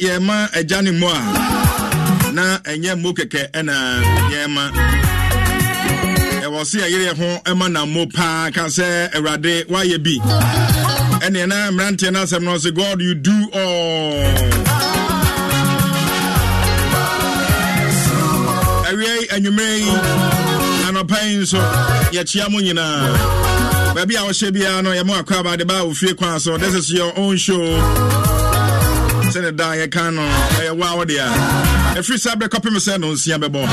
na yɛma agya ne mu a na ɛnyɛ mmo kɛkɛ ɛna yɛma ɛwɔ se yɛyere ho ɛma na mo paa ka sɛ awurade woayɛ bi ɛneɛ na mmeranteɛ no asɛm no sɛ god you do all awiei anwummerɛ yi anɔpa yi nso yɛkyea mo nyinaa baabi a wɔhyɛ biara no yɛmo akɔ abade ba a ofie kwan so this is your own show sɛde da yɛka no ɛyɛ eh, waa wode a ɛfiri saa berɛ kɔpem sɛ no nsia bɛbɔ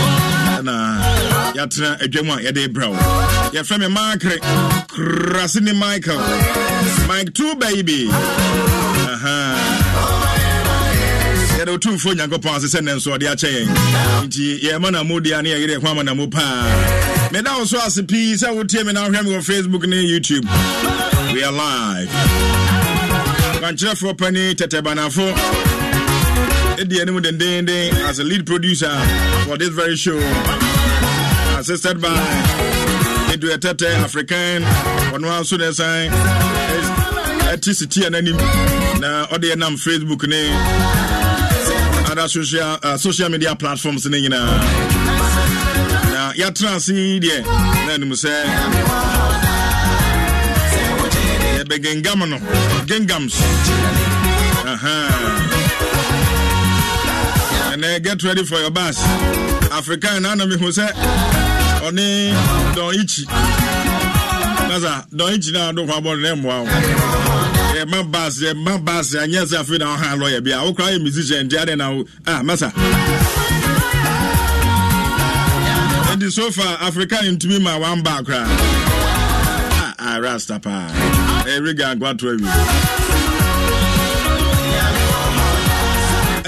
ɛna yɛatena adwam a yɛde brɛ wo yɛfrɛ me maakere krase ne michael mike Two, baby yɛde wotumfo onyankopɔn ase sɛ nnɛ nso ɔde akyɛ yɛn nti yɛma na modia ne yɛyere ho ama na mo paa meda wo so ase pii sɛ wotie me na wohwɛ me wɔ facebook ne youtube we are live pani as a lead producer for this very show assisted by African Facebook other social uh, social media platforms ɛbɛ gengam no gengams ɛnɛ uh, get ready for your bus african na ana mehu sɛ ɔne dɔn ichi nasa na ado hɔ abɔ no na ɛmmoa wo yɛma bus yɛma bus anyɛ sɛ afei na ɔha lɔyɛ bia wokora yɛ musician nti adɛn na wo ah masa ɛnti so far african ntumi ma wan baa koraa ah, ah, rasta paa ɛyɛ regan kwato awi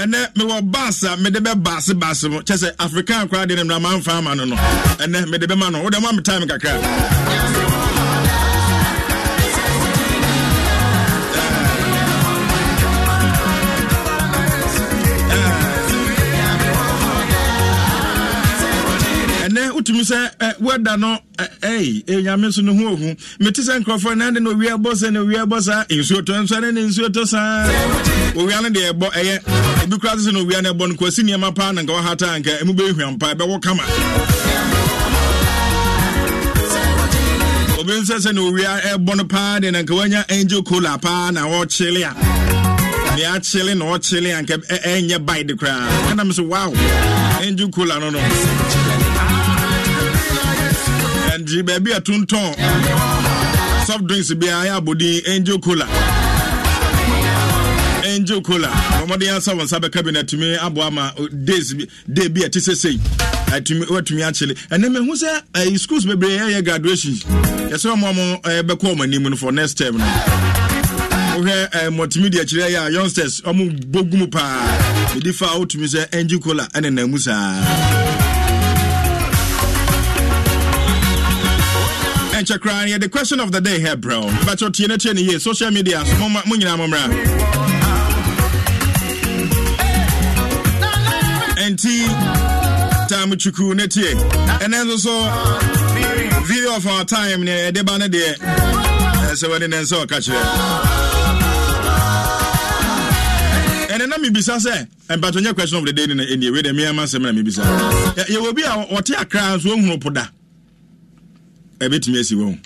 ɛnɛ mewɔ baas a ah, mede bɛ baase baase mo kyɛ sɛ afrikan koraa deɛ ne mmara mamfa ama no no ɛnɛ mede bɛma no wode moame time kakra wotumi sɛ weda no nyame so no ho ohu mete sɛ nkurɔfoɔ na ɛne no owia bɔ sɛ ne owia bɔ saa nsuotɔ nso ne ne nsuotɔ saa owia no deɛ ɛbɔ ɛyɛ ebi koraa sɛ no owia no ɛbɔ no kwasi nneɛma paa na nka wɔhata anka ɛmu bɛhwam paa ɛbɛwɔ kama obi nsɛ sɛ ne owia ɛbɔ no paa deɛ na nka wanya angel cola paa na wɔkyele a ne akyele na ɔkyele anka ɛnyɛ bae de koraa ɛnam so wow ɛngye kola no no agye baabi a tontɔn soft drinks biara yɛ abɔden angel cola angel cola ɔmɔden asa wɔn nsa bɛka bi na atumi aboa ma uh, days day bi a ti sese atumi watumi akyele ɛnna mɛ ho sɛ ɛyi schools bebree yɛyɛ graduation yɛsɛ wɔn a ɛɛ bɛkɔ wɔn anim no for next term no wohɛ ɛɛ multimedia kyerɛ yɛ a youngsters wɔn bɔ gum paa edi fa a sɛ angel cola ɛnenam saa. ɛnkyɛ koraa yɛde question of the day hɛ brɛw bɛkyɛ tie no kyɛ ne yie social media so mo nyinaa mommra ɛnti time twuku ne tie ɛnɛ nso so view of our time ne ɛde ba no deɛ sɛ wɔde ne nsa ɔka kyerɛ ɛnɛ na mebisa sɛ mpatonyɛ question of the day ne ɛnie wei dɛ meɛma sɛm na mebisa yɛwɔ bi a ɔte akra nso ɔhunu po da ɛbɛtumi asi wɔn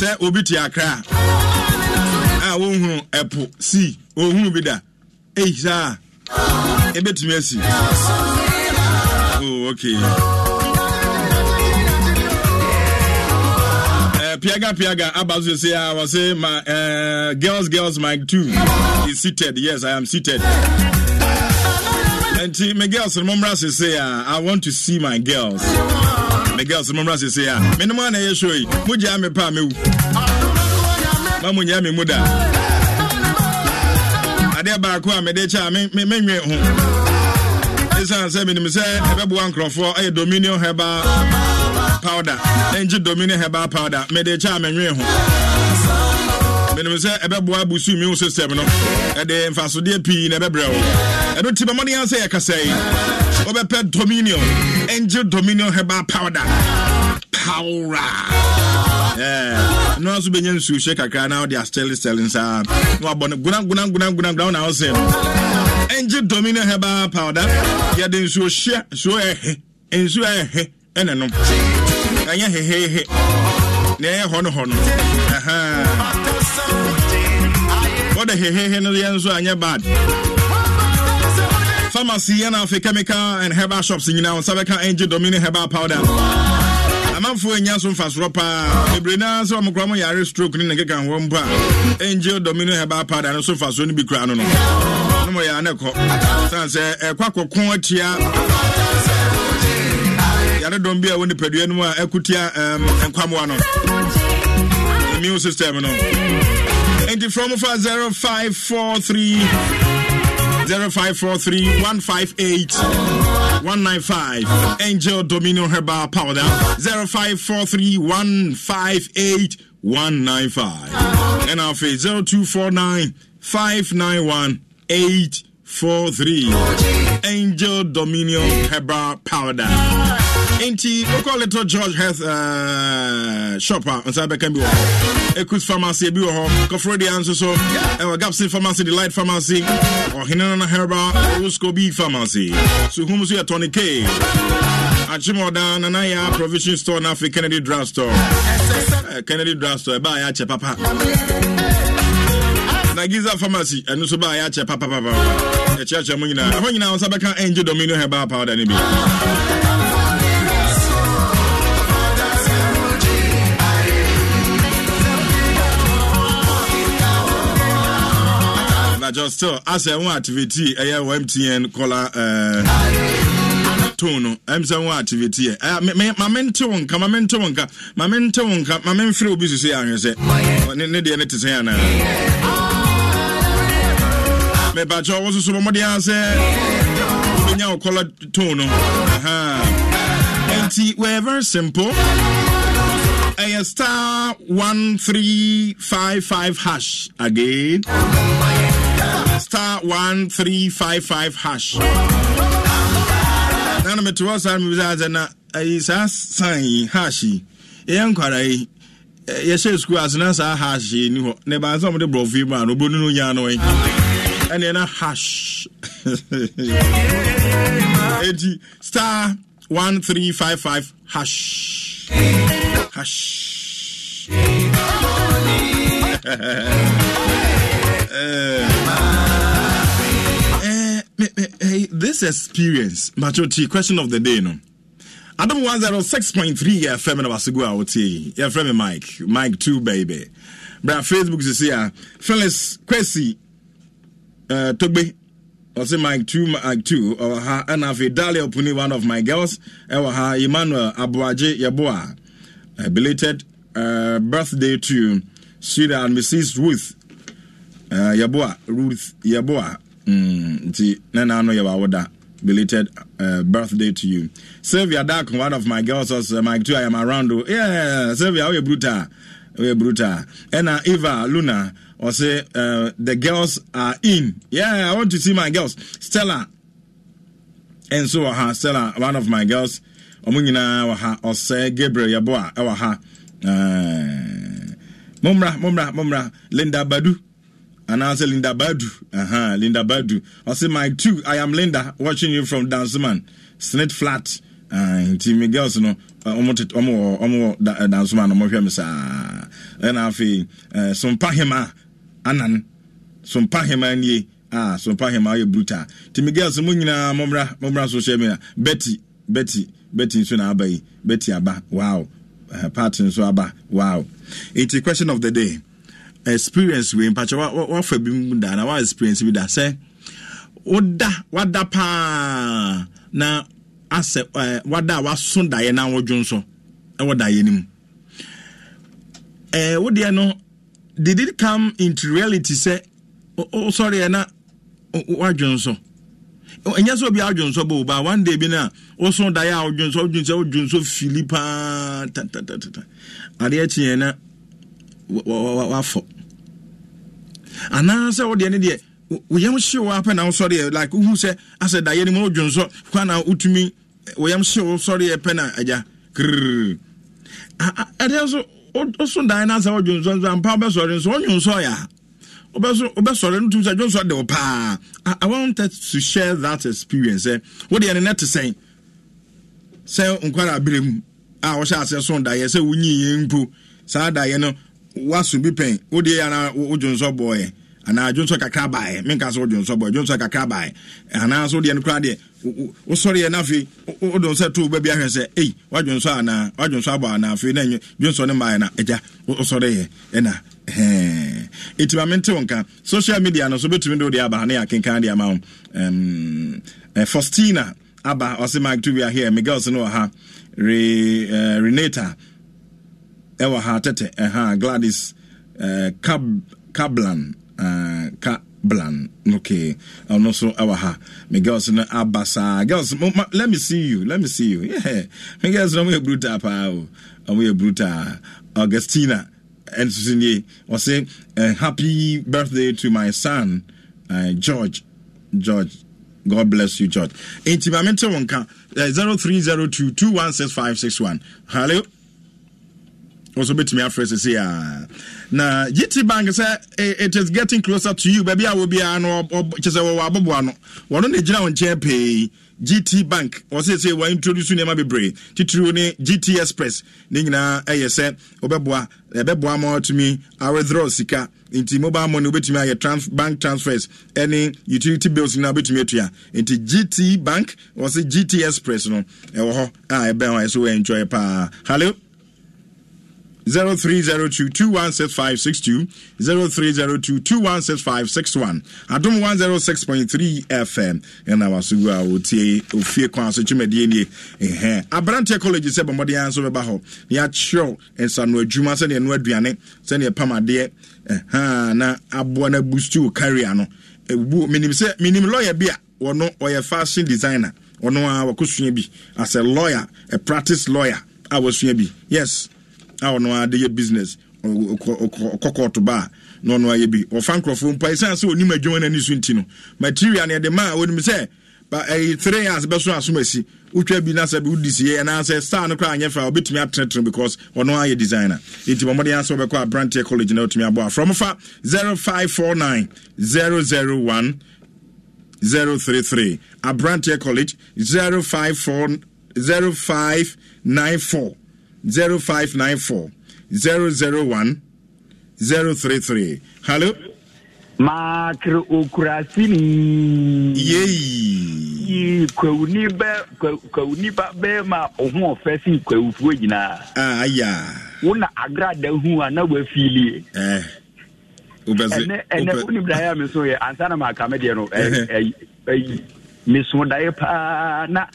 sɛ obi te akra a wɔnhunu ɛpo si ɔnhunu bi da eyi saa ɛbɛtumi asi oh okay uh, Piaga Piaga Abazu say I was saying my uh, eh, girls girls Mike two. is seated yes I am seated and my girls remember I say uh, I want to see my girls me girls mmra sese a me no na yɛ show yi mogyaa me paa mewu ma monyaa me mu da adeɛ baako a mede kyɛ a menwe ho ɛsiane sɛ menim sɛ ɛbɛboa nkurɔfoɔ ɛyɛ eh, dominion heba powder ɛngye dominion heba powder mede kyɛ a menwe ho menim sɛ ɛbɛboa e abusu mi wo system no ɛde e mfasodeɛ pii na ɛbɛbrɛ wo ɛno e nti bɛmmɔden a sɛ yɛkasa yi eh wobɛpɛ dominion angel dominion herbal powder powra yeah. no nso bɛnya nsuohyɛ kakra na wode astellesteln saa na wabɔ no gonagonagonagonagona wona wo sɛ no angel dominion herbal powder yɛde nsuohyɛ nsuo ɛhe nsuo ɛhe ɛne nom ɛnyɛ hehehe na ɛyɛ hɔ no hɔ no wode hehehe no yɛ nso anyɛ bad pharmacy ɛna afei chemical and herbal shops nyinaa wɔn nsa bɛka engine herbal powder amanfoɔ anya so mfasorɔ paa bebree naa sɛ ɔmokora mo yare stroke ne ne keka hɔ mpo a engine domini herbal powder no so mfasoɔ no bi kura no no ne mo yɛ ane kɔ sane sɛ ɛkɔ akɔko atia yaredɔm bi a wɔ nipadua no mu a ɛkutia nkwamoa no immune system no enti frɔm fa 0543 0543 158 195. Angel Dominion Herbal Powder 0543 158 195. And our face 0249 591 843. Angel Dominion Herbal Powder. Auntie, he? We call it George Health uh, Shopper. Uh, on Cyber can be Ekus Pharmacy bi wɔ hɔ Kɔfrodia nso so ɛwɔ Gapsin Pharmacy Delight Pharmacy Ɔhene Nana Herbal Owosco B Pharmacy Suhum so yɛ Tony K Achimɔda Nanaya Provision Store na afei Kennedy Drug Store Kennedy Drug Store ɛbaa yɛ akyɛ papa na giza Pharmacy ɛno nso baa yɛ akyɛ papa ɛkyerɛkyerɛ mu nyinaa ɛhɔ nyinaa nsa bɛka Angel Domino Herbal Powder ni bi. just so asɛ ho activity ɛyɛ wɔ mtn kɔla to no ɛm sɛ ho activity ɛ ma mente wo nka ma mente wo nka ma mente wo nka ma memfrɛ obi susu yɛ ahwɛ sɛ ne deɛ ne te sɛ anaa mepakyɛ wo soso no mɔde a sɛ wobɛnya wo kɔla to no nti wɛyɛ very simple ɛyɛ star 1355 hash again star one three five five hash. Nana no mete hɔ saa no mebisa sɛ na ayi eh, saa san yi hash yi ɛyɛ nkwara yi yɛhyɛ sukuu ase na saa hash yi ni hɔ na ɛbaa sɛ ɔmde borɔfo yi mu a no obɔnu no nyaa no ɛneɛ na hash enti star one three five five hash hash. uh, Hey, this experience, Machoti, question of the day, no. Adam 106.3 FM na I a wotie. Yeah, friend Mike, Mike 2 baby. Bra Facebook is here. Ah, fellas, Kwesi uh be, I say Mike 2 Mike 2 or ha and afi Dalia Opuni one of my girls. Or ha Emmanuel Abuaje Yeboa. A uh, belated uh, birthday to Sheila and Mrs. Ruth uh, Yaboa, Ruth Yaboa, Mm, nti ne na ano yɛ wawoda belated uh, birthday to you sylvia dark one of my girls also uh, my two. i am around o oh. yeah sylvia woyɛ bruta woyɛ bruta ɛna uh, eva luna ɔse uh, the girls are in yeah i want to see my girls stella ɛnso wɔ ha stella one of my girls ɔmo nyinaa uh-huh, wɔ ha ɔsɛ gabriel yɛboa ɛwɔ ha uh, momra momra momra linda badu anaasɛ linda badu uh-huh, linda badu ɔsɛ my two i am linda watching you from danceman snit flat uh, nti me girls no ɔmwɔ danceman no ɔmɔhwɛ me saa ɛna afei uh, sompa hema anan sompa hema nie ah, sompa hema ɔyɛ bruta nti me girls mo nyinaa mommra mommra social media betty betty betty nso na aba yi betty aba wow uh, eh, part nso aba wow it's a question of the day experience wei mpakyɛ wafa bi mu da na wa experience bi da sɛ woda wada paa na asɛ ɛɛ wada a waso daeɛ na wɔdwo nso ɛwɔ daeɛ no mu ɛɛ wodeɛ no did it come into reality sɛ ɔsɔre yɛ na wadwo nso ɛnyɛ sɛ obi adwo nso bɔ ba one day bi na ɔso daeɛ a ɔdwo nso ɔdwo nso ɔdwo nso fili paa tatatata adeɛ kyeɛ na. wafɔ anaasɛ wodeɛ ne deɛ woyam hyew apɛ na wosɔreɛ like wohu sɛ asɛ daeɛ no mu wodwon sɔ kwana wotumi eh, woyam hyew sɔreɛ pɛ na agya krrr ɛdeɛ so woso dan no asɛ wodwon sɔ nso ampa wobɛsɔre nso wodwon sɔeɛ a wobɛsɔre no tumi sɛ dwon sɔ de wo paa i want to share that experience sɛ eh. wodeɛ ne ne te sɛn sɛ nkwara aberɛ mu a wɔhyɛ asɛ so daeɛ sɛ wonyiiɛ mpo saa daeɛ no wasu bi pɛn o de yɛ ana o jonsɔ bɔ yɛ kakra yɛ min ka o bɔ yɛ kakra yɛ so deɛ n'afe o ahwɛ sɛ eyi wa wa na jonsɔ ne maa yɛ na ɛgya o sɔre yɛ e ɛna ɛhɛn eh. etimame ntew nka social media no so de o de aba ne akenkan de ama wɔn ɛɛm eh, faustina aba ɔsi mark tubi ahia miguel sinu ɛwɔ ha tete ɛha gladys uh, eh, Cab, cablan uh, eh, cablan okay ɔno nso ɛwɔ ha me girls no aba saa girls let me see you let me see you yeah. me girls no ɔmoyɛ bruta paa o ɔmoyɛ bruta augustina ɛnsoso nie ɔse uh, happy birthday to my son uh, george george God bless you, George. Intimamente wonka 0302 216561. Hello. also bit me afre say ah na GT Bank say eh, it is getting closer to you baby awo bia no chese wo abobo ano wono ne gina won chair pay GT Bank wɔsɛ sɛ wa introduce nneɛma bebree titiriw ne GT Express ne nyinaa ɛyɛ sɛ wɔbɛboa ɛbɛboa ma watumi awɛdrɔ sika nti mobile money wobɛtumi ayɛ trans bank transfers ɛne utility bills nyinaa wobɛtumi atua nti GT Bank wɔsɛ GT Express no ɛwɔ hɔ a ɛbɛn hɔ ɛsɛ wɔ enjoy paa hello. 0302 216562 0302 216561 adom 106.3 fm ɛna wasogu a wɔtie ofie kwan so twumadie nie ɛhɛ aberanteɛ college sɛ bɔmmɔden nso bɛba hɔ ne yɛakyerɛw nsano adwuma sɛneɛ no aduane sɛneɛ pam adeɛ ɛhaa na aboa no abustu wo carrier no ɛbu e menim sɛ menim lawyer bi a wɔno ɔyɛ fashion designer ɔno a wɔkɔsua bi as a lawyer a practice lawyer a wasua bi yes a ɔno ara de yɛ business ɔkɔkɔ to ba a na ɔno ayɛ bi ɔfa nkurɔfoɔ mpo ɛsiane sɛ ɔnim adwuma no ani so nti no material ne ɛde ma a ɔnim sɛ ɛyɛ three years bɛso asom asi wotwa bi na sɛ bi wodi sie anaasɛ star no koraa anyɛ fɛ a wobɛtumi atenetene because ɔno ayɛ designer nti bɔ mmɔden asɛ aberanteɛ college na wotumi aboa frɔm fa 0549 aberanteɛ college 0594 0594 001 033. Hello? Makro Ukrasini. Yay. Kwauni ba kwauni ba be ma ohun ofesi kwawufuo nyinaa. Ah ya. Wona agrada hu a na wafilie. Eh. Ubeze. Ene ene woni bra me so ye ansana ma ka me de no. Eh eh. eh, eh me so dae pa na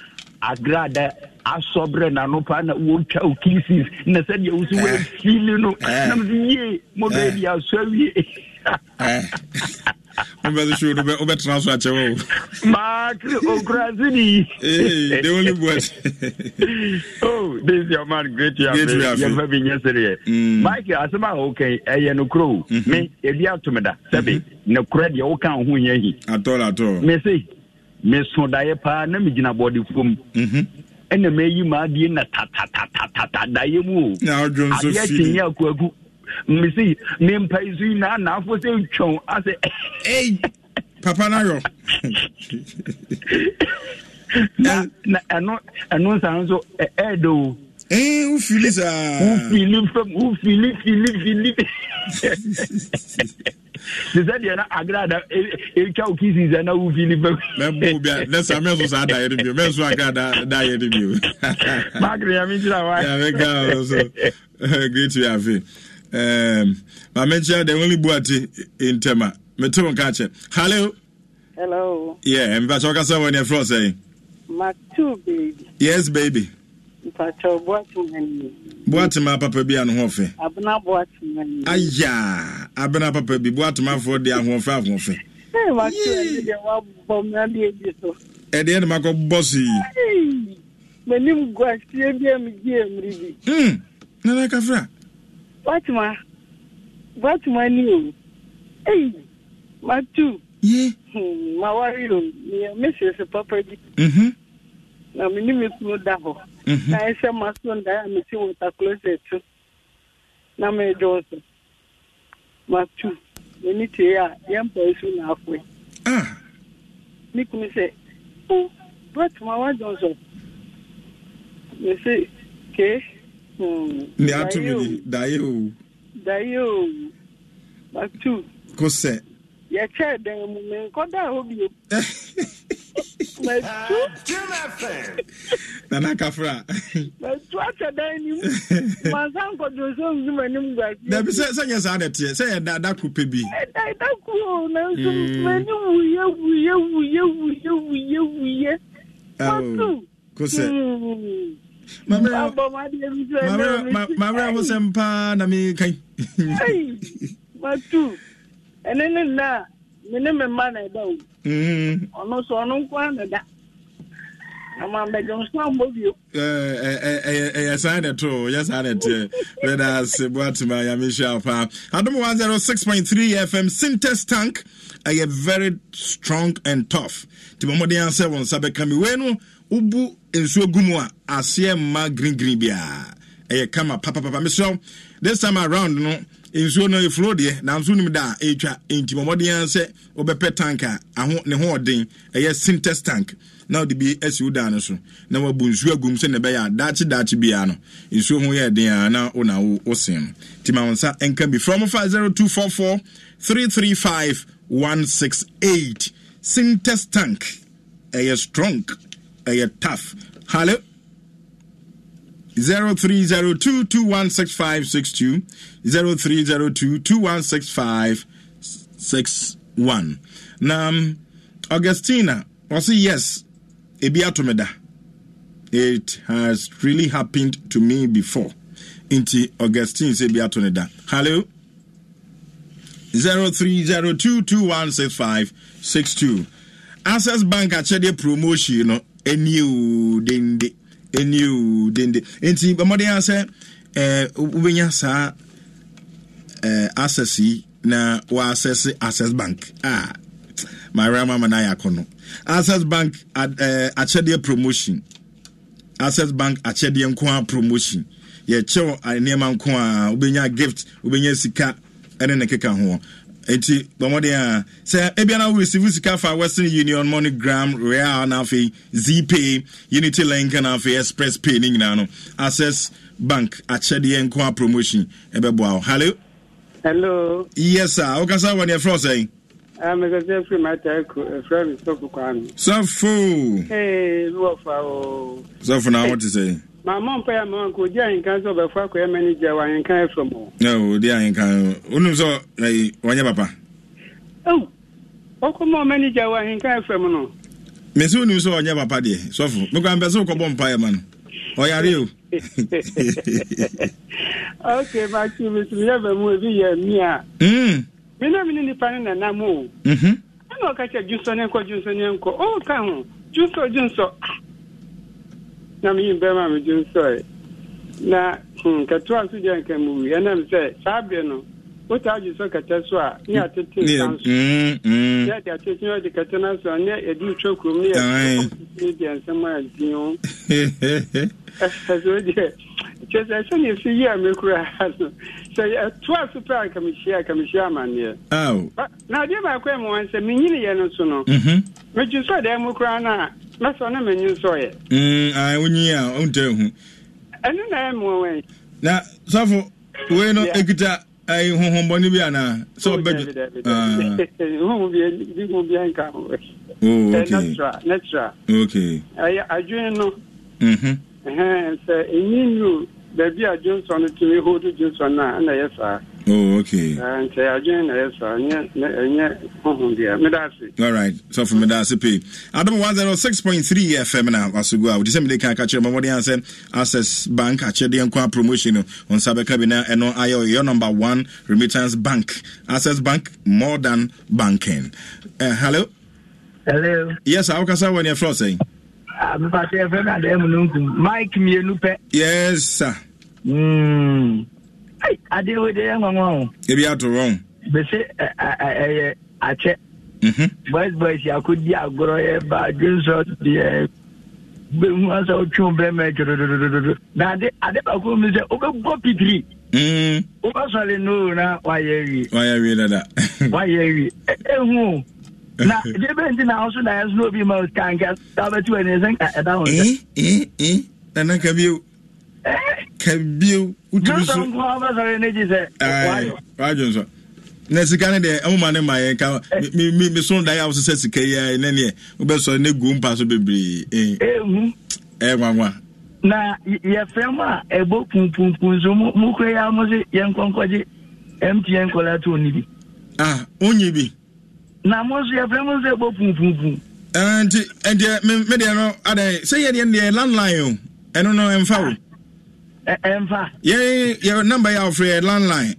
agrada asɔbrɛ n'anopa na wotwa o kisses na sɛdeɛ wosi wo fili eh. no eh. nam sɛ yie mɔdɔ eh. adi asɔ awie mbɛso so no wobɛtena so akyɛ o maakere ɔkurase ne yi the only word oh this your man great yɛmfa bi nyɛ sereɛ mm. mike asɛm a wokan ɛyɛ nokoro o mhm. me ebi ato me da sɛbe mhm. nokorɛ deɛ woka wo ho yɛ hi atɔl atɔl me sei meso daeɛ paa na mi megyina bɔdefoɔ mu mhm. ɛna mayi maadeɛ na tatatata daeɛ mu o adeɛ kyenyɛ akuaku mese mempa yi so yi naa naafo sɛ ntwɛn asɛ papa no ayɔ na ɛno ɛno nsa nso ɛɛdɛ o ee n fili saa. n fili fam n fili fili fili. sisan deɛ na agra da etwa o kisi sisan na n fili fam. mɛ n b'o bi a ne san mɛ n sɔn a da yɛrɛ bi o mɛ n sɔn agra da da yɛrɛ bi o. makiri yan mi wa. yan bɛ gan o great to have you. maame n kyerɛ de n wuli buwate ntɛma mɛ tó n ká kyɛ hello. hello. yɛ n bá sɔ kasa ni ɛ fúlɔ sɛ. mac baby. yes baby mpatsɔ buwatu mɛni. buwatu ma papa bi ahoɔfɛ. aya abena papa bi buwatu ma fɔ de ahoɔfɛ ahoɔfɛ. ee wa kí ɛdi yɛ wa bɔ mɛ adi ebi so. ɛdi yɛ ni ma kɔ bɔ si. mɛ ni mu gua si ebi emi di emiri bi. Hmm. nana kafra. ma buwatu ma ni o. ee ma tu. ye. Hmm, ma wari o mi sese papa bi. Mhm. na mi ni da hɔ naishe maslonda yamesiwota closet namedoza matu nemithi eya yemboyisi unafwe mikumi sɛ o bɛtuma wa jɔn sɔ mese ke ne a tumi di daye o daye o matu kosɛ yɛkyɛɛ dan mu menkɔdaa hɔ bio nana kafra matu akyɛ dan no sɛ nsu pɛ bi ho sɛm paa na mekan ɛne ne nna a me ne me mma na ɛda o ɔno mm-hmm. so ɔno nko a na da ɛyɛ saa ne to yɛ saa ne teɛ wɛda ase boatema yamehyia paa adom 106.3 fm syntes tank ɛyɛ very strong and tough nti mɔmmɔden asɛ wo nsa bɛka me wei no wobu nsuo gu mu a aseɛ mma green green biaa ɛyɛ kama papapapa mesrɛ this time around no nsuo no efuro deɛ nanso nim da a etwa nti mɔmɔden sɛ wɔbɛpɛ tank a aho ne ho ɔden ɛyɛ sintex tank na ɔde bi esi wo dan no so na wabu nsuo agum sɛ ne bɛyɛ a daakye daakye biara no nsuo ho yɛ den a na ona wo osin ti ma nsa nka bi from five zero two four four three three five one six eight sintex tank ɛyɛ strong ɛyɛ tough hello. 0302216562 0302216561 na um, augustina ɔse yes ebi atomeda it has really happened to me before nti augustine sɛ ebi atomeda hallo 0302216562 access bank akyɛdeɛ promotion no ani o dende ɛniu dende e nti mmɔden a sɛ e, wobɛnya saa e, access yi na wɔaccess access bank a ama ma na ayɛ no access bank akyɛdeɛ promotion access bank akyɛdeɛ nkoa promotion yɛkyɛw nneɛma nko a wobɛnya gift wobɛnya sika ɛne ne keka ho nti bɔmmɔden a sɛ ebia na receive sika fa western union moneygram real na afei zpay unity link na afei express pay ne nyinaa no access bank akyɛdeɛ nko a promotion ɛbɛboa wo hallo hello yes sir wokasa wɔ neɛ frɛ wo sɛn mekasɛ firi mataako ah, ɛfrɛ me sɔfo eh, kwaa no sɔfo sɔfo na wote sɛn maama mpa ya mama nka odi ahenka sɛ ɔbɛfo akɔ yɛ manager wɔ ahenka fm hɔ odi ahenka wonim nso ayi papa ahenka no me sɛ wonim ɔnyɛ papa deɛ sɔfo mekwa mpɛ sɛ wokɔbɔ mpaeɛ ma no ɔyare o ok maki mesomyɛ ba mu ebi yɛ hmm. mi a mena nipa o ɛna ɔka kyɛ ne nkɔ ne nkɔ ho na meyi hmm, bɛrima me dwen sɔe na nketewa nso gyɛ nka mu wi ɛnam sɛ saa berɛ no wotaa gye sɛ kɛtɛ so a ne yɛatete nsa so mm, mm. yɛde atete ne yɛde kɛtɛ no so a ne yɛde retwa kurom ne yɛne deɛ nsɛm a din ho ɛso deɛ kyɛ sɛ ɛsɛ ne ɛsi yi a mɛkuraa no sɛ ɛtoa so pɛ a nkamehyia a nkamehyia amanneɛ na adeɛ baakɔ ɛ mmoa sɛ menyineyɛ no so no mhm. megye sɛ dɛn mu koraa no mɛsɔ ne mɛnyi nsɔ yɛ. Mm, wonyi a wontɛ hu ɛno na ɛmu wei na sɔfo wei no ɛkita ɛyi honhombɔne bi anaa sɛ ɔbɛdwo oh, ah. bia nka oh, eh, natural ɛyɛ adwene no mm-hmm. sɛ ɛnyi nnuro baabi a dwonsɔ no tumi hodo dwonsɔ no a ɛna ɛyɛ saa Oh, okay. Eh, All right. So from Medasi P. Adam one zero oh six point three FM now. Asugua. Would go. say me they can catch your money and say Access Bank catch the enqua promotion on Sabeka Bina and on IO your number one remittance bank. Access Bank more than banking. Uh, hello. Hello. Yes, how can I someone you're flossing? I'm Mike Mienupe. Yes, sir. Mm ade wo de yɛ nwanwa o. ebi ato wrong. bese ɛyɛ akyɛ. Mhm. boys boys akodi agorɔ yɛ ba adwinsɔ deɛ gbemu asa otwi bɛrɛmɛ dododododo na ade ade baako mi sɛ obe bɔ pitiri. wobɛ sɔre no na wayɛ awie. wayɛ awie dada. wayɛ awie ehu na de bɛ nti na ɔso na yɛ so na obi ma o kankan ta bɛ ti wɛ ne nsɛn ka ɛda wɔn. ɛɛ ɛɛ ɛɛ nana kabi o kabio wotumi eh. so wadwo nso eh. eh, na sika ne deɛ ɛmoma ne ma yɛ ka mesono da yɛ a wo sɛ sika yi a ne neɛ wobɛsɔre ne gu mpa so bebree ɛɛ nwanwa na yɛfrɛ mu a ɛbɔ punpumpun so mokora yɛ a mo se yɛnkɔnkɔgye mtn kɔla to ne bi ah wonye bi na mo so yɛfrɛ mu sɛ ɛbɔ punpumpun nti ɛdeɛ medeɛ no adɛn sɛ yɛdeɛ deɛ landline o ɛno no ɛmfa wo ɛmfa. yɛ yɛ namba yɛ afɔ yɛ landline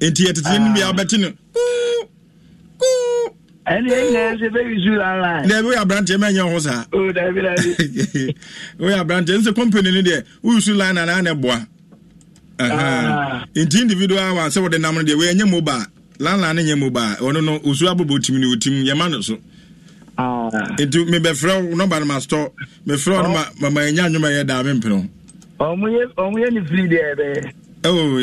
nti yɛ tete ne bi ah. abɛti no kuu kuu. ɛni e nyɛ ɛsɛ bɛ yi su landline. dɛbi oye aberanteɛ mɛ nyɛ ɔho saa. o oh, dabi. dɛbi. oye aberanteɛ nse company ni deɛ oye su line na ne boa. Ah. nti individual wa sɛ wɔde nam no deɛ oye nye mobile landline ne nye mobile ɔno no osu abobo tim ne otim yɛ ma no so. Ah. nti mebɛfrɛ wo nɔba no ma stɔ mefrɛ wo no ma ma ɛnya nnwuma yɛ daa mempene ɔmo yɛ ne firi deɛ bɛyɛ oh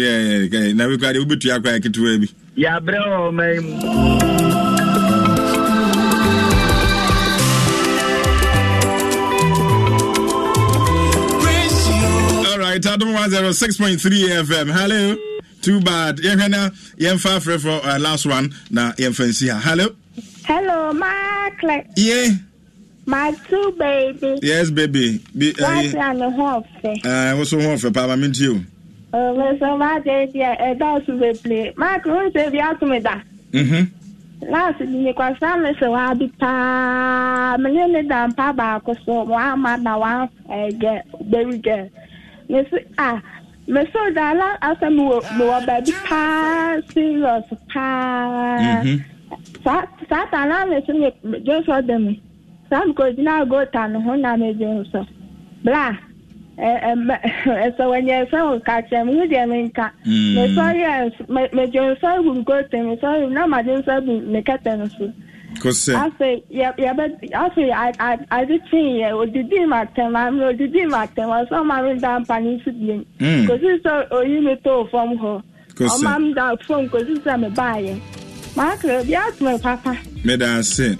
106.3 fm hello too bad yɛhwɛ na yɛmfa frɛ for uh, last one Now yɛmfa nsi ha hello hello mark yeah my two baby. yes baby. bí ẹ yẹ ẹ wọ́n sọ wọ́n fẹ́ paama mi ti o. ọmọ sọ máa jẹ di ẹ ẹ dọ́ọ̀sù bèbèrè máàkì ó ń ṣe bí àtúmìdá. láti ní ìkọ̀ sáàmì sọ wá bí paa mi ní ní dàmpá baako sọ wọn á máa na wọn ẹ jẹ eh, gbẹrù jẹ mi sọ à ah, mi sọ dàlá asọ mi wọ mi wọ bẹẹbi paa serious paa. sáà tàn náà mi sọ mi jẹ́ sọ́dọ̀ mi. sam ko gyina gota no ho na medwen so bla ɛsɛ wɔnyɛ sɛ wo ka kyerɛ me ho deɛ menka mesɔre go sɔ gu gota mesɔre na made nsa gu me kɛtɛ no so afei ade i odidii m atɛm amene m atɛm ma ɔma me da mpa ne nso biam kosi sɛ oyi me too fam hɔ ɔma me da fam kosi sɛ mebaayɛ maakerɛ me papa meda ase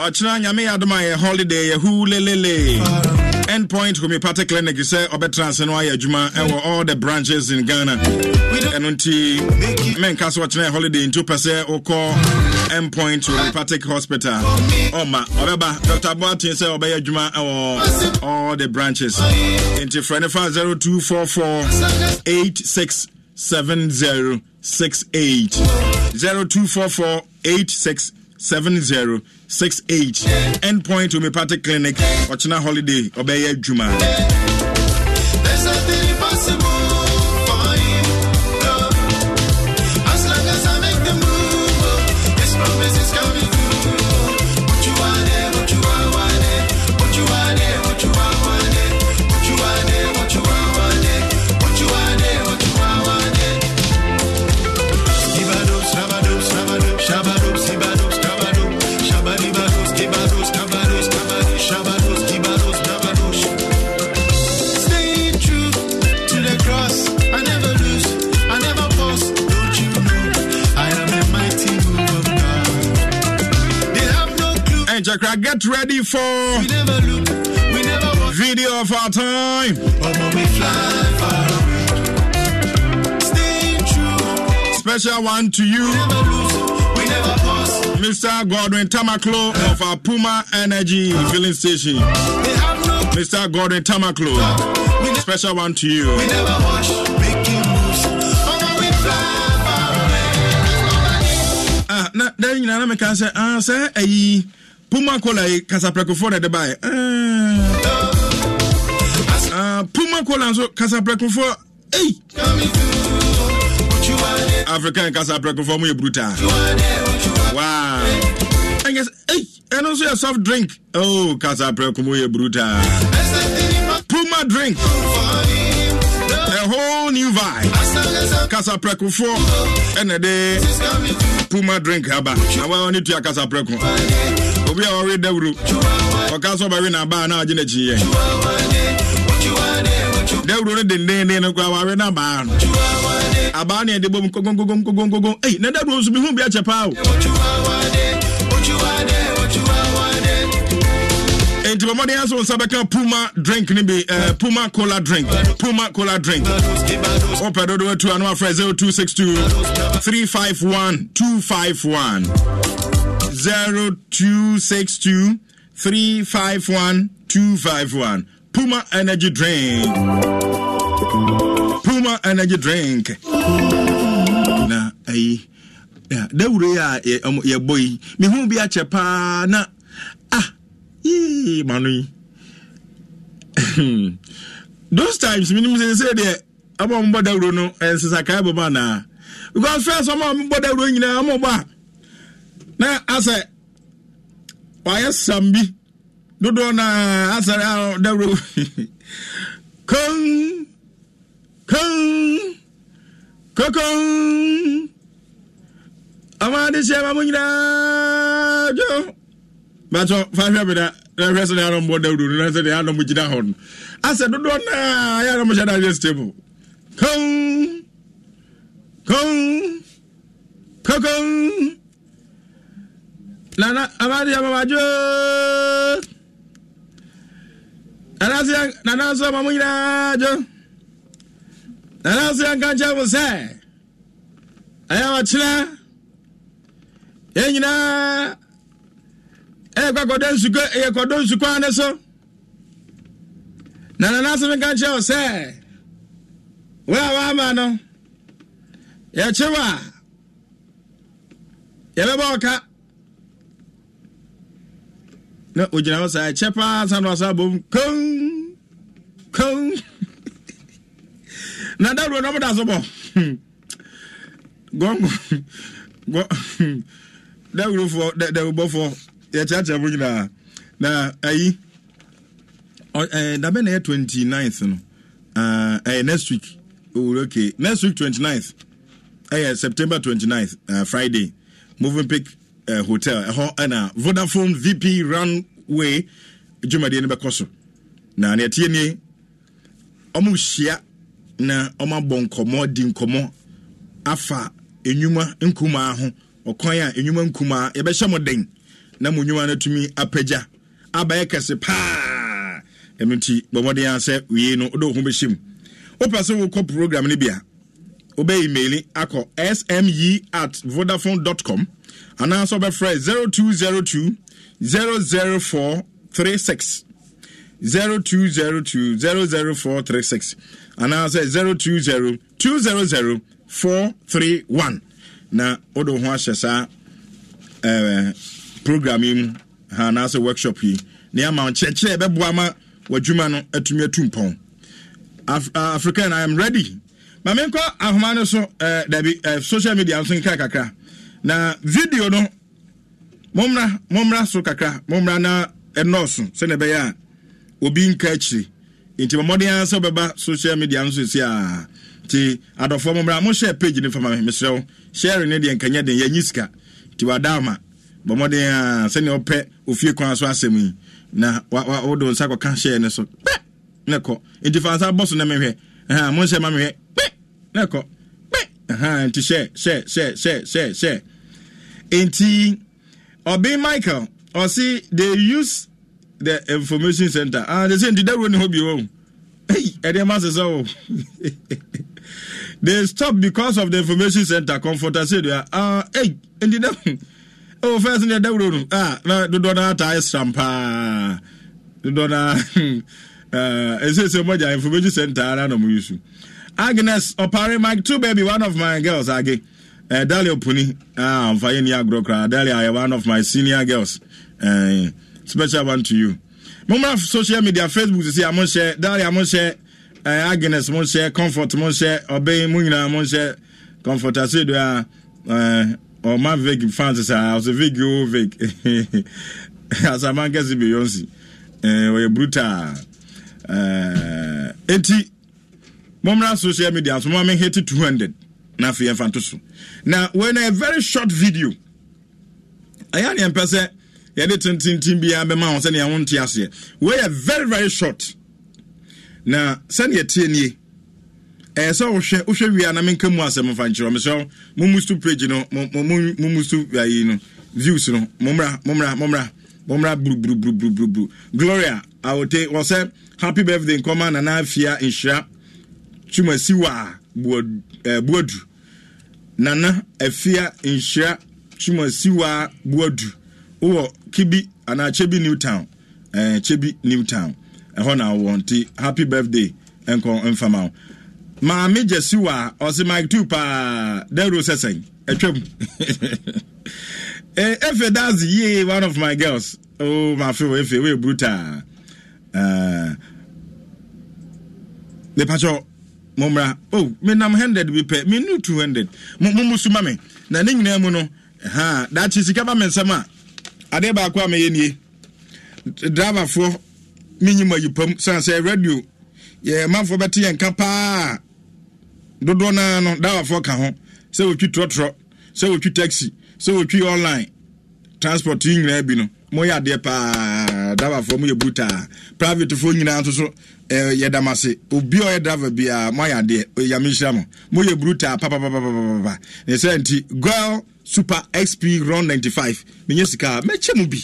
ɔkyena nyame yɛ adom a yɛ holiday yɛhu lelele endpoint homeopathic clinic sɛ ɔbɛtra ase no ayɛ adwuma ɛwɔ all the branches in ghana ɛno nti menka so ɔkyena yɛ holiday nti wopɛ sɛ wokɔ endpoint homeopathic hospital ɔma ɔbɛba dr boaten sɛ ɔbɛyɛ adwuma ɛwɔ all the branches enti frɛ ne fa 0244 867068 0244 86 7068 endpoint homeopathic clinic ɔkyena holiday ɔbɛyɛ adwuma Accra. Get ready for look, video of our time. Special one to you, look, Mr. Godwin Tamaklo uh, of our Puma Energy uh, filling station. No Mr. Godwin Tamaklo, uh, special one to you. Ah, na da nyinaa na meka sɛ sɛ ayi puma Cola, yi de na eh. ah, puma Cola, nso kasaprɛkofoɔ african kasaprɛkofoɔ mu yɛ Wow! waa ɛnyɛ ei ɛno nso yɛ soft drink oh kasaprɛko mu yɛ puma drink a whole new vibe kasaprɛkofoɔ ɛna ɛde puma drink haba. aba na wɔn ani tua kasaprɛko. obi a ɔwe dawuro ɔka sɛ ɔbɛwe n'abaa na ɔgye n'akyi yɛ dawuro no dendenden no kora wawe no abaa no abaa ne ɛde bom kogonkogonkogonkogon ei na dawuro nso mehu bi akyɛ paa o nti bɛ asɛ wo nsa bɛka puma drink ne bi uh, puma cola drink puma cola drink wopɛ dodoɔ atu ano afrɛ 0262 351 251 0262 351 251. Puma Energy Drink. Puma Energy Drink. Na, ayi. Yeah, da wure a yɛbɔ yi mehu bi akyɛ paa na ah yee ma no yi those times menim sɛ sɛ deɛ ama ɔmbɔ dawuro no ɛnsesakae bɔ ma anaa because first ɔma ɔmbɔ dawuro nyinaa ama ɔbɔ a na asɛ wayɛ sam bi dodoɔ na asɛ dawuro kon kon kokon amaade hyɛ ma mo nyinaa dwo batɔ fa hwɛ me da na hwɛ sɛ ne anɔmbɔ dawuro no na sɛ ne anɔm gyina hɔ no asɛ dodoɔ na yɛ anɔm hyɛ no adeɛ stable kon kon kokon nana amadi amamajo nanase nanase mamu nyinaa jo nanase nkankyɛ mu sɛ ɛyɛ wakyerɛ yɛn nyinaa ɛyɛ kɔkɔdɔ nsukɔ ɛyɛ kɔdɔ nsukɔa ne so na nanase nkankyɛ mu sɛ wo a wama no yɛkyewa yɛbɛbɔ ɔka na ogyina hɔ saa ɛkyɛ paa sa na ɔsa abom kon kon na dawuro no ɔmoda so bɔ hmm. gɔngɔ hmm. dawurofoɔ dawubɔfoɔ yɛkyerɛkyerɛ mo nyinaa na ayi dabɛ na ɛyɛ twenty-ninth. no ɛyɛ next week owurɔ oh, ke next week twenty-ninth. ɛyɛ september twenty-ninth. uh, friday moving pick uh, hotel ɛhɔ ɛna vodafone vp runway dwumadeɛ no bɛkɔ so na neɛ tie ni na ɔmo abɔ nkɔmɔ di nkɔmɔ afa enwuma nkumaa ho ɔkwan a enwuma nkumaa yɛbɛhyɛ mo den na mo nwuma no tumi apagya abɛyɛ kɛse paa ɛno nti bɔmmɔden a sɛ wie no wode wo ho bɛhyɛ mu wopɛ sɛ wokɔ program no bi a wobɛyi maili akɔ sme at vodafone com anaasɛ ɔbɛfrɛ 0202 00436 0202 00436 anaasɛ 020 200 431 na wode wo ho ahyɛ saa uh, program yi mu ha anaasɛ workshop yi ne ama wo kyerɛkyerɛ ɛbɛboa ma w'adwuma no atumi atu mpɔn Af- uh, african i am ready ma menkɔ ahoma no so uh, dabi uh, social media nso nka kakra na video no mommra mommra so kakra mommra na ɛnɔɔso sɛne ɛbɛyɛ a obi nka akyiri nti mmɔden ara sɛ wobɛba social media no so si a nti adɔfoɔ mommra mohyɛ page no fama meserɛ wo share ne deɛ nkanyɛ den yɛnyi sika nti wada ama bɔ mmɔden a sɛnea wopɛ ofie kwan so asɛm yi na wode nsa kɔka share ne so pɛ ne kɔ nti fa nsa bɔ so na mehwɛ monhyɛ ma mehwɛ pɛ ne kɔ pɛ nti hyɛ hyɛ hyɛ hyɛ hyɛ hyɛ nti ɔbɛn michael ɔsi they use the information center ah they say ndida wo ni hɔ bi wo ɛdi ɛma sisa wo they stop because of the information center comforter say they are ah hey ndida oh first ndida wo no ah na dodo na ata ɛsram paa dodo na ɛsɛsɛ eh, mo gya information center ara na mo yi so agnes ɔpare mike two baby one of my girls age. Uh, eh, Dalia Puni, ah, I'm finding Agrokra. Dalia, I am one of my senior girls. Uh, special one to you. Mumra social media, Facebook, to see, I'm going share. Dalia, I'm going share. Uh, Agnes, I'm going share. Comfort, I'm going share. Obey, I'm going share. Comfort, I said, uh, uh, or my Vic fans, I was a Vic, you Vic. As a man gets Beyonce. Uh, eh, we're oh, brutal. Uh, 80. Mumra social media, so I'm going to hit 200 na afei yɛmfa nto so na wei na very short video ɛyɛ ne yɛmpɛ sɛ yɛde tententen biara bɛma wo sɛneɛ wonte aseɛ wei yɛ very very short na sɛneɛ tie nie ɛyɛ sɛ wohwɛ wohwɛ wie a na menka mu asɛm mfa nkyerɛ mesɛ momu sto page no momu sto ayi eh, no views no mommra mommra mommra mommra buruburuburuburuburu gloria awote wɔ sɛ happy birthday nkɔma nana afia nhyira tumasiwa eh, buadu nana afia nhyira tuma siwa buadu kibi anaa kyebi new town ɛɛ eh, kyebi new town ɛhɔ na wɔn ti happy birthday nkɔ nfama wo maame gyesiwa ɔsi mike two paa dɛro sɛsɛn ɛtwam eh, efe dazi yie one of my girls oh maafe wo efe wo eburu taa ɛɛ uh, eh, nipatsɔ mɔmmra o oh, menam hundred bi pɛ menu two hundred momu so ma me na ne nyinaa mu no ha daakye sika ba me nsɛm a adeɛ baako a meyɛ nie driverfoɔ menyima yipam sane sɛ radio yɛ manfoɔ bɛte yɛ nka paa dodoɔ naa no driverfoɔ ka ho sɛ wɔtwi trɔtrɔ sɛ wɔtwi taxi sɛ wɔtwi online transport yi nyinaa bi no moyɛ adeɛ paa driverfoɔ buta. Private privatefoɔ nyinaa nso so Eh, yɛdam ase obi a ɔyɛ driver biara mo ayɛ adeɛ eh, yame nhyira mo moyɛ bruta papapapapapa ne sɛ nti girl super xp ron 95 menyɛ sika a mɛkyɛ mu bi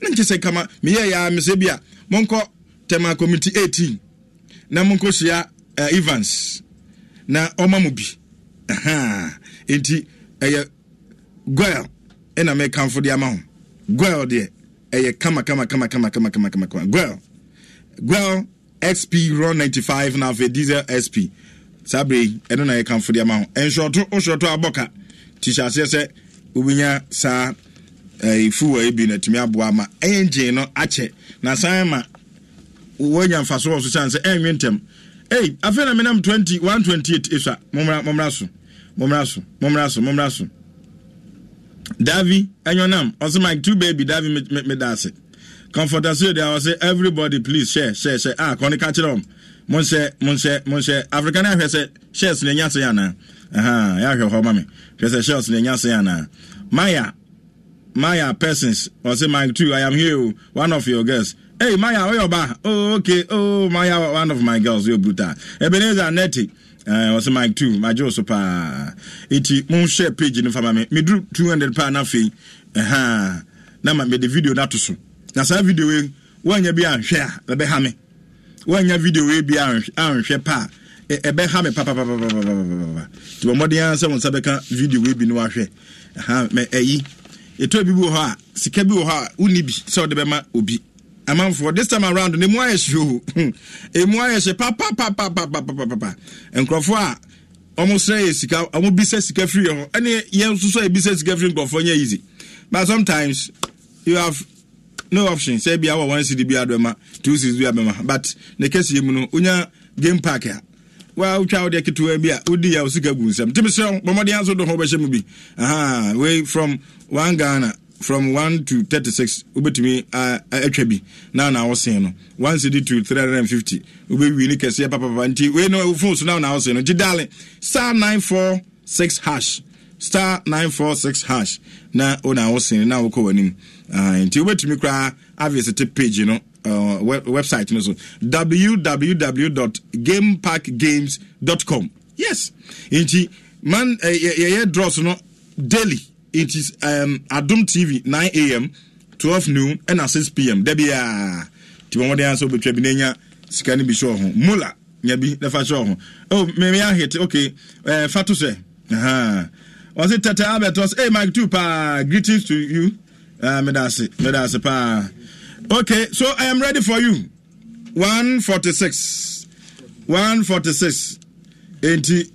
na nkyɛ sɛ kama meyɛ yɛa mesɛ bi a monkɔ tema committee 18 na monkɔhyia uh, eh, evans na ɔma mu bi nti ɛyɛ girl ɛna mekamfo de ama ho girl deɛ ɛyɛ kama kama kama kama kama kama kama girl girl xp ron 95 na afei diesel sp saa bere yi ɛno na yɛkamfo de ama ho nsɔɔto nsɔɔto abɔka tihyɛ aseɛ sɛ wobɛnya saa ɛɛ fuwa ebi eh, na tumi aboa ama engine no akyɛ na san ma wɔanya mfaso wɔ so san sɛ eh, ɛnwe ntɛm ɛyi afei na menam 20 128 esua mɔmra mɔmra so mɔmra so mɔmra so mɔmra so davi ɛnyɔnam ɔsɛ mike two baby davi me me me ase comforter there. I say everybody please share share share ah kɔni ka kyerɛ wɔn mo nhyɛ mo nhyɛ mo nhyɛ afrika no ahwɛ sɛ shares na enya se anaa your yɛahwɛ hɔ ma mi hwɛ sɛ shares na enya maya maya persons say mike two i am here one of your guests. hey maya oyɛ ɔba oh okay oh maya one of my girls yɛ brutal ebenezer neti. Uh, wɔsɛ mike two My Joe so paa enti share page in fa family. me meduru 200 paa no afei ɛhaa na ma the video no ato soon na saa video yi wɔnyɛ bi anhwɛ a ɛbɛha me wɔnyɛ video yi bi anhwɛ pa a ɛbɛha me papapapapapapa nti wɔn mmɔden ara sɛ wɔn nsa bɛka video yi bi no ahwɛ ɛha mɛ ɛyi eto bi wɔ hɔ a sika bi wɔ hɔ a wuni bi sɛ ɔde bɛma obi amanfoɔ this time around ne mu ayɛ hyɛ o emu hmm. ayɛ hyɛ papapapapapapa nkurɔfoɔ a wɔn srɛ yɛ sika wɔn bisɛ sika firi yɛn hɔ ɛne yɛn nso so yɛ bisɛ sika firi nkurɔfoɔ nyɛ easy but sometimes you have no option sɛ bia wa one cd bia bɛma two cd bia bɛma but ne kɛseɛ mu no wonya game park a wa wotwa wode ketewa bi a wodi a wo sika gu nsɛm ntimi serɛ bɔmmɔden aso do ho wobɛhyɛ mu bi aha wei from one ghana from one to thirty-six. 36 wobɛtumi atwa bi na na wosee no one cd to three hundred and 350 wobɛwie ne kɛseɛ papapa nti wei no wofo so na na wosee no gye dale star nine four six hash star nine four six hash na wo na wosee na wokɔ w'anim Ah, nti wobɛtumi koraa avisite page you no know, eh, website you no know, so www.gameparkgames.com yes nti man uh, eh, yɛyɛ draws no daily it is um, adom tv 9 am 12 noon ɛna 6 pm da biaa ah, nti bɔmmɔden a sɛ wobɛtwa bi na anya sika no bi hyɛ ho mula nya bi na fa hyɛ ho oh, meme ahete okay uh, fa to sɛ ɔse tɛtɛ abetos hey, mike two paa greetings to you Uh, ah, medase medase pa. okay so i am ready for you 146 146 enti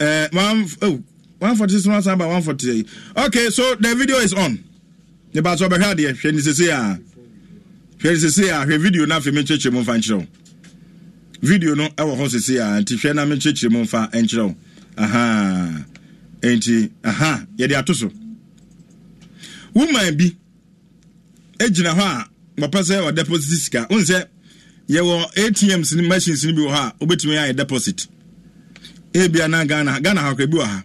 uh, one, oh, 146 no asan ba 148 okay so the video is on The ba so bɛhwɛ adeɛ hwɛ video na afei mekyerɛkyerɛ mu mfa nkyerɛw video no ɛwɔ e hɔ sese a nti hwɛ na mekyerɛkyerɛ mu mfa nkyerɛw aha enti aha yɛde ato so woman bi e gyina hɔ a wɔpɛ sɛ ɔdeposit sika wohu sɛ yɛwɔ atms ne machines no bi wɔ hɔ a wobɛtumi ayɛ deposit Ebi ana ghana ghana ha bi wɔ ha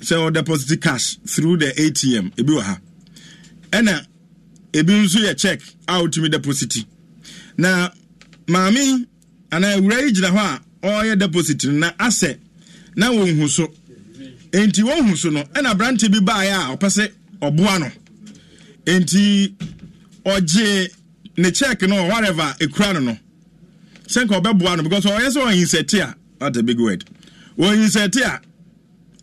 sɛ ɔdeposit cash through the atm ebi wɔ ha ɛna ebi nso yɛ check a wotumi deposit na maame ana awura yi gyina hɔ a ɔreyɛ deposit na asɛ na wɔnhu so nti wɔnhu so no ɛna aberante bi baeɛ a ɔpɛ sɛ ɔboa no nti ɔgye ne check no whatever ekura no no sɛnka ɔbɛboa no because ɔyɛ sɛ ɔyinsɛte a that's a big word ɔyinsɛte a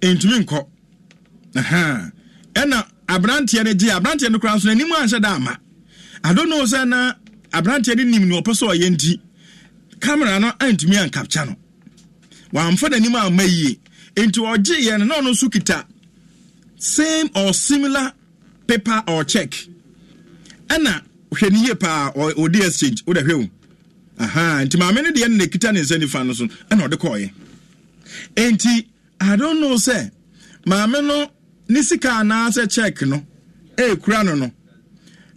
ntumi nkɔ ɛna aberanteɛ no gye aberanteɛ no kora nso n'anim anhyɛ da ama adono sɛ na aberanteɛ no nim ne ɔpɛ sɛ ɔyɛ nti kamera no antumi ankapkya no wamfa n'anim amma yie nti ɔgye yɛ no na ɔno nso kita same or similar paper or check ɛna hwɛ ne yie paa ɔde exchange wode hwɛ wo aha nti maame no deɛ no nakita ne nsa nifa no so ɛna ɔde kɔɔyɛ enti i don't know sɛ maame no ne sika anaasɛ check no ɛɛkura no no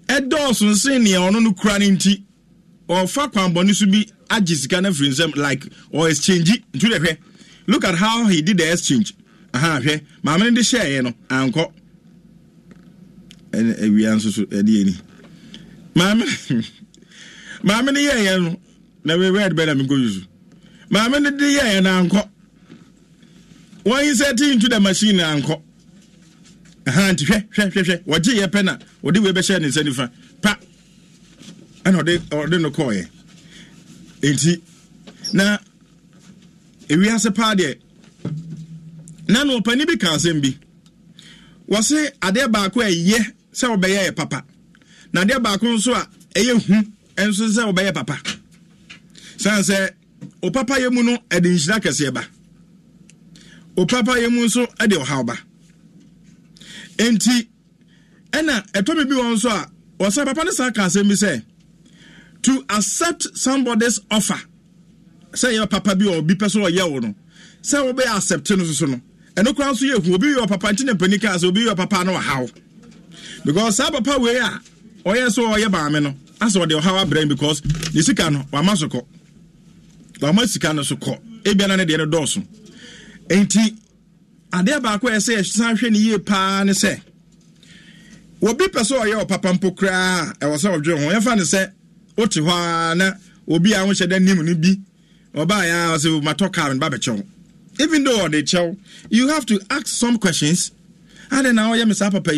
ɛdɔɔso nsen nea ɔno no kura no nti ɔfa kwanbɔne so bi agye sika no afiri nsɛm like ɔ exchange nti wode hwɛ look at how he did the exchange aha hwɛ maame no de hyɛeɛ no ankɔ ɛna awia nso so ɛde ani maame maame no yɛeɛ no na red bɛ na mekɔ yusu maame no de yɛeɛ no ankɔ wɔn sɛ ti into the machine ankɔ aha nti hwɛ hwɛ hwɛ hwɛ wɔgye yɛ pɛ na wɔde wei bɛhyɛ ne nsa nifa pa ɛna ɔde ɔde no kɔɔeɛ enti na ewiase paa deɛ na na ɔpani bi ka asɛm bi wɔse adeɛ baako a ɛyɛ sɛ wɔbɛyɛ yɛ papa na adeɛ baako nso a ɛyɛ hu nso sɛ wɔbɛyɛ papa san sɛ ɔpapa yɛ mu no ɛde nhyira kɛseɛ ba ɔpapa yɛ mu nso ɛde ɔhaw ba enti ɛna ɛtɔmi bi wɔn nso a wɔsɛ papa ne san ka asɛm bi sɛ to accept somebody's offer sɛ yɛ papa bi a obi pɛ sɛ ɔyɛ wo no sɛ wɔbɛyɛ accept no soso no ɛno koraa nso yɛ hu obi yɛ ɔpapa nti ne mpani kaa sɛ obi yɛ ɔpapa no ɔhaw because saa papa wei a ɔyɛ so ɔyɛ baame no asɛ ɔde ɔhaw abrɛ because ne sika no wama so kɔ wama sika no so kɔ ebia na ne deɛ no dɔɔso nti adeɛ baako a ɛsɛ yɛsan hwɛ ne yie paa ne sɛ obi pɛ sɛ ɔyɛ ɔpapa mpo koraa ɛwɔ sɛ ɔdwe ho yɛfa ne sɛ wote hɔ a na obi a wohyɛ da nim no bi ɔbaa yɛ a sɛ matɔ kaa no ba bɛkyɛ wo even though they chow, you have to ask some questions. And then I am Mr. Papa.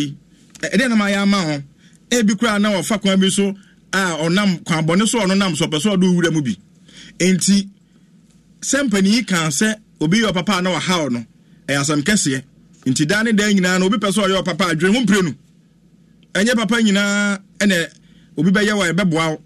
And then I am my ebi kura na ɔfa kwan bi so a ɔnam kwan bɔne so ɔno so ɔpɛ so ɔde owura mu bi nti sɛ mpanyin kan sɛ obi yɛ ɔpapa a na ɔha ɔno ɛyɛ asɛm kɛseɛ nti daa ne daa nyinaa obi pɛ sɛ ɔyɛ ɔpapa adwene ho mpire no ɛnyɛ papa nyinaa ɛna obi bɛyɛ wa ɛbɛboa wo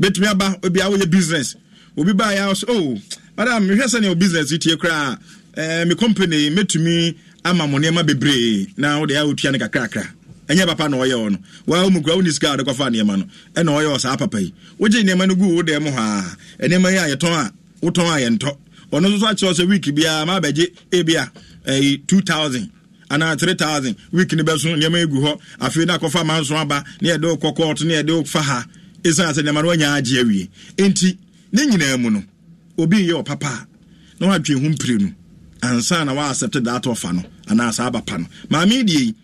bɛtumi aba obi awo woyɛ business obi baa yɛ a ɔsɛ ooo. Oh, madam mehwɛ sɛnea business wotie koraa eh, me company mɛtumi ama mo nneɛma bebree na wode a wotua no kakrakra ɛnyɛ papa na ɔyɛ no waa mu sika a wode kɔfa nneɛma no ɛna ɔyɛ ya saa papa yi wogye nneɛma no gu wo mu haa nneɛma yi a yɛtɔn a wotɔn a yɛntɔ ɔno nso so sɛ week biara ma bɛgye ebia eh, week nneɛma yi gu hɔ afei akɔfa ma nso aba ha ɛsiane sɛ nneɛma no wanya agye awie obi yɛ ɔpapa a na wadwe ho mpire no ansa na waaccept that offer no anaasɛ aba pa no maame deɛ yi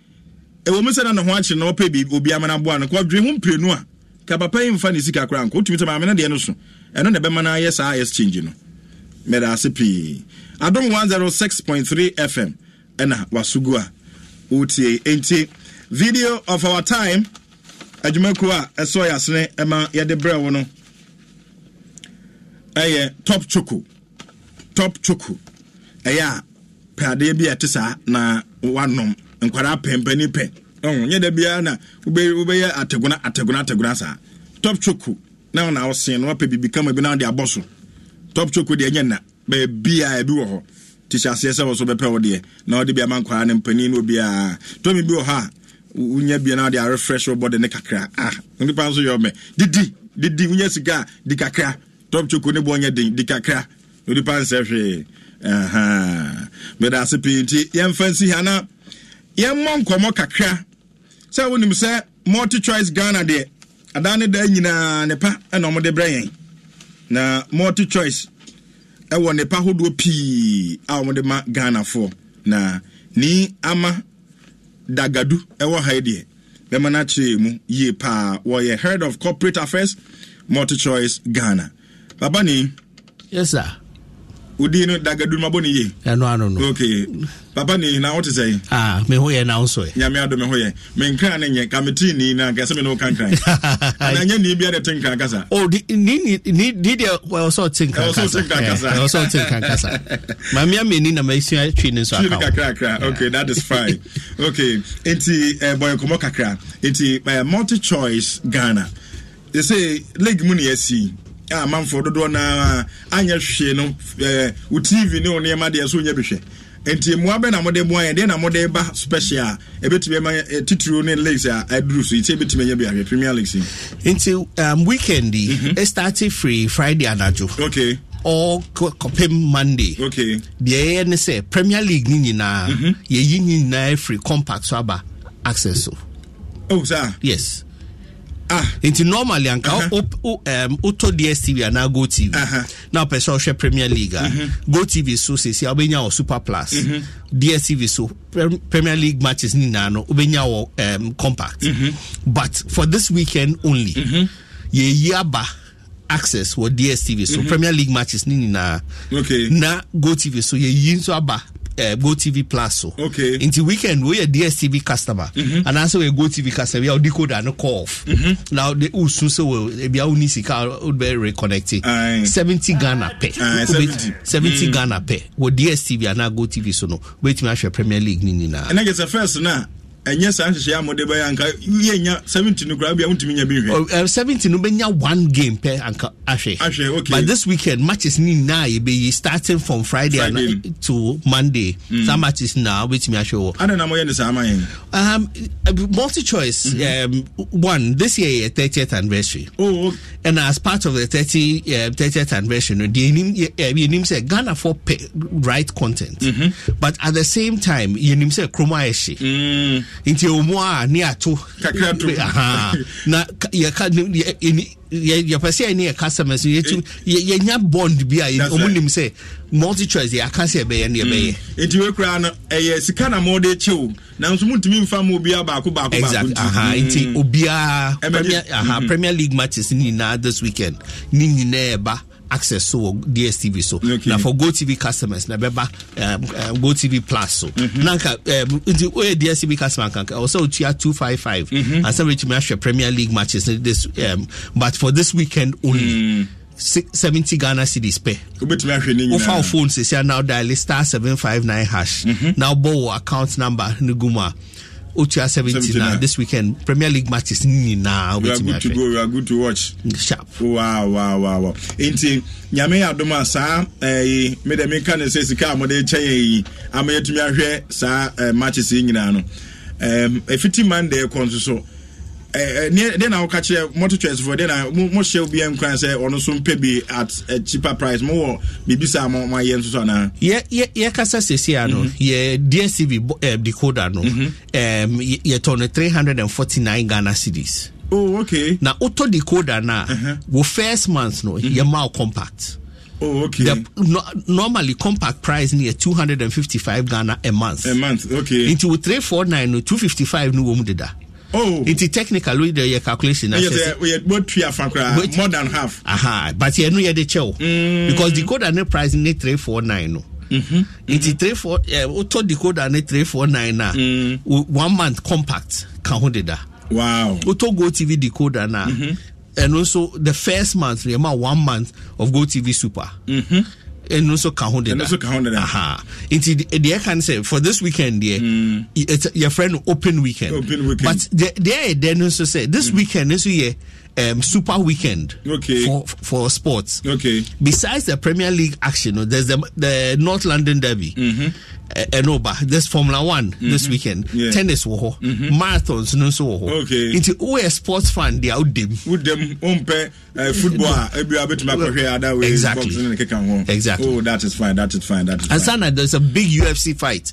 ɛwɔ mu sɛ na ne ho akyere na ɔpɛ bi obi amana boa no kɔdwe ho mpire no a ka papa yi mfa ne sika koraa nka wotumi sɛ maame no deɛ no so ɛno na ɛbɛma no ayɛ saa exchange no mɛda ase pii adom 106.3 fm ɛna wasogu a wotie enti video of our time adwumakuo a ɛsɔ yɛ asene ɛma yɛde brɛ wo no ɛyɛ top choko top choko ɛyɛ a pɛadeɛ bi ɛte saa na wanom nkwadaa pɛmpɛni pɛ ɔn nyɛ dɛ biara na wobɛyɛ atagona atagona atagona saa top choko na ɔna ɔsen na wapɛ bibi kama bi na ɔde abɔ so top choko deɛ nyɛ na baabi a ebi wɔ hɔ tihyɛ aseɛ sɛ wɔso bɛpɛ wɔ deɛ na ɔde bi ama nkwadaa ne mpanyin no obiara tɔmi bi wɔ hɔ a wonya bia na ɔde arefresh wɔ bɔde ne kakra ah nipa nso yɛ ɔmɛ didi didi wonya sika di kakra. top choko ne bɔnyɛ den di kakra onipa nsɛ hwee meda ase pii nti yɛmfa nsi ha na yɛmmɔ nkɔmmɔ kakra sɛ wonim sɛ multi choice ghana deɛ adaa ne daa nyinaa nipa ɛna ɔmode brɛ yɛn na multi choice ɛwɔ nepa hodoɔ pii a ɔmode ma Ghana ghanafoɔ na ni ama dagadu ɛwɔ ha deɛ bɛma no akyerɛ mu yie paa wɔyɛ head of corporate affairs multi choice ghana papa ni yes sir wodi no dagaduruma bɔ ne ye ɛno ano no ok papa ni na wote sɛ ah me ho yɛ na wo so ɛ e. nyame adɔ me ho yɛ me nkra ne nye kameti ni na nka sɛ me ne wo kan kran e. ana nyɛ ni bi de te nkran kasa o oh, di ni ni di de wɔ sɔ te nkran kasa wɔ sɔ te nkran kasa wɔ eh, sɔ te nkran kasa maame ame ni na ma esu atwi ne so akaw twi kakra kakra ok that is fine ok nti ɛɛ eh, bɔyɛ nkɔmɔ kakra nti ɛɛ eh, multi choice ghana they say leg mu ni yɛ si. a amanfoɔ dodoɔ naa anyɛ hwee no ɛɛ eh, wo tv ne wo nneɛma deɛ so nyɛ bihwɛ nti mmoa bɛ na mode boa yɛ deɛ na mode ba special a ɛbɛtumi ɛma eh, titiro ne legs a ɛduru so nti ɛbɛtumi ɛnyɛ bi ahwɛ premier leagues yi. nti um, weekend yi mm e start free friday anadio. okay. or kɔpem monday. okay. deɛ ɛyɛ ne sɛ premier league ni ye mhm. yɛyi na free compact swaba aba access oh sir. yes. Ah. nti normally anka wotɔ dstv anaa go tv na wopɛ sɛ wohwɛ premier league a mhm. go tv so sesia wobɛnya wɔ super plus mhm. dstv so premier league matches nyinaa no wobɛnya wɔ compact mhm. but for this weekend only yɛyi aba access wɔ dstv so premier league matches ne nyinaa na go tv so yɛyi nso aba uh, eh, TV plus so okay. nti weekend a dstv customer mm -hmm. we go TV customer bia wode coda no call off mm -hmm. na wosu be wɔ eh, bia woni sika wobɛ reconnecte 70 ghana pɛ 70, 70 mm. ghana pɛ wɔ dstv Go TV so no wobɛtumi ahwɛ premier league no And ɛnɛ gɛ the first no ɛnyɛ saa nhyehyɛ a mode bɛyɛ anka yɛnya 70 no koraa bia wontumi nya bɛhwɛ 70 eh, no bɛnya one game pɛ anka ahwɛ ahwɛ okay but this weekend matches ne nyinaa yɛbɛyi starting from friday, friday. An, to monday mm. saa matches nyinaa wobɛtumi ahwɛ wɔ ana na moyɛ ne saa ma um, eh, multi choice mm-hmm. um, one this year yɛ 30th anniversary oh, okay. and as part of the 30, uh, 30th anniversary no deɛ yɛnim eh, sɛ ghanafoɔ pɛ right content mm-hmm. but at the same time yɛnim sɛ kroma ayɛ e. mm. nti ɛwɔ a ne ato na yɛpɛ sɛ ɛne yɛ customers yɛtum yɛnya bond bi a ɔmu nim sɛ multichoice yɛaka sɛ ɛbɛyɛ no yɛbɛyɛ nti wekura no ɛyɛ sika na mode kye o nanso mutumi mfa ma obiaa baako baako obiaa premier league matches ne nyinaa this weekend ne nyinaa ɛba access so dstv so okay. na for gotv customers now beba um, uh, um, gotv plus so mm-hmm. um, dstv customer nkanka also sɛ wotua 255 and some which bɛtumi premier league matches this, um, but for this weekend only mm. 70 Ghana cities pɛ wofa wo phone sesia na wodale star 759 hash mm-hmm. Now, wobɔ account number no otua 17 na this weekend premier league matches nyinaa wobɛtumi ahwɛ we are good to watch sharp wow wow wow wow nti nyame adom a saa eh mede meka ne sɛ sika a mode kyɛ yɛ yi ama yɛtumi ahwɛ saa eh, matches yi nyinaa no um ɛfiti monday kɔ nso so deɛ na woka kyerɛ moto choicefoɔ deɛ na mohyɛ obia nkran sɛ ɔno so mpɛ bi at a cheaper price mowɔ biribi saa mo ayɛ nso so anaa yɛkasa sesia no mm-hmm. yɛ dstv eh, decoder no yɛtɔ no nine ghana cities Oh, okay. Na auto decoder na uh-huh. wo first month no mm-hmm. yɛma compact. Oh, okay. The, no, normally compact price near 255 Ghana a month. A month, okay. Into 349 no 255 no wo mu deda oh nti technical wey de yɛ calculation na sɛ yɛ bɔ tu more than half aha but you know you de kyɛw mm. because the decoder ne price ne three four nine no. Mm-hmm. nti mm-hmm. three four ɛ o tɔ decoder ne three four nine na mm. one month compact ka ho deda. wow o tɔ go tv decoder now, uh, Mm-hmm. and also the first month yɛ ma one month of go tv super. Mm-hmm ɛno nso ka ho deda nti deɛ ɛka no sɛ for this weekend deɛ hmm. yɛfrɛ no open weekend but deɛ ɛyɛ dɛ no nso sɛ this hmm. weekend nso yɛ um, super weekend okay. for for sports. Okay. Besides the Premier League action, there's the, the North London Derby. Mm-hmm. Uh, no, but there's Formula One mm-hmm. this weekend. Yeah. Tennis wo mm-hmm. marathons no so wo Okay. Into we oh, a sports fan they out them. With them umpe eh, football every a bit other way exactly. boxing and kick and Exactly. Oh, that is fine. That is fine. That is. And fine. Sana, there's a big UFC fight.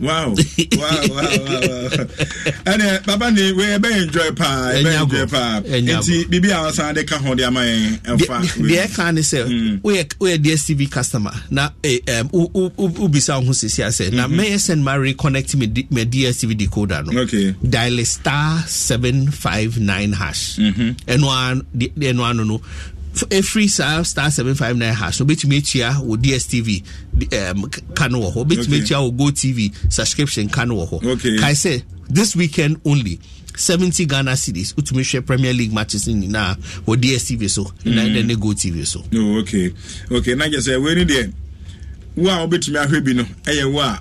wow wow wow wow ɛnɛ papa we enjoy paa e ɛbɛ enjoy paa nti bibi a wasan de ka ho de ama yɛn ɛfa deɛ ɛka ne sɛ woyɛ woyɛ dstv customer na ɛɛm e, ubisa ho sisi asɛ na mɛyɛ mm-hmm. send ma reconnect mi di mi dstv decoder no okay dial star seven five nine hash ɛnua mm-hmm. ɛnua no no ɛfiri eh, saa star 759 has no wobɛtumi atua wo dstv um, ka no wɔ hɔ wobɛtumi atua wo go tv subscription ka no wɔ hɔ okay. kae sɛ this weekend only 70 Ghana cities wotumi hwɛ Premier League matches ni nyinaa wɔ DSTV so mm. na ne Go TV so. Oh, okay okay na kyerɛ sɛ wei ni deɛ wo a wobɛtumi ahwɛ bi no ɛyɛ wo a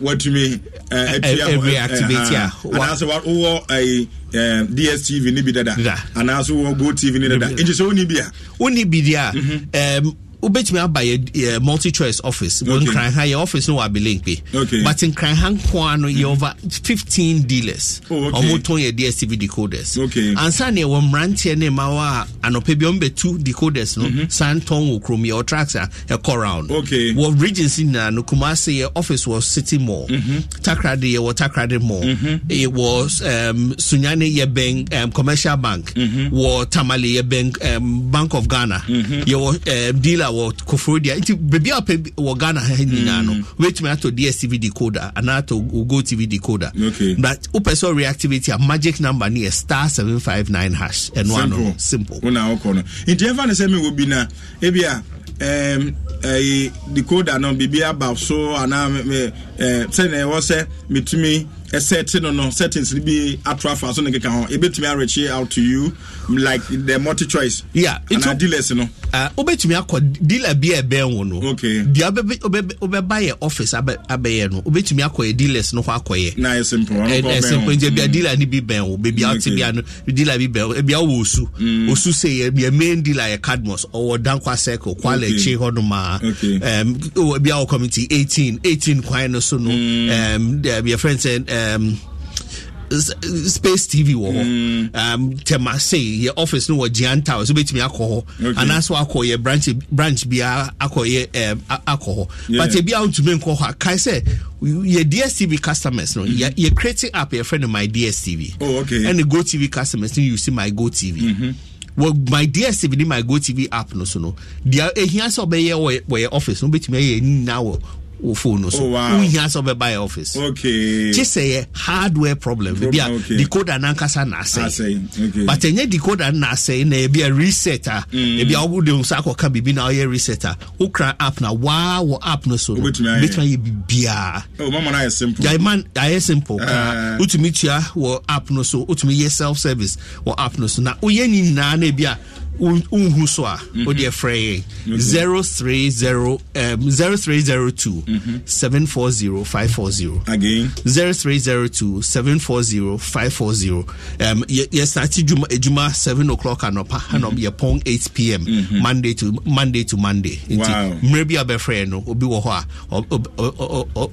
watumi ɛtua eh, eh, ɛɛ ɛɛ reactivate a anaasɛ wowɔ ɛyi. Eh, dstv ni bi dada anaasɛ wɔ go tv ni dada nti sɛ woni a woni deɛ a mhm wobɛtumi aba yɛ multi choice office wɔ nkranha yɛ office no wɔ abelenke but nkranha nko a no yɛ over 15 dealers ɔmotɔn oh, okay. yɛ dstv decoders okay. ansa ne ɛwɔ mmeranteɛ ne ma wɔ a anɔpɛ bi ɔmbɛtu decoders no mm-hmm. san tɔn wɔ kurom yɛ ɔtracks a ɛkɔ round okay. wɔ regions nyinaa no kumase yɛ office wɔ city mall mm-hmm. takrade yɛwɔ takrade mall mm-hmm. yɛwɔ sunyane yɛ um, bɛn um, commercial bank mm wɔ tamale yɛ bɛn um, bank of ghana mm yɛwɔ dealer wɔ koforo deɛ nti beebi a pɛ wɔ ghana ha nyinaa no mm. wobɛtumi atɔ dstv decoder anaa atɔ go tv decoder okay. but wopɛ sɛ reactivity a magic number ni yɛ star 759 hash ɛno ano no simple wona wokɔ no nti ɛmfa ne sɛ mewɔ bi no ebia um, uh, decoder no biribi aba so anaa Eh, sɛnea ɛwɔ sɛ metumi ɛsɛte eh, no no settings no bi ato afa so no keka ho yɛbɛtumi arekyie out to you like the multi choice yeah, ana dealers no wobɛtumi ah, akɔ dealer bi a ɛbɛn wo no deɛ wobɛba yɛ office abɛyɛ no wobɛtumi akɔ yɛ dealers no hɔ akɔyɛ naɛsɛmpɔ nti bia mm. dealer no bi bɛn wo bebia wote bia no dealer bi bɛn wo bia wowɔ osu mm. osu sɛ yɛ main dealer yɛ cadmos ɔwɔ dankwa circle kwala akyi hɔ no maa bia wɔ committee 18 18 kwan no so no um, um your friend sɛ um, space tv wɔ mm. um, temasei your office no wɔ gian tower so bɛtumi akɔ hɔ okay. I call your branch branch be akɔ yɛ um, alcohol, hɔ yeah. but ebi a ntumi nkɔ hɔ akae sɛ your dstv customers no mm. Mm-hmm. yɛ creating app friend of my dstv oh, okay. ɛne go tv customers you see my go tv mm-hmm. well, my dstv ne my go tv app no so no The ehia sɛ ɔbɛyɛ wɔ yɛ office no bet me now. wo phone so wohia sɛ wobɛba yɛ office gye sɛ yɛ hardware problem baabi eh, a decoda no ankasa na but ɛnyɛ decoda no na asɛe na ɛbi a reset a ɛbi a wode wo sɛ akɔka biribi na woyɛ reset a wokra app na waa wɔ app no so no bɛtumi ayɛ biribiaa simple wotumi tua wɔ app no so wotumi yɛ self service wɔ app no so na woyɛ ne nyinaa na ɛbi a unhu so a wode mhm. frɛ yɛ 0302 740540 0302 740540 um, yɛsate dwuma adwuma 7 o'clock anɔpa mhm. anɔm yɛpɔn 8 pm mhm. monday to monday to monday nti wow. mmerɛ bi abɛfrɛ no obi wɔ hɔ a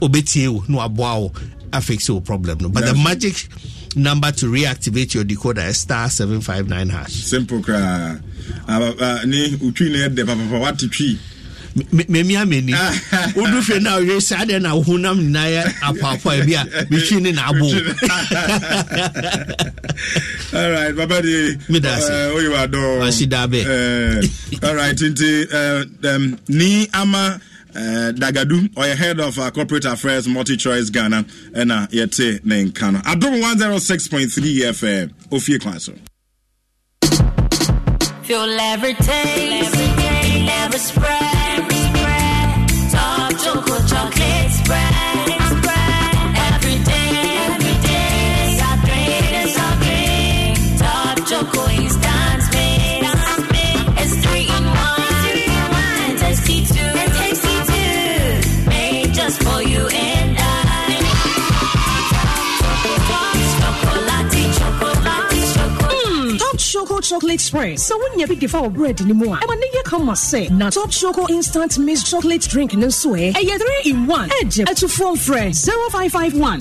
ɔbɛtie wo na waboa wo afix wo problem no but the magic number to reactivate your decoder is star nine hash. Simple cry. Ah, ne utwi ne de papa wate twi. Memi ameni. Odu fe na we sa de na honam nyina ye apapa e bia me twi ne na abo. All right, baba de. Midasi. Uh, eh, Oyiwa do. Ashidabe. Uh, eh, all right, nti uh, um, ni ama Eh, Dagadu ɔyɛ head of uh, corporate affairs multi Ghana ɛna yɛte ne nka no adom 106.3 fm ofie kwan so Feel every day, every day, every spread. Choco Chocolate Spread. So when you be give bread anymore. I'm gonna come say na Top Choco Instant Mixed Chocolate Drink in this way. A three in one. Edge at two phone friend 0551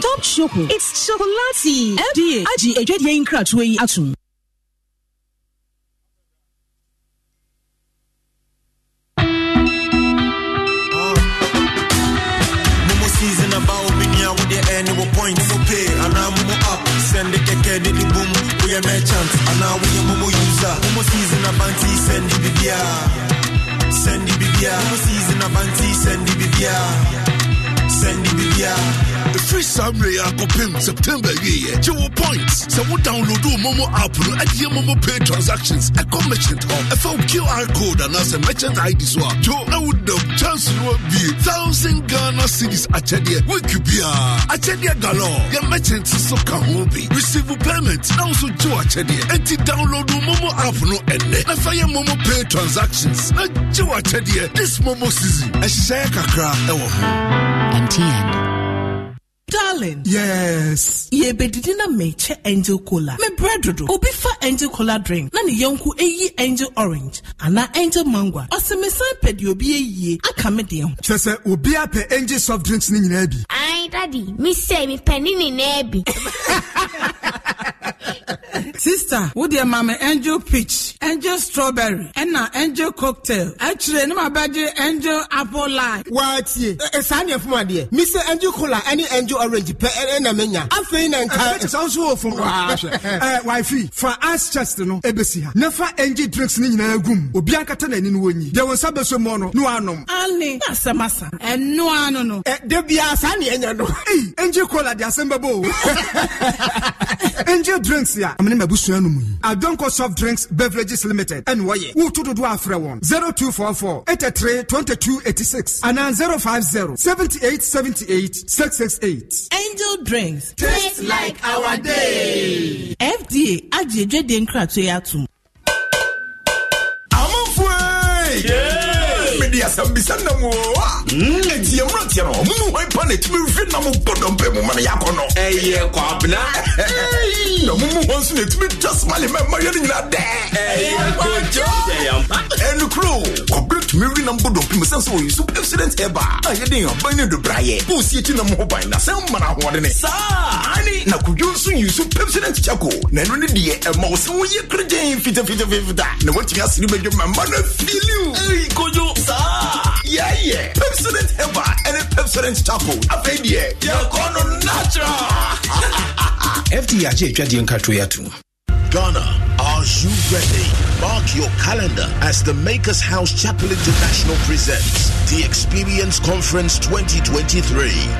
Top Choco. It's chocolatey. FDA. IG. in Yain Kratway Atum. akɔpem september wieɛ gye wo points sɛ wo download wo momo app no adeɛ momo pay transactions ɛkɔ merchant hɔ ɛfa wo qr code anaasɛ merchant id so a to na wodam chance no abie thousand ghana cities akyɛdeɛ week biaa akyɛdeɛ galore yɛ merchant so ka ho bi receive payment na wo so gye wo akyɛdeɛ enti download wo momo app no ɛnnɛ na fa yɛ momo pay transactions na gye wo akyɛdeɛ this momo season ɛhyehyɛeɛ kakra ɛwɔ ho MTN darling. Yes. Ye bedidi na meche angel cola. Me bread dodo. Obi fa angel cola drink. Na ne yonku eyi angel orange. Ana angel mango Ose me san pe di obi eyi. Aka me de ho. Chese obi ape angel soft drinks ni nyina bi. Ai daddy, me say me penini na bi. sister wodeɛ mame angel peach angel strawberry ɛna angel cocktail akyire ne ma bɛgye angel apple lime waatie e, e, saa neɛ fom adeɛ mesɛ angel cola ne angel orange pɛ ɛna menya afei na nka sa nso wɔ fom wifi fa ice chest no ɛbɛsi ha na fa angel drinks no nyinaa gum obia nkata n'ani ni? wɔnyi deɛ wo nsa bɛso mmɔ no na wanom ane na asɛm asa ɛno ano no da biaa saa neɛ ɛnya no ei angel cola de asɛm bɛbɔ o angel drinks ya amene mabusua no mu yi adonko soft drinks beverages limited ɛne wɔyɛ woto dodoɔ afrɛ wɔn 0244 83 2286 anaa 050 78 78 668 angel drinks taste like our day fda agye dwadie nkratoe atom de asɛm bisa nam wɔa ɛtiɛ mmeranteɛ no ɔmomu hwan pa na atumi mfi nam bɔdɔmpɛ mu ma no yɛakɔ no ɛyɛ kwabena na momu hɔ nso na ɛtumi twa somale ma mma yɛ no nyinaa dɛ ɛyɛ kɔgyo ɛnukuro kɔbere miri nam bodɔ pim sɛm sɛ wɔyi so accident ɛba a yɛde aban ne dobraeɛ boosi akyi nam ho ban na sɛm ma no ahoɔdene saa ane na kodwo nso yi so pepsident kyako na ɛno ne deɛ ɛma wo sɛ woyɛ kragyen fitafitafifita na woatumi asene bɛdwo ma no afiliw ei kodwo saa yɛyɛ pepsident ɛba ɛne pepsident kyako afei deɛ yɛkɔ no natural fdagye atwadeɛ nkatoyɛ atom ghana Are you ready? Mark your calendar as the Makers House Chapel International presents the Experience Conference 2023.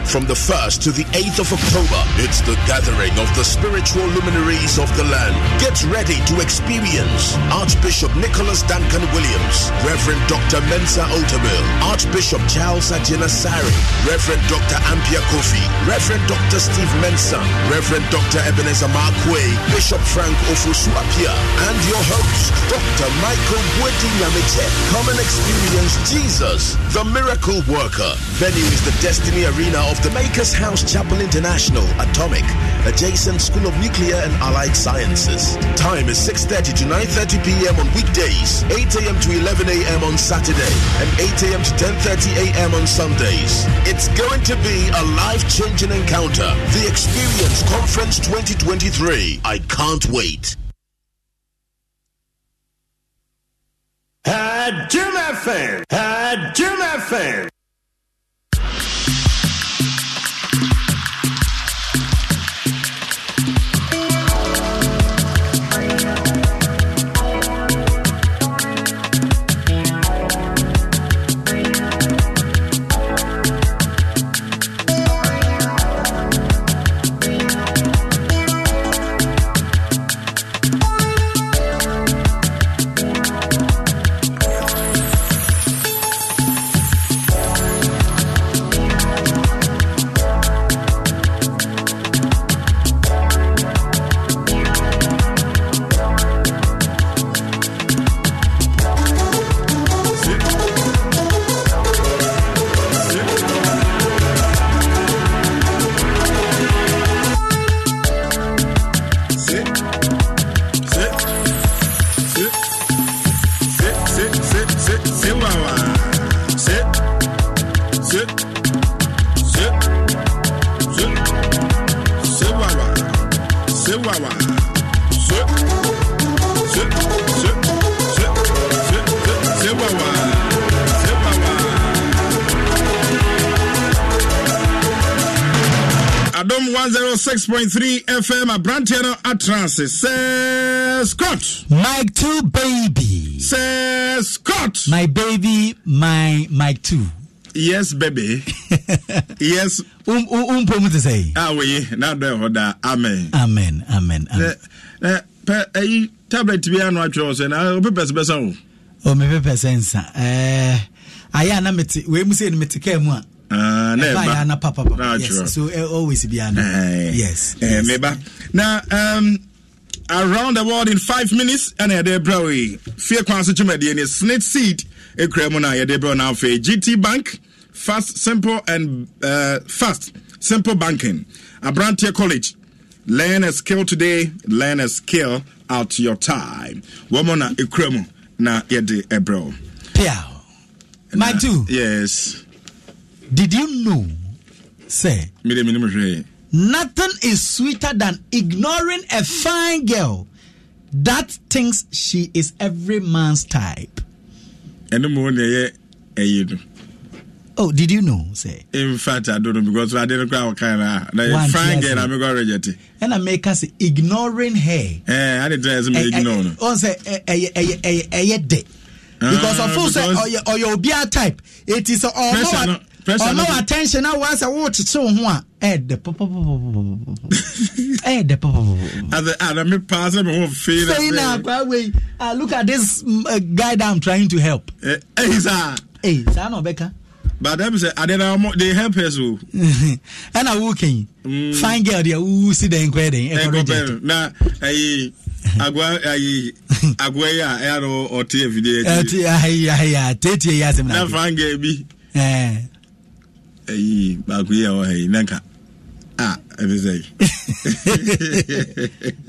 From the 1st to the 8th of October, it's the gathering of the spiritual luminaries of the land. Get ready to experience Archbishop Nicholas Duncan Williams, Reverend Dr. Mensa Otamil, Archbishop Charles Ajina Sari, Reverend Dr. Ampia Kofi, Reverend Dr. Steve Mensa, Reverend Dr. Ebenezer Markwe, Bishop Frank Ofusuapia, and your host, Dr. Michael Wedinyamite. Come and experience Jesus, the miracle worker. Venue is the Destiny Arena of the Makers House Chapel International, Atomic, adjacent School of Nuclear and Allied Sciences. Time is 6.30 to 9.30 p.m. on weekdays, 8 a.m. to 11 a.m. on Saturday, and 8 a.m. to 10.30 a.m. on Sundays. It's going to be a life-changing encounter. The Experience Conference 2023. I can't wait. Had Jim my thing. Jim do adom 106.3 fm aberanteɛ no atrase sɛ scott mike two baby sɛ scott my baby my mike two. yes baby yes wompɔ mu te sɛ wei na dɔ ɛhɔ e daa amen amen amen pɛ ayi tablet bi no atwerɛ wo sɛ na wopepɛ sɛ bɛsa wo oh, mepepɛ sɛ nsa eh, ayɛ a na mete wei mu sɛ no mete kaa mu a Ah, ah, so eh, always be an eh, yes, meba eh, na um around the world in five minutes and uh, there bro fear kwanso chimade ne snit seed ekra mu na there bro now for GT bank fast simple and uh, fast simple banking abrantia college learn a skill today learn a skill out your time woman ekra mu na yede ebro yeah my two yes did you know sɛ nothing is sweeter than ignoring a fine girl that thinks she is every man's type Oh, did you know? Say. In fact, I don't know because I didn't cry. Kind of, like, Frank and I'm going to reject it. And I make us ignoring her. Eh, I didn't tell you ignore. Oh, say, because of course, or or your beer type, it is all ɔma w attention a woa sɛ wokyekye wo ho a ɛdɛ ɛdɛ pfei no akwa wei uh, look at this uh, guy that i'm trying to help eh, eh, saa na ɔbɛka but them say ade na ọmọ they help us o. ẹna wo kẹyìn fine girl de wu si den nkọ den ẹ kọ reject. na ayi agwa ayi agwa yi a ẹ yà ọ ọ tiẹ fidie. ẹ ti ayi ayi a tẹ yà sẹmu na. na fine girl bi ayi baako yi a wɔ ha yi nanka ah ebi sɛ.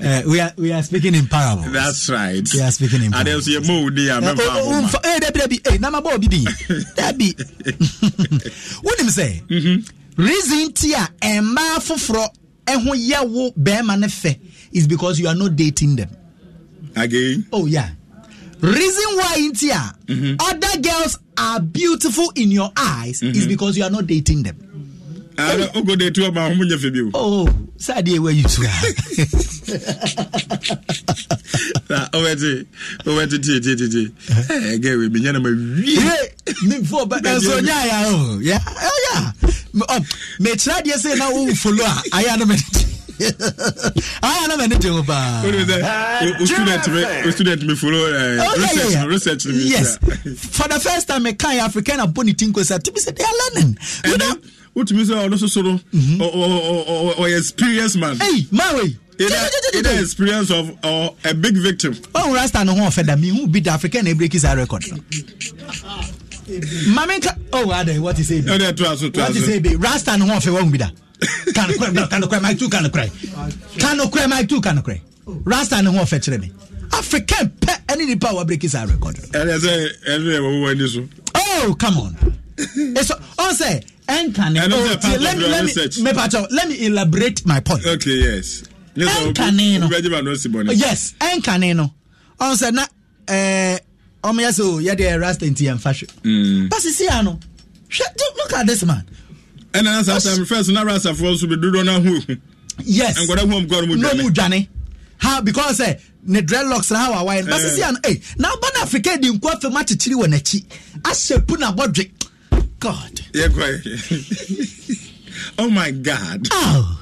Eh, we are we are speaking in parables. that's right. we are speaking in parables. adeɛ nso yɛ mo de a mɛ fa ahoma. nfa ee dabi dabi ee nama bɔ obi bi dabi wunim sɛ. Mhm. reason ti a mmaa foforɔ ɛho yɛ wo bɛrima ne fɛ is because you are not dating them. again. oh yeah. reason why nti a. Mhm. other girls are beautiful in your eyes mm-hmm. is because you are not dating them. Oh, de tu ọba ọmọ nyefe bi oh sadi ewe yi tu ha. ọbẹti ọbẹti tie tie tie tie ẹ gẹ ewe mi yẹn na ma wie. mi mẹ kyerẹ adiẹ sẹ na o folo a ah na mɛne te ho paa for the first time mekae african abɔ ne ti nko sɛ timi sɛ they are learning you know wotumi sɛ ɔno soso no ɔyɛ experience man hey, ma wei either experience of or a big victim. Oh, rasta no one fẹ me who beat african na break his record. maame oh adai what is it what is it rasta no one fẹ wọn bi da kanokora no kanokora mic two two kanokora rasta ne ho ɔfɛ kyerɛ mi african pɛ ɛne nipa a wabreki saa record no. ɛnɛ sɛ ɛnɛ wɔwɔ ani oh come on ɛsɛ ɔsɛ ɛnkane let me elaborate my point. okay yes. ɛnkane no oh, yes ɛnkane no ɔsɛ oh, na ɛɛ ɔmo sɛ o rasta nti yɛn fa hwɛ. pasisi ano hwɛ look at this man ɛna na saa time first na rasafoɔ nso bi dodoɔ na ho ehu yes nkɔda hu ɔmukɔ ɔmu dwane n'omu dwane ha because ɛ eh, ne dreadlocks na ha wa wa yɛ no basisi ano ee na aba na afirika di nko afɛm akyekyere wɔ n'akyi ahyɛ pu na abɔdwe god. yɛ kɔ yɛ oh my god. Oh.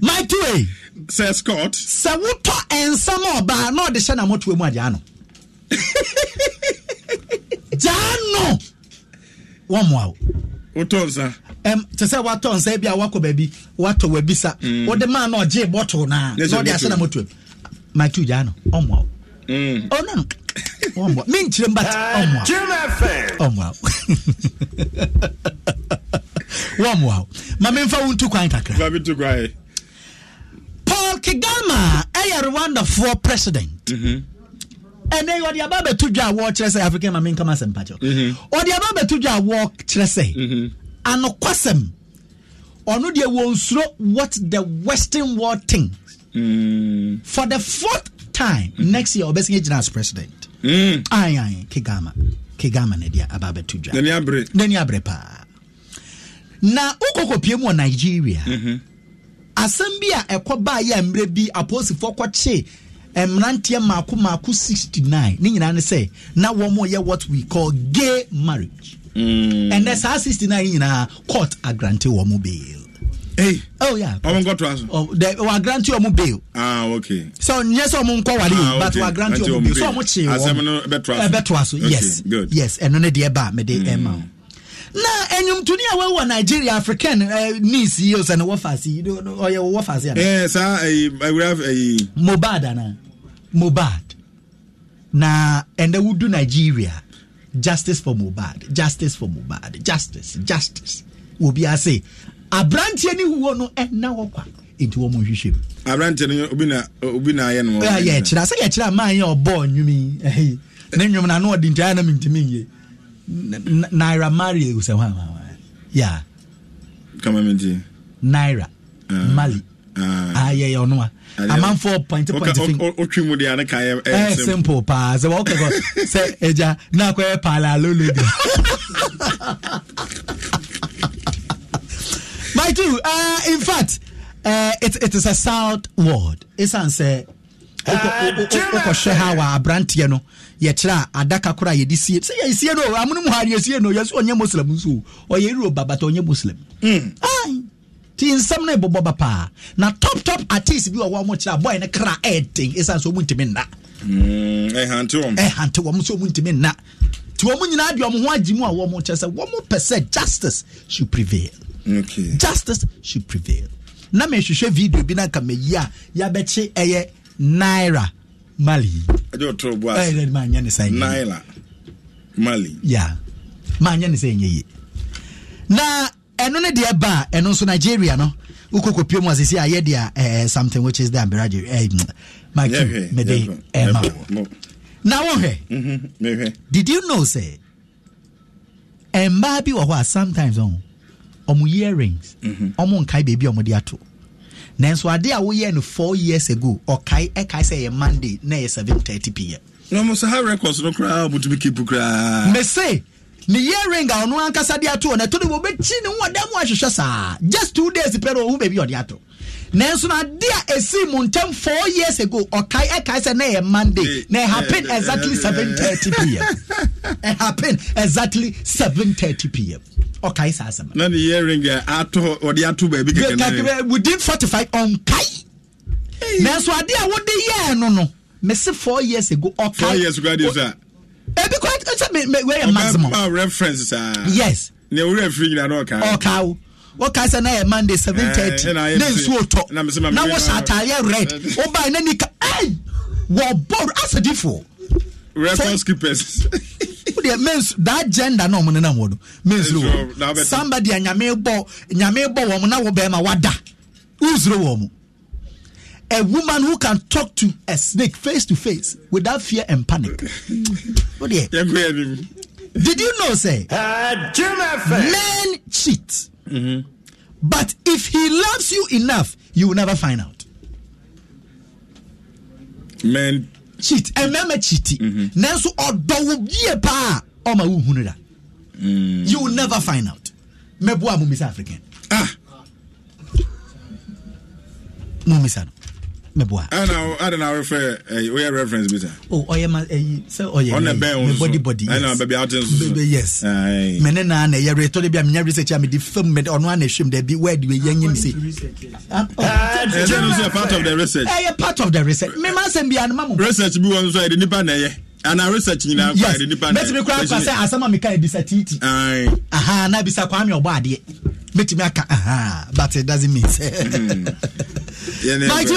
my two way. Eh. sɛ scott. sɛ wotɔ nsɛm ɔbaa na ɔde hyɛ na mɔtò mu adi ano. gyaa no wɔn mu awo. wotɔ nsa. ɛm te sɛ watɔ nsa ebi a wakɔ baabi watɔ wa bisa. Mm. wɔde maa na bɔtɔ naa na ɔde na moto maitu gya no ɔmo awo. Mm. no ɔmo awo mi nkyerɛ mba ti eh, ɔmo awo ɔmo awo wɔmo awo maame nfa wo ntu kwan kakra. maame ntu kwan. Paul Kigama ɛyɛ president. -hmm. ɛnɛ ɔde aba abɛto dwa awɔ kyerɛ sɛ african ma menkama asɛm pakyɛ mhm. ɔde aba abɛto dwa awɔ kyerɛ sɛ mhm. anokɔsɛm ɔno deɛ wɔnsuro what the western world thinks mm. for the fourth time mm. next year ɔbɛsi gyina as president mm. ayan ay, kigama kigama ne deɛ aba abɛto dwa n'ani abere n'ani abere paa na ukoko pie mu wɔ nigeria mm -hmm. asɛm bi a ɛkɔ baa yɛ mmerɛ bi apolisifoɔ kɔkye mmeranteɛ mako sixty nine. ne nyinaa ne sɛ na wɔn yɛ what we call gay marriage mm. ɛnɛ saa nine, nyinaa court agrante wɔn bail Hey, oh yeah. Ọmọ nkọ to aso. Wa grant ọmọ bail. Ah okay. So n yẹ sọ ọmọ nkọ wari yìí ah, but wa grant ọmọ bail. So ọmọ kye wọn. Asẹ́mu no bẹ to aso. Bẹ to aso yes. Good. Yes ẹnu ne deɛ ba mɛ de mm. ɛ ma o. Na enyomtoni a wɔwɔ Nigeria African eh, niece yi o sɛ ne wɔfaase yi ɔyɛ wɔfaase yɛ. Ɛɛ eh, saa ɛyi eh, ewura ɛyi. Mohbad ana. Mobad. Na and we do Nigeria. Justice for Mobad. Justice for Mobad. Justice. Justice. Obi I say. Abrantie ni wo no ɛna eh, wɔ kwa. Enti wɔn mo hwehwɛ mu. Abrantie ni obi na ayɛ no. Ɛyɛ yɛ kyerɛ sɛ yɛ kyerɛ a maa yɛ ɔbɔ ɔnwumi ɛhɛ ne nwom na ano ɔdi ntaa na mi ntumi nye. Naira Marley osɛ hɔ ama. Ya. Kama mi ti. Naira. Ah. Marley ayɛ yɛ ɔno a amanfoɔ point point fin wotwi mu deɛ ne ka yɛ eh, eh, eh, simple paa sɛ wɔwokɛ kɔ sɛ agya na akɔyɛ paala alolo deɛ michael uh, in fact uh, it, it is a sound word ɛsiane sɛ wokɔhwɛ ha wɔ aberanteɛ no yɛkyerɛ a adaka kora a yɛde sie sɛ yɛsie no amene mu ha yɛsie no yɛsɛ ɔnyɛ muslim nso ɔyɛ yɛrɛ babat ɔnyɛ muslim mm. ah, ti nsɛm no ɛbobɔ ba paa na top top artist bi wɔwɔ mo kyerɛ boy no kra ɛden ɛsiane sɛ ɔmu ntimi nna mm, ɛhante wɔm sɛ ɔmu ntimi nna nti wɔn nyinaa de wɔn ho agye mu a wɔn kyerɛ sɛ wɔn pɛ sɛ justice should prevail okay. justice should prevail na mehwehwɛ video bi na nka meyi a yabɛkye ɛyɛ naira mali ɛdɛ ɔtɔ bu ase ɛyɛ maa nyɛ ne sɛ naira mali ya maa nyɛ ne sɛ ɛnyɛ na ɛno ne deɛ ba ɛno nso nigeria no wokɔkɔpie mu asɛsi ayɛ deɛ eh, eh, something which is the amberagy maki mede ɛma na wohwɛ mm-hmm. did you know sɛ mmaa bi wɔ hɔ a sometimes ɔn ɔmo earrings mm-hmm. ɔmo nkae baabi a ɔmo de ato nanso ade a woyɛ no four years ago ɔkae ɛkae sɛ ɛyɛ monday na ɛyɛ seven thirty pm. na ɔmo sɛ ha records no koraa ɔmo tumi keep koraa. mese ne year ring a ɔno ankasa de ato ɔno ɛto no wɔbɛkyi ne ho ɔdan mu ahwehwɛ saa just two days pɛ no ɔhu baabi ɔde ato nanso na ade a ɛsii mu ntɛm four years ago ɔkae ɛkae sɛ na ɛyɛ monday na it happened exactly thirty pm it happened exactly thirty pm ɔkae saa asɛm na ne year ring a ato ɔde ato baabi kɛkɛ within 45 ɔnkae nanso ade a wode yɛɛ no no mese four years ago ɔkae four years ago adeɛ sɛ ebi kɔ ɛsɛ mi mi wɛyɛ maximum. ɔbɛ pa oh, reference saa. yes. ní ewúrẹ́ fi yìnyín náà ọ̀ka. ọ̀ka o wɔka sɛ na yɛ monday seven thirty eh, ne nsuo tɔ na wɔhyɛ ataareɛ red wobae na nika ɛi wɔbɔ asedifoɔ reference keepers deɛ that gender no ɔmo nenam wɔ no mens wɔ somebody a nyame bɔ nyame bɔ wɔn na be bɛrima wada Who's the woman? a woman who can talk to a snake face to face without fear and panic. Oh, Did you know, say, uh, men cheat, mm-hmm. but if he loves you enough, you will never find out. Men cheat, and men cheat. Mm-hmm. Nanso odowu pa, mm. You will never find out. Mebua mu Miss African. Ah. Mu Miss mɛboa ɛna ah, na wofɛ ah, woyɛ eh, reference bi sa o ɔyɛ ma ɛyi sɛ ɔyɛ ɔna bɛn body body yes ɛna bɛbi awote nso so yes mɛ ne na na yɛre tɔ de bi ah, oh. a menyɛ research a mede fam mɛ ɔno ana ɛhwɛm dɛbi wɛd wɛ yɛ nyim se ɛsɛ no sɛ part of the research ɛyɛ eh, part of the research mɛma asɛm bi anoma mo research bi wɔ nso a yɛde nipa na ɛyɛ ana research nyinaa kɔ a yɛde nipa na ɛyɛ mɛtumi kora kɔ sɛ asɛm a meka ɛbisa e tiiti aha na bisa kwame ɔbɔ adeɛ mɛtumi aka aha but it doesn't mean mm. Mike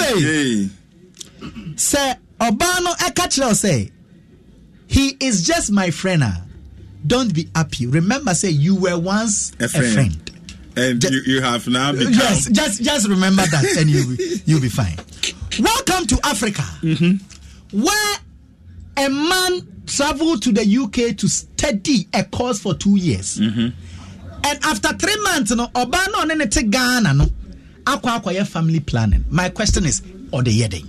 Sir Obano Ekachiro say, He is just my friend. Ah. Don't be happy. Remember, say, you were once a friend. A friend. And just, you, you have now become. Yes, just, just remember that and you, you'll be fine. Welcome to Africa, mm-hmm. where a man traveled to the UK to study a course for two years. Mm-hmm. And after three months, no, Obano and Ghana, no, akɔ akɔyɛ family planning my question is ɔde yɛ den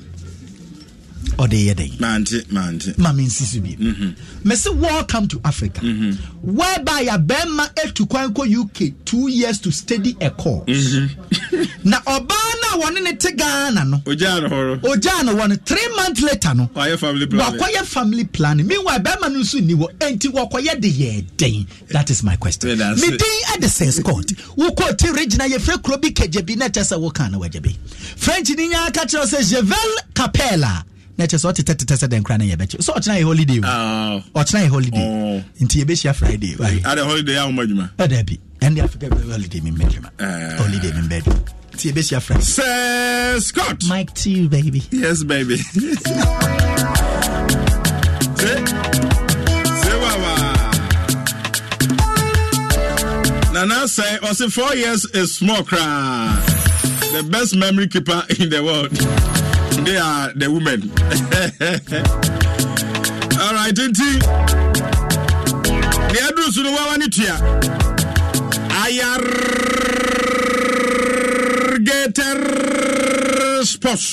ɔde yɛ dɛn mame nsi so bi mɛsɛ mm-hmm. welcome to africa mm-hmm. whereby a bɛrima atu kwan kɔ uk two years to study a course mm-hmm. na ɔbaa no a wɔne ne te ghana no ogyaa no wɔ no three months later no wakɔyɛ family planning meanwhile bɛrima no nso nni wɔ enti wɔkɔyɛ de yɛ dɛn that is my question medin ɛde sɛ scott wokɔ ti regina yɛfrɛ kuro bi kagya bi na ɛkyɛ sɛ woka na wagya bi french ni nyaa ka kyerɛ sɛ jevel capella na kyɛ sɛ ɔtetɛtetɛ sɛ dɛn kora na yɛbɛkyɛ sɛ ɔkyena yɛ holiday oh. ɔkyena yɛ holiday oh. nti yɛbɛhyia friday adɛ holiday ahoma adwuma ɛdabi ɛnde africa holiday memmɛ adwuma eh. holiday memmɛ adwuma nti yɛbɛhyia friday sɛ scott mike t baby yes baby Nana say, I also four years is small cry. The best memory keeper in the world they are the women all right The nti deɛ aduru so no wawa I are ayargeter sports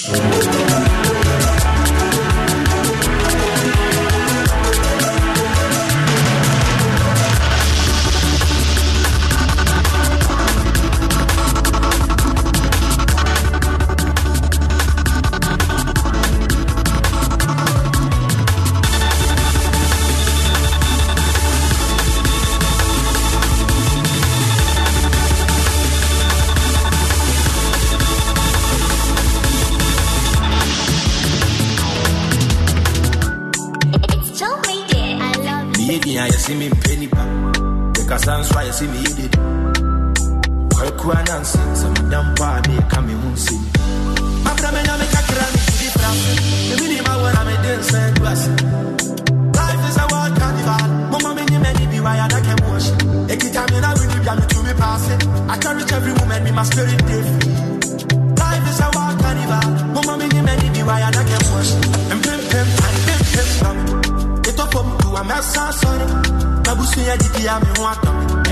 That's why you see me eat it. and sing some damn party, come in, see I'm me to be The minimum when I'm a dancer, bless. Life is a wild carnival. Mama, me, many be why I can't wash. A guitar, me, I will be to be passing. I can reach every woman, be my spirit, Life is a wild carnival. Mama, me, me, be why I can't wash. And pim, pim, and pim, pim, pam. It's a pump to a mess, I'm sorry. Babu, see, I did, I'm in water.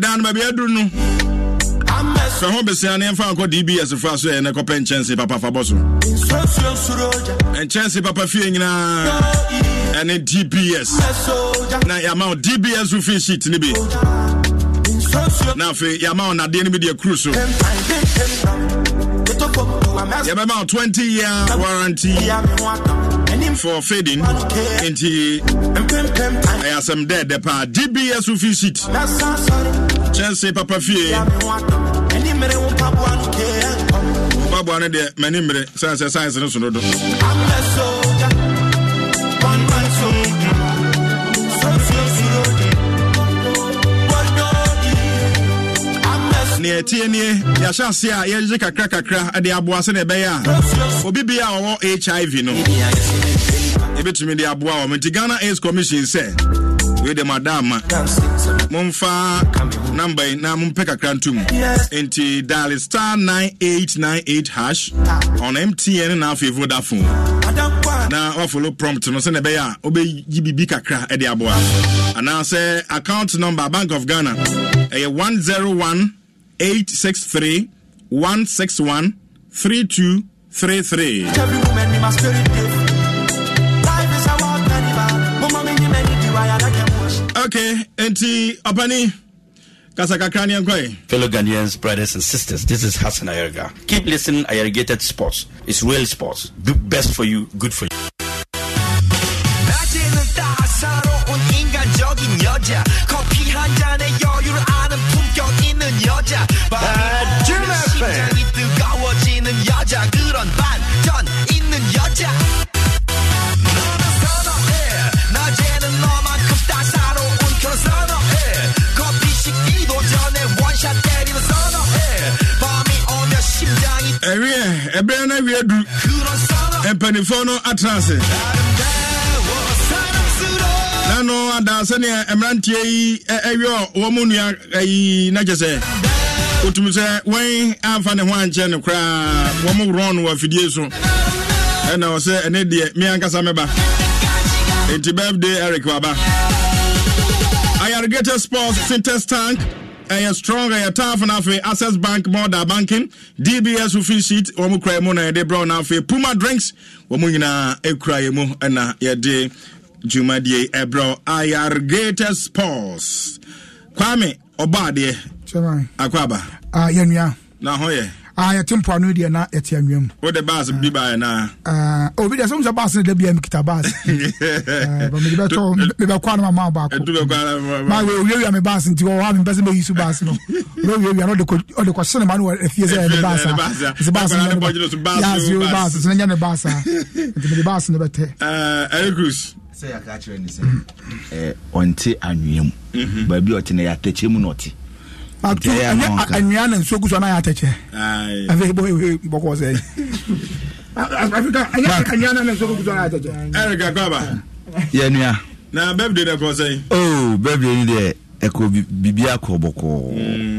ɛdan no baabi aduru no fɛ ho besia ne ɛmfa nkɔ dbs fa so ɛnɛ kɔpɛ nkyɛnse papa fa bɔ so nkyɛnse papa fie nyinaa ɛne dbs na yɛama wo dbs wo fee sheet no bi na afei yɛama wo nadeɛ no bi deɛ kuru so yɛbɛma wo 20 year warranty for fading nti ɛyɛ asɛm dɛ dɛ paa gbs wofi sheet kyɛnse papa fie baboa no deɛ m'ani mmere sɛnsɛ science no so no do tie nie yɛahyɛ ase a yɛgyegye kakra kakra de aboa sɛne ɛbɛyɛ a obi bia a ɔwɔ hiv no yɛbɛtumi de aboa wɔ nti ghana aids commission sɛ wei de madaama momfa number yi na mompɛ kakra nto enti dial star 9898 hash on mtn na afei vodafone na wafolo prompt no sɛne ɛbɛyɛ a wobɛyi biribi kakra de aboa anaasɛ account number bank of ghana ɛyɛ 101 Okay, 161 3233. Okay, Enti Opani. Fellow Ghanaians, brothers and sisters, this is Hassan Ayerga. Keep listening, Ayergated Sports. It's real sports. Do best for you, good for you. 매력 여자 커피 한 잔에 여유를 아는 품격 있는 여자 밤이 오면 심장이 뜨거워지는 여자 그런 반전 있는 여자 너는 선호해 낮에는 너만큼 따사로운 그런 선호해 커피 식기도 전에 원샷 때리는 선호해 밤이 오면 심장 ɛno no adaa sɛnea mmeranteɛ yi ɛwɛ wɔ mu nua yi na sɛ wɔtumi sɛ wɔn amfa ne ho ankyɛ no koraa wɔn rɔn wɔ afidie so ɛna ɔsɛ ɛne deɛ me ankasa mɛba enti birthday eric waba ayarigate sports sintex tank ɛyɛ strong ɛyɛ tough na afei access bank modern banking dbs roofing sheet wɔn kura mu na yɛde brown na afei puma drinks wɔn nyinaa ekura yɛn mu ɛna yɛde. dwumadie ɛbrɛ ayar greatest sports kwame ɔbaadeɛ akɔaba ah, yɛnua na ho yɛ ah, yɛte mpoano deɛ na yɛte anwea mu wode bas bi baɛ na ah, obi deɛ sɛ mu sɛ bas no da bia mekita bas mebɛkɔa no mama baakowiewie me bas nti wɔha mempɛ sɛ bɛyi so bas no wiewie no ɔde kɔhyene ma no afie sɛ ɛne bas sɛ bas bas so na nyɛ ne bas a nti mede bas no bɛtɛ ɛyɛ eh, crus sɛ yɛka kyerɛ ne sɛ eh, ɔnte anwea mu mhm. baabi ɔte na yɛatɛkyɛ mu na ɔte anwea na nsuo gu so na yɛatɛkyɛ afei bɔkɔ sɛ yɛnua na bɛbde dɛ kɔ sɛn o oh, bɛbde ni deɛ ɛkɔ biribi akɔ bɔkɔɔ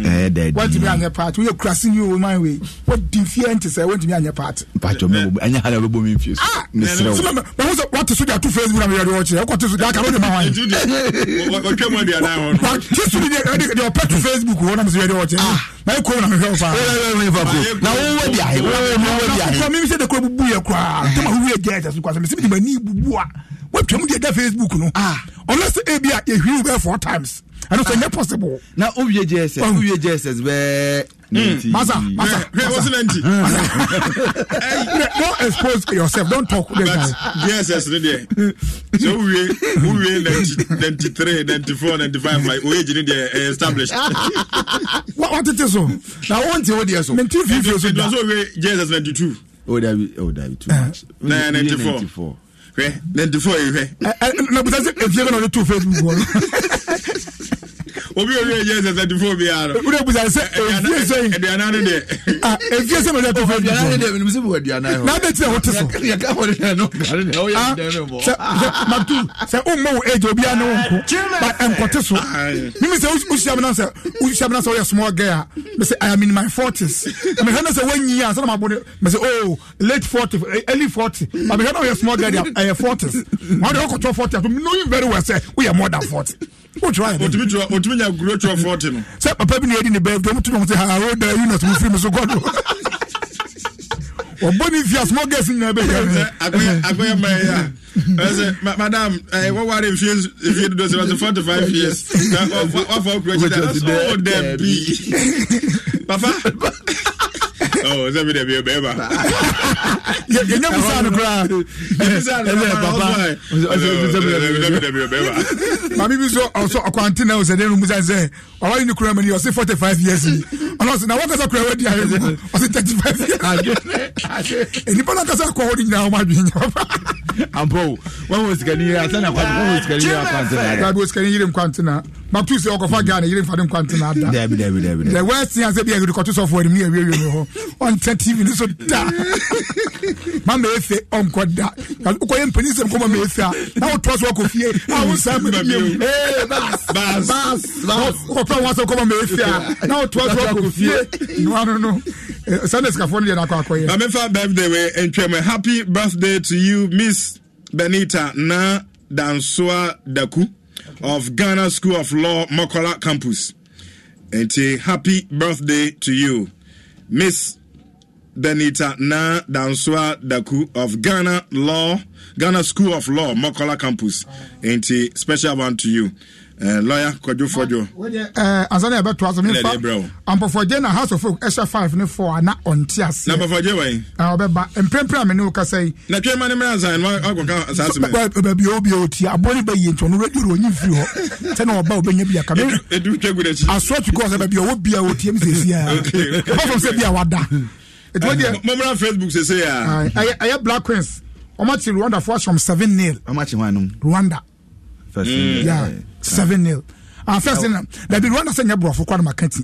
ɛyɛ dɛ di wɔntumi anyɛ paati wɔyɛ kurasi yi o man wei wɔdi fiɛ nti sɛ wɔntumi anyɛ paati. mpatsɔ mɛ bɔ ɛnyɛ hali a bɛ bɔ mi fiye so ne sira o. mɛ n sɛ wati so de a tu facebook na mi yɛrɛ wɔn kyerɛ ɛkɔ ti so de a kan o de ma wɔn ye. ɔtwe mu di a ah! n'a wɔn. tu facebook wɔn na mi se yɛrɛ wɔn kyerɛ mɛ e ko na mi fɛ o fa. na wo wo di a ye wo wo di a ye. kɔ mi mi se de ko bubu yɛ kura eh. tɛ ma wuye gɛɛ tɛ so kɔ sɛ mi se mi di ma a da ah! a yɛ hwi four times ɛno sɛ nyɛ possible na wowie gss wowie gss bɛɛ Masa, Masa, Masa. Don't expose yourself. Don't talk. But GSS, there. So we, we 93, 94, 95. My age, there established. What, what it is so? Now, one thing, what it is so? It was GSS 92. Oh, that be, oh, that be too eh. much. Ninety-four hwɛ ninety four yi hwɛ. ɛ ɛ na buta se efie kɔnɔ o de tu facebook wɔɔrɔ. obi obi eyi ẹsẹ thirty four bi ara. wúlò ebusa sẹ efie sẹyìn aduana ni dẹ. E ah efie sẹ mi dẹ tó fẹ aduana ni dẹ mi nimisi bu aduana yẹ. n'a bẹ tiẹ o ti sùn. yẹ ká wọlé yẹn n'o kari ni aw yẹ mi dẹ mi bọ. sẹ matu sẹ o mọ o eji obi anu nko ba nkọ ti sùn mímu sẹ o si amina sẹ o si amina sẹ o yẹ small girl a mẹ sẹ i am in my forties mẹ sẹ ne sẹ wẹ́n yin yan sẹ ma bọ ne mẹ sẹ o oh, late forty early forty mẹ sẹ ne o yẹ small girl a ẹ eh, forties wọn de ọkọ tó forty àti mi n'o very well sẹ o yẹ more than forty otumi tura otumi nya guro tura fɔɔti no. sɛ papa bi na yɛ di ne bɛɛ fɛ mu tumi ɔmo sɛ ha o da yi na tumi firi mu so gɔdo ɔbɔ ni fi asumɔ gɛsi nyinaa bɛ yɛrɛ. agbɛyɛ agbɛyɛ mɛ ya ɛsɛ madam ɛɛ wɔwari nfiye nfiye dodo sɛ wɔsɛ forty five years na wɔfɔ ɔkura kyita ɔsɛ ɔwɔ dɛ bi papa. sɛ mede biɛ bɛɛma yɛnya busa no koraa mame bi so ɔsɔ ɔkwante na sɛ dɛn no musa sɛ ɔwaye ne kura mani ɔse 45 years yi ɔno sɛ na wɔka sɛ kura wadi ayɛ mu ɔse 35 years nipa no akasa kɔ hɔ no nyinaa wɔm adwene nyɛ ampo wɔwɔ sikani yɛ asɛ na kwante wɔwɔ sikani yɛ akwante na dabi wɔ sikani yere nkwante na baptu sɛ ɔkɔfa ghana yere mfa ne nkwante no ada the west a sɛ bia yɛdekɔto sɔfo anim ne no hɔ ɔnta tv no so da ma maɛfe ɔnkɔ da wokɔyɛ mpani sɛm kɔma maɛfe a na wotɔ so wakɔ fie a wo saa mamiamwokɔpɛ wa sɛ wokɔma maɛfe a na wotɔ so wakɔ fie noano no sɛne sikafoɔ no deɛ no akɔ akɔyɛ mamɛfa birthday we ntwam happy birthday to you miss benita na dansoa daku okay. of Ghana School of Law Mokola Campus. And a happy birthday to you, Miss Benita Na Danswa Daku of Ghana Law, Ghana School of Law Mokola Campus. And a special one to you. Eh, lawyer kwadwo fɔdwo. asane ɛbɛ to aso mi fa ampɔfɔdze na house of folk ɛhyɛ five ni four ana ɔnte ase. na ampɔfɔdze wɔ yi. ɔbɛba mprempren a mi ni o kasa yi. na twɛn ma ne mmerɛ asan no akɔ ka asaase mɛ. baabi o bi o ti abɔli bɛ yen tɔn radio ro onyin firi hɔ sani ɔba o bɛ nye bi a kabi. edu twɛ gu n'akyi. aso tu kɔ sɛ baabi ɔwɔ bia o tie mi sɛ esia. ɔbɛ fɔ mi sɛ bia wa da. mɔmɔra facebook sese ya. ɛyɛ black queens ɔmɔ ti rwanda fɔ asɔm seven nil. ɔmɔ ti hɔn anum. rwanda seven nil ah, first nil dabi rwanda sɛ nyɛ borɔfo kɔ adama kanti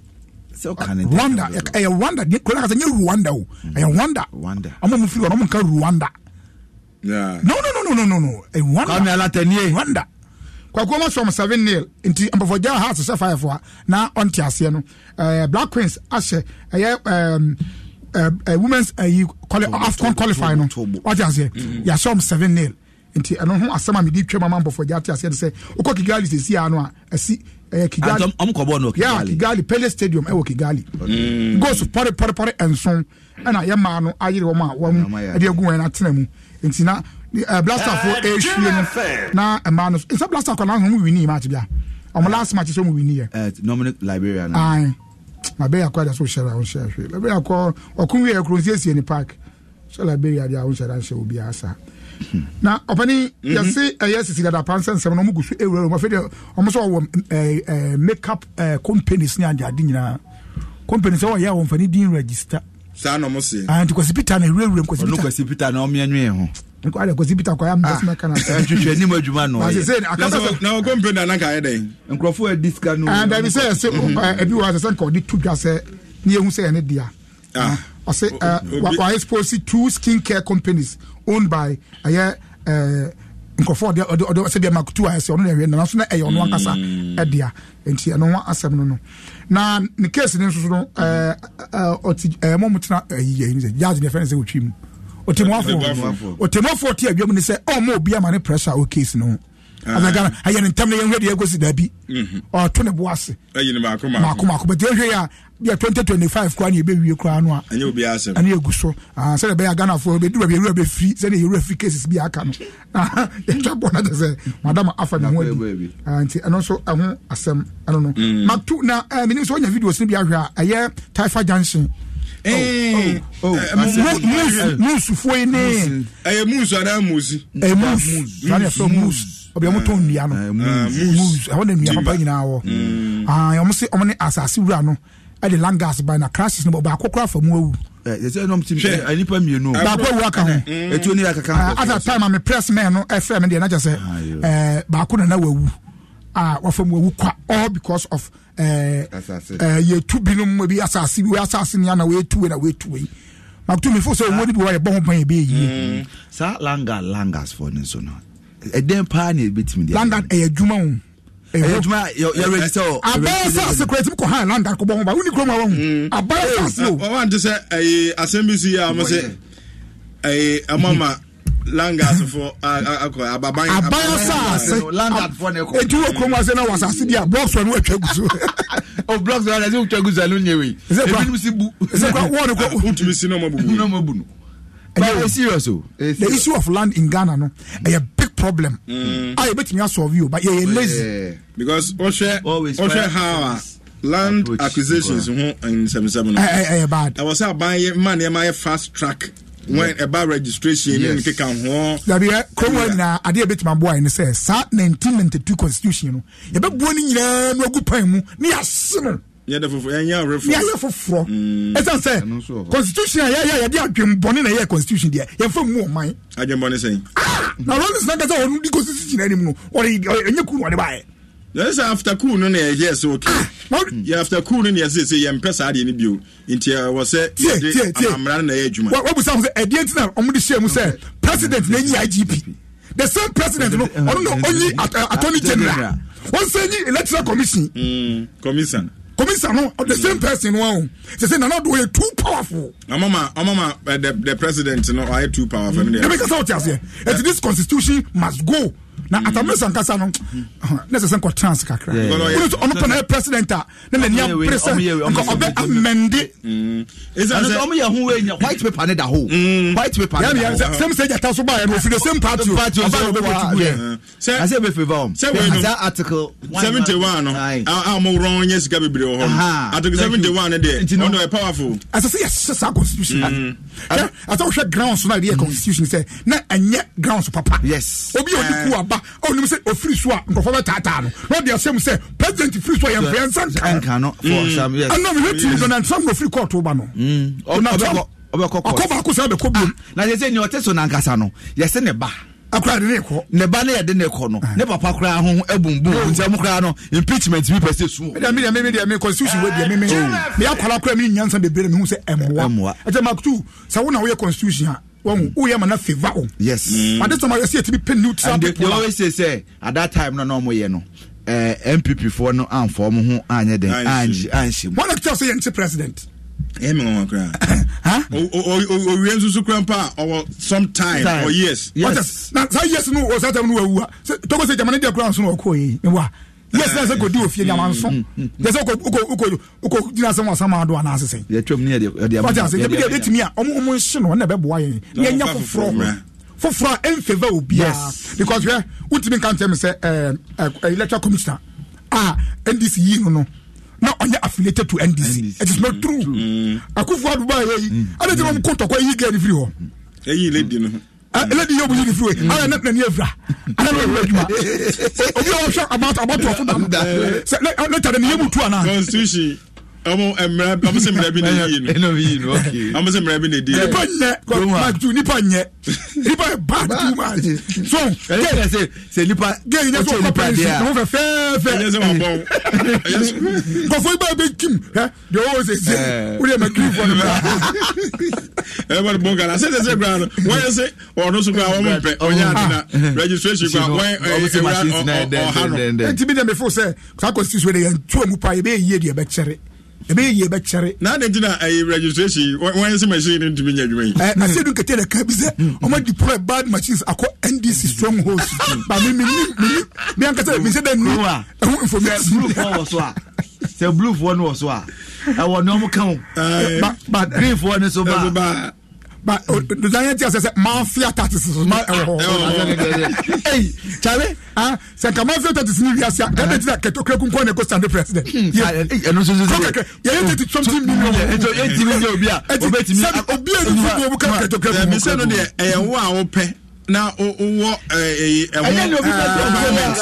rwanda ɛyɛ rwanda kɔnɛ ka sɛ nyɛ rwanda o mm. ɛyɛ rwanda ɔmo mu firi hɔ ɔmo nka rwanda no no no no no no rwanda rwanda kwakuo ma sɔm seven nil nti mpɔfɔgya ha ahyehyɛ five a na ɔnte aseɛ no ɛɛ black queens ahyɛ ɛyɛ ɛɛm. Uh, uh, women's uh, you quali- oh, afcon qualify no wate aseɛ yɛahyɛ m 7 nil nti ɛno ho asɛm a mede twam ama mpɔfoɔ gya te aseɛ de sɛ wokɔ kigali sɛsi a no a ɛsi ɛyɛ ah, kigali pele stadium ɛwɔ kigali mm. gos pare ɛnson ɛna yɛmaa no ayere wɔ ma a wɔm ɛde agu wɔn atena mu nti na blasterfoɔ ɛhwie no na ɛmaa no nsa blaster kɔ na wini match bia ɔmo last match sɛ ɔmo wini yɛ dominic liberia no liberia kɔ ada so hyɛra wo hyɛ hwee liberia kɔ ɔko wie yɛ ne park sɛ liberia deɛ a wo hyɛra nhyɛ obiara saa na ɔpani yɛse ɛyɛ sisi dadapa nsɛ nsɛm no ɔmo gu so ewura ɔmo afei deɛ ɔmo sɛ ɔwɔ ɛɛ ɛɛ makeup ɛɛ eh, companies ne adeade nyinaa companies ɛwɔ yɛ a wɔn fani din register. saa na ɔmo se. aa ah, nti kwasi peter na ewurawura nkwasi peter. ɔno kwasi peter na ɔmo ɛnu yɛ ho. nkɔ ayɛ kwasi peter kɔ ayɛ ah. amu kɔsuma kana. ɛtwitwi anim adwuma na ɔyɛ. na ɔwɔ company na ananka ayɛ dɛ. nkurɔfoɔ yɛ disika no. ɛɛ dabi sɛ ɛsɛ ebi wɔ asɛsɛ nkɔ ɔde tu dwa sɛ eh, ne ehu sɛ ɔsɛ uh, wayɛ sposi two skin care companies owned by ɛyɛ ɛɛ nkɔfoɔ ɔde ɔde ɔde sɛbi ɛma kutu ayɛ sɛ ɔno na ɛwɛ nana so na ɛyɛ ɔno ankasa mm. ɛdea nti ɛno ho asɛm no no na ne case ne nso no ɛɛ ɛɛ ɔti ɛɛ mo mo tena ɛyi yɛ ɛyi jaazi ne fɛn sɛ otwi mu otemuafoɔ otemuafoɔ ti ɛwia mu ne sɛ ɔmo obi ama ne pressure o case no ho anagana ayɛ ne ntam na yɛnhwɛ deɛ ɛkɔsi daabi ɔto ne boa ase maakomaako bɛti ɛhwɛ yɛ a bia 2025 koraa ne yɛbɛwie koraa no a ɛne yɛgu so sɛdeɛ ɛbɛyɛ aghanafoɔ bɛduru baabi yɛwura bɛfiri sɛdeɛ yɛwura firi cases bi aka no yɛtwa bɔ no te sɛ madam afa ne ho adi nti ɛno nso ɛho asɛm ɛno no mato na menim sɛ wonya videos no bi ahwɛ a ɛyɛ tyfa junction musufoɔ yi ne ɛyɛ mus anaa musi ɛyɛ mus sane ɛsɛ mus ɔbɛ ɔmo tɔn nnua no moves ɛhɔ na nnua papa nyinaa wɔ ɔmo mm. ah, eh, se ɔmo ne asase wura no ɛde eh, langas ba na crashes no baako kora fa mu awu yɛsɛ nom tim sɛ nipa mmienu baako awu aka ho ɛtuo ne yɛakaka ata time a press man no ɛfrɛ me deɛ na kyɛ sɛ baako nana wawu a ah, wafa mu kwa all because of eh, yɛtu binom ah. bi asase bi asase ne ana wɔɛtu wei na wɔɛtu wei makutu mifo sɛ ɔmɔde bi wɔyɛ bɔ ho ban yɛ bɛyɛ yie mm. saa langa langas fɔ ne nso ɛdɛn paa na ebetumi deɛ. london ɛyɛ adwuma o. ɛyɛ yɛ register o. abayɛ sase kura etimi kɔ han london kɔ bɔ ho ba wuli kurom awɔ ho abayɛ sase o. ɔwɔ an ti sɛ ɛyɛ asɛm bi si yɛ a wɔn sɛ ɛyɛ ɛmama langasfo akɔ ababan. abayɛ sase etu wɔ kurom ase na wɔ asase di a blɔks wɔ no atwa gu so. o oh, blɔks wɔ no atwa so ɛnu nye ebinom si bu. ɛsɛ kura wɔɔni kɔ. o the issue of land in ghana no ɛyɛ problem mm. a ah, yɛbɛtumi asɔlve yo but yɛyɛ oh, lazy because wɔhwɛ wɔhwɛ how uh, a land acquisitions ho nsɛmsɛm no ɛyɛ bad ɛwɔ sɛ aban yɛ ma nneɛma yɛ fast track when ɛba registration ne nkeka ho dabiɛ kuromwa nyinaa adeɛ yɛbɛtumi aboa yɛ ne sɛ saa 1992 constitution no yɛbɛbuo no nyinaa no agu pan mu ne yɛase no yɛde foforɔ yɛnyɛ reform yɛayɛ foforɔ mm. sɛ constitution a yɛayɛ yɛde adwembɔne na yɛyɛ constitution deɛ yɛfa mu ɔman adwembɔne sɛn ah! na rollins na kasa ɔno di constitution anim no ɔde ɛnyɛ kuru ɔde baayɛ yɛn after kuru no na yɛyɛ sɛ okay ah! yɛ after kuru no na yɛsɛ sɛ yɛmpɛ saa deɛ no bio nti ɛwɔ sɛ yɛde amamra no na yɛ adwuma wabusa ho sɛ ɛdeɛ nti na ɔmode hyɛ mu sɛ president na ɛnyi igp the same president no ɔno na eh, ɔnyi eh, attorney eh, general wɔn sɛ nyi electoral commission mm, commission commissioner no the mm. same person no ahun sɛ sɛ nana do yɛ too powerful. ɔmɔma ɔmɔma uh, uh, the the president no ɔyɛ too powerful. ɛmi kasa o ti aseɛ eti this constitution must go na atamusa nkasa no ne sɛ sɛ nkɔ trans kakra wone so ɔno pɛ na president a ne nani apere sɛ nka ɔbɛ amɛnde mm. white paper ne da ho mm. white paper ne da ho sɛm sɛ gyata so baayɛ no ɔfiri the same party party ɔba na ɔbɛbɔ tugu yɛ sɛ ɛbɛ favor wɔm sɛ wei no article 71 no a ɔmo wrɔn nyɛ sika bebree wɔ hɔ article 71 ne deɛ ɔno ɛ powerful ɛsɛ sɛ yɛhyɛ saa constitution mm. asɛ wohwɛ grounds na a ɛdeɛ constitution sɛ na ɛnyɛ grounds papa obi a ɔde ku a aba ɔnim sɛ ɔfiri so a nkɔfɔ bɛtaataa no na ɔde ahyɛ mu sɛ president firi so a yɛmfrɛ nsa nka mm. ɛna mehwɛ tiri mm. donald trump na ɔfiri kɔɔto ba no donald mm. trump ɔkɔ baako sɛ ɔbɛkɔ biom ah, na sɛ sɛ nea ɔte so nankasa no yɛse ne ba akora de ne kɔ ne ba ne yɛde ne kɔ no ah. ne papa koraa ho abumbum ah. ntɛm koraa no impeachment bi pɛ sɛ suo media media me media me constitution wɔ deɛ me me me oh. akwaraa koraa me nyansa bebree me hu sɛ ɛmmoa ɛtɛ mak two sɛ wo na woyɛ constitution a wɔn woyɛ ma na favour wɔn. yes. but this time I see it to be pin neutral and people. and they always say say at that time na ɔmo yɛ no. npp eh, foɔ no amfa ɔmo ho anyɛ den anyi anyi. wọn lè tẹ ọ sọ yẹn ti president. ẹ mi wọn kura. owie nsusu kura mpa ọwọ some time or years. yes. na saa years nu ọsàn tẹ mu nu wa wu a togo se jamana di ẹkura nsu na ọkọ yìí wa yes na sɛ kɔdi ofie nyama nso yɛ sɛ wokɔgyina sɛ wɔsa ma do anaase sɛ ɛbi deɛ bɛtumi a ɔmo ɔmo nhye no ɛna ɛbɛboa yɛn na yɛnya foforɔ foforɔ a ɛmfɛva obiaa because hwɛ wotumi nka nkyɛ me sɛ eh, eh, electoral commissioner a ah, ndc yi no no na ɔnyɛ affiliated to ndc it is not true akufo aduba yɛ yi adetɛ ɔmo kɔ tɔkɔ yi gɛɛ ne firi hɔ ɛyi lady no Eh, lady yóò bu yìí firi wei hmm. ala ne nani efira ala ne wura juma obi a wɔhwɛ abatɔ abatɔ so dam sɛ ne tari ni yɛ mu tu ana. constitution ọmọ eh, mmerẹ ọmọ sẹ mmerẹ bi na eyi nu ẹnna eyi nu ok ọmọ sẹ mmerẹ bi na eyi nu. nipa nyɛ mark two nipa nyɛ nipa yɛ bad too much so gay ɛ sɛ sɛ nipa gay yɛ sɛ ɔkɔ pɛnsi na wɔn fɛ fɛɛfɛ ɛ yɛ sɛ wɔn bɔn kɔfɔ ibà bɛ kim ɛ de o sɛ sɛ o de ma kiri fɔ ne ma. ɛ bɛ bɔ gana sɛ sɛ gana wɔn yɛ sɛ ɔno so gana wɔn pɛ ɔnyɛ adi registration gana wɔn ɛ ebe yie bɛ kyɛre. n'ade ti na ayi eh, registration wɔn yɛn si machine ni ntumi nya adwuma yi. ɛɛ eh, ase dun kete de ka bi sɛ hmm. ɔmɔ deploy bad machines akɔ ndc strong holes hmm. ba mi mi mi mi bi an kasa mi se de nu ɛhu information. sɛ blue fɔ wɔ so a sɛ blue fɔ ni wɔ so a ɛwɔ ni ɔmu kan o. ba green fɔ ni so ba. Eh, but designer tia sɛ sɛ mafia thirty six ma ɛwɔ hɔ. ɛyi kyale sɛ nka mafia thirty six wi ase a ɛna ti na kɛtɛkura kunkun na ɛkɔ stand president. ɛnu sunsun sunsun kɔkɛ yɛyɛ thirty something million. ɛti yɛ ti mi nye obi a obe ti mi. sɛbi obi yɛ ni fún o bu ka kɛtɛkura kunkun. ɛmi sɛ deɛ ɛyɛ wo a pɛ na wọ ẹwọn ẹyẹ ni obi ka government.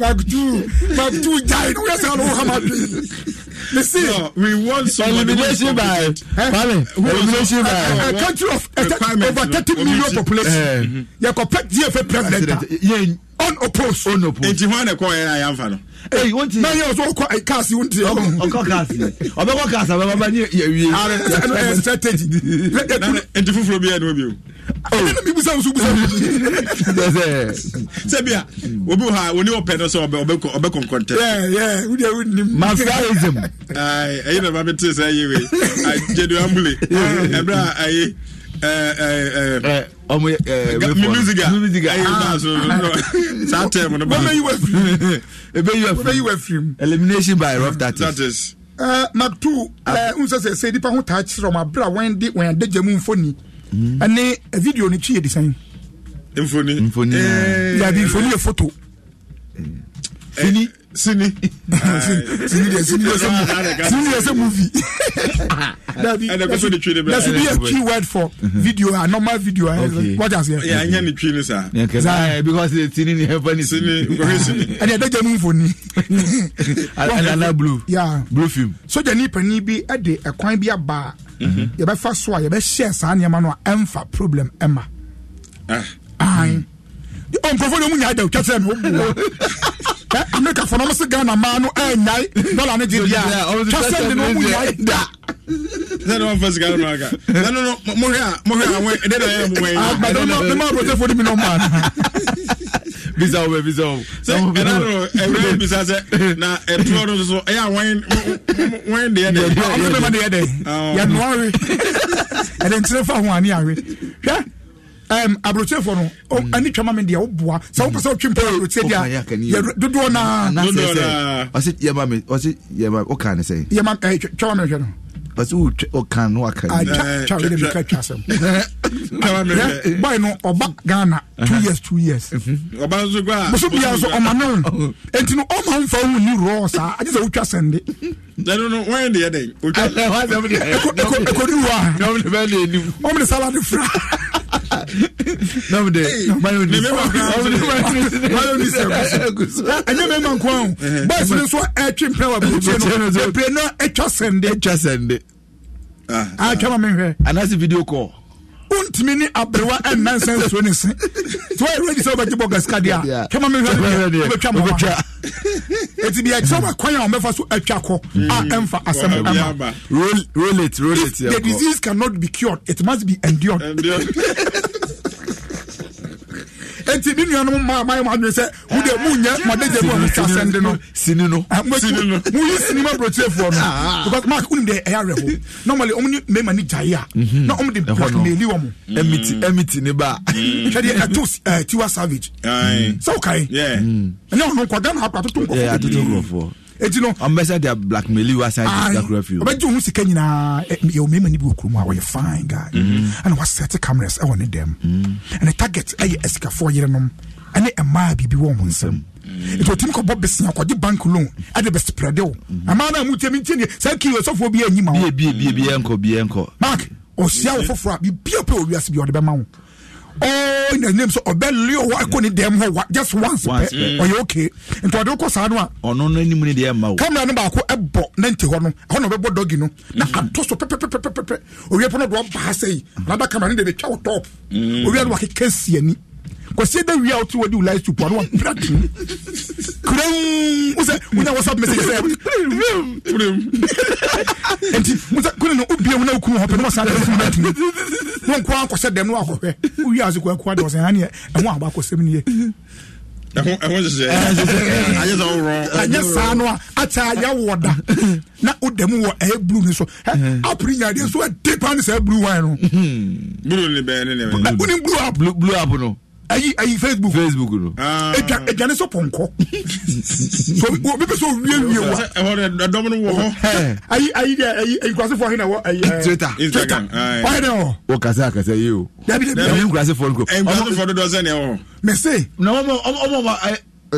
makutu makutu jaayi ni wọ́n yẹ sẹ́yìn ló wọ́n hama bi the see, no, we want elimination by Kwame eh? elimination by eh, a country of over thirty million population eh. yɛ kɔ dfa president unopposed. nti hɔn na ɛkɔ yɛ ayanfa no eyi wọn ti. n'an yẹ ọsọ ọkọ kaasi wọn ti yẹ. ọkọ kaasi ọbẹ kọ kaasi ọbẹ bàbá ni yẹ wiye. ara ẹnu ẹ strategy di. etu fufuro bi yẹ ni o bi o. ẹnu mi busa musu busa musu. sẹbiya obi ha oni ọpẹ náà sọ ọbẹ ọbẹ ọbẹ kọnkọn tẹ. yẹ yẹ wúdiẹ wúdi mu. mafiaism. ayi ẹyin na maa mi ti sẹ ẹyin wei jedu ambule ẹbí a ayi. Eh, eh, eh, ọmọ music a music a saa tẹm no elimination by rough thirties. na tu ah. n sɛ sɛ sɛ nipa ho taa kyerɛ ɔmo abira wɔn de wɔn adagya mu mfoni ɛne mm-hmm. video ni twi yɛ design. mfoni mfoni ah. yabi mfoni yɛ foto. fini sini sini de sini de se movie sini de se movie dabi na sini yɛ key word for mhm. video a normal video a watch as yɛ. yà á nyɛ ni twi ni sa. saa because the sini ni ɛfɛ ni sini nkɔhɛ sini. ɛdi ɛdɛ jɛmu nfoni. alala blue blue film. soja ni panyin bi ɛdi e ɛkwan e bi aba mhm. yɛbɛfa so a yɛbɛhyɛ saa nneɛma no a ɛnfa e problem ɛma. ahan nkurɔfoɔ ne mu nyaa dɛw kyɛsɛ mi o bu wa amerika fɔ na ɔmo ghana maa no ɛɛ nyaa dɔla ne jeli a kyɛsɛ ah, mi na ɔmo nyaa da. sani wọn sika nínú aka nanu no mo a mo a wọn ɛdɛ dɛ ɛmu wɛnyi. agbadɔ mi ma rɔtɛ fo bisa o bɛ bisa o. sɛ ɛna no ɛwura bisa sɛ na ɛtuwa no soso ɛyɛ a wɔn wɔn deɛ dɛ. ɔmo bɛ ma deɛ dɛ yanuari ɛdɛ nkyɛn fa ho ani awi hwɛ um, aburokyerɛfoɔ no ɛne twama me deɛ woboa sɛ wopɛ sɛ wotwe mpa aburokyerɛ deɛ dodoɔ naawɔka ne sɛ twama mehwɛ no ɔsɛ wokan no wakatwa asɛm bɔe no ɔba ghana two years two years boso biaa so ɔma no enti no ɔma mfa wo ni rɔɔ saa agye sɛ wotwa sɛnde ɛkɔdi wɔ a ɔmde salade fra nam de ɛnyɛ mɛma nkoa o bas no nso ɛtwe mpɛ wabrɛkyɛ no pre no ɛtwa sɛnde ɛtwa sɛnde atwa ah, ah, ah, ma menhwɛ anaasɛ video call wontumi ne aberewa ɛnnansa nsuo ne se nti woayɛ redi sɛ wobɛgye bɔ gasika deɛ a twama mehwɛwobɛtwa mawobɛtwa ɛti deɛ ɛkyɛ wobɛkwan a wɔmɛfa so atwa kɔ a ɛmfa asɛm ɛma the disease cannot be cured it must be endured enti ne nuanom ma ma yɛm adwene sɛ wode monyɛ madagya mu a motwa asɛm de no sini no ah, moyi sini ma aburokyirefoɔ no ah, ah. because mark wonim deɛ ɛyɛ awerɛho normally ɔmo ne mmarima ne gyae a mhm. na ɔmo de blackmaili wɔ mo mm. ɛmiti ne ba mm. hwɛdeɛ ɛto eh, tiwa savage sɛ wokae mm. ɛne ɔno nkɔda na akɔ atoto nkɔfoɔ eti no. ọmọ bẹsẹ de blackmail yi wa san jẹ kakura fi o. ọbẹ jẹ ohun sika nyinaa ẹ eh, o mẹ́ẹ̀mà níbi okurum a ọyẹ fine guy ẹna mm-hmm. wa set cameras ẹwọ ne dẹm ẹna target ẹyẹ eh, ẹsikafo yerenom ɛne eh, ɛmaa biribi wɔ mm-hmm. wɔn nsam nti otimi kɔbɔ besia kɔgye bank loan ɛde bɛ spread o ɛmaa mm-hmm. naa mu tiɛmi ntiɛni saa kiri osɔfoɔ bi yɛ enyima o. bie bie bie bie nkɔ bie nkɔ. mark osia wo foforɔ a biribi a pe owiase bi ɔde bɛ ma wo all oh, in the name so ọbẹ lio wa kò ní dẹ́m hɔ just once pɛ ɔyɛ okay nti ɔde kɔ saa no a. ɔno no anim ni deɛ ma o. kamara no baako ɛbɔ ne nti hɔ no ɛhɔ na ɔbɛbɔ dɔgi no na ato so pɛpɛpɛpɛpɛ owie pɔnɔ do ɔbaa sɛ yi anada kamara no de de twa o tɔp owie no wa keke si ani kɔsi de wia o ti wo di o live tupu kurem wosɛ wonya whatsapp message sɛ kurem nti wosɛ kone no obie eh, wo na okun hɔ pɛ ne wasan adɛsɛ na tumi wɔn kɔ akɔhyɛ dɛm no akɔhwɛ wowie ase kɔ akɔ adɛ ɔsɛn haneɛ ɛho aba akɔsɛm nie ɛho anyɛ saa no a akyɛ ayɛ wɔ na woda wɔ ɛyɛ blue no so eh, hmm. apre nyadeɛ so adepa eh, ne saa blue wine hmm. blue ne bɛɛ ne ne wonim blue up blue up no ayi ayi facebook facebook no ah. edwa edwa ne so pɔnkɔ so wo bɛ so wie wie wa ɛhɔ eh, eh, dɛ dɔm no wɔ hɔ eh. ayi ayi dɛ ayi ayi kurasi fɔ hinɛ wɔ ayi twitter twitter ah, ɔyɛ dɛ wɔ o kasa kasa ye o dabi dabi ɛyɛ nkurasi fɔ nko ɛnkurasi fɔ dodo sɛ ni ɛwɔ mɛ se na ɔmɔ ɔmɔ ɔmɔ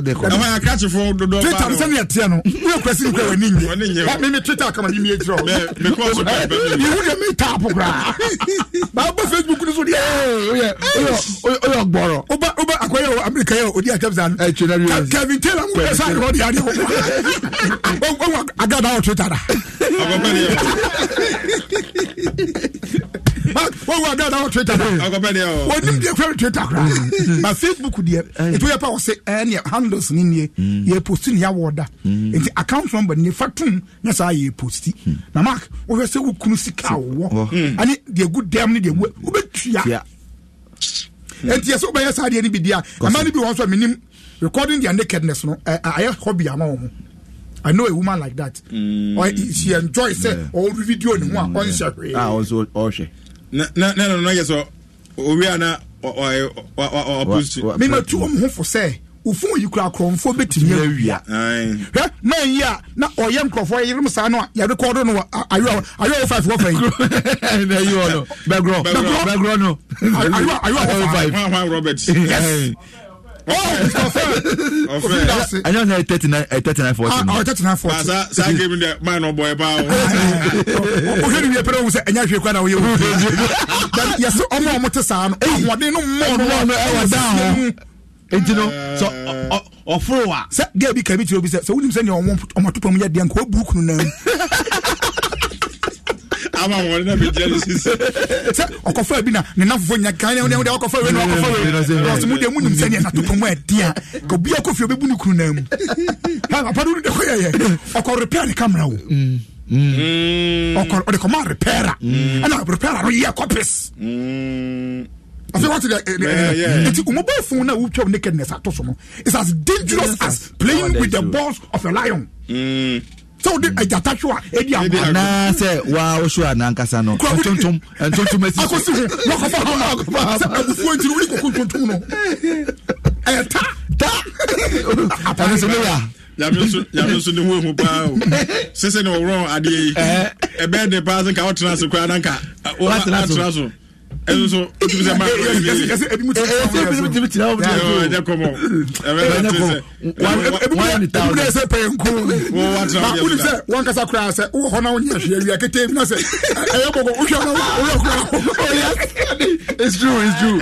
ɛwɔ akrakyefo dodo ba twitter sani ɛteɛ no mu yɛ kurasi nkura wɔ ni nye mi mi twitter kama yi mi yɛ kyerɛ o ihu de mi ta apo kura maa bɔ facebook ni so de ɛɛ eh, o yɛ gbɔrɔ o ba o ba akɔyɛ o amerika yɛ o di a kɛmisa ɛ twɛ na bi yɛ kevin taylor mu yɛ sa yɔ di a di o o wa agada o twitter la. wọn wọ agada wọn twitter la wọn ni mu de kura twitter kura ma facebook deɛ eh. etu yɛ pa wɔ se ɛɛ ni ɛ han candles ni nie yɛ posti ni yawɔ da nti account number ni fa na saa yɛ posti na mark wɔhwɛ sɛ wokunu sika awɔ ani deɛ gu dɛm ne deɛ gu wobɛtua nti yɛ sɛ wobɛyɛ saa deɛ bi di a bi wɔ so a recording their nakedness no ayɛ hobby ama wɔn I know a woman like that. Mm. Or she enjoys yeah. it. Or video ni ho a ɔnhyɛ hwee. Ah, ɔnso ɔhwɛ. Na na na na yɛ sɛ owi ana ɔpost. Mímɛ tu wɔn ho fo sɛ wo fon yi kura akorɔmfoɔ bɛtumi awia hwɛ na yi a na ɔyɛ nkurɔfoɔ yerem saa no a yɛrekɔdo no ayoa ayoa five wɔ fɛn na yi wɔ no bɛgorɔ bɛgorɔ no ayoa ayoa five robert yes oh, I don't know 39 39 40. Ah, 39 40. Sa sa game the man no boy ba. O hwe ni pere o se enya hwe kwa na o ye o. Yes, omo omo te sa no. Ahoden no mo no e wa down. nti no eh. sɛ ɔforo a sɛ gɛ bi ka bi kyerɛ obi sɛ sɛ wonim sɛ nea ɔmatopɔ mu yɛdeɛ nka wɔbu kunu nam sɛ ɔkɔfra bi na ne na fufuo nya kan ne de ɔkɔfra wei na ɔkɔfra wei ɔsɛ mu a ka obi ɔbɛbu ne kunu nan mu ha papa de kɔ ɔkɔ repair ne camera wo. Mm. ɔde kɔma repair mm. ɛna repair no yɛ copies. Mm. afei wati de ɛɛ nti mobile phone na wotwa nakedness ato so no as dangerous as playing with the balls of a lion. Mm. sɛ wode agyata hwe a ɛdi anasɛ waa wohwe a nankasa no ntontom ntontom asiakɔsi ho wakɔfa hama sɛ abufuo ntiri wode kɔkɔ ntontom no ɛyɛ ta ta apane so meya yàmi nso ne ho ehu paa o sese na ɔwurɔ adeɛ yi ɛbɛn de paa sɛ nka ɔtena ase koraa na nka ɛso so wotumi It's true, it's true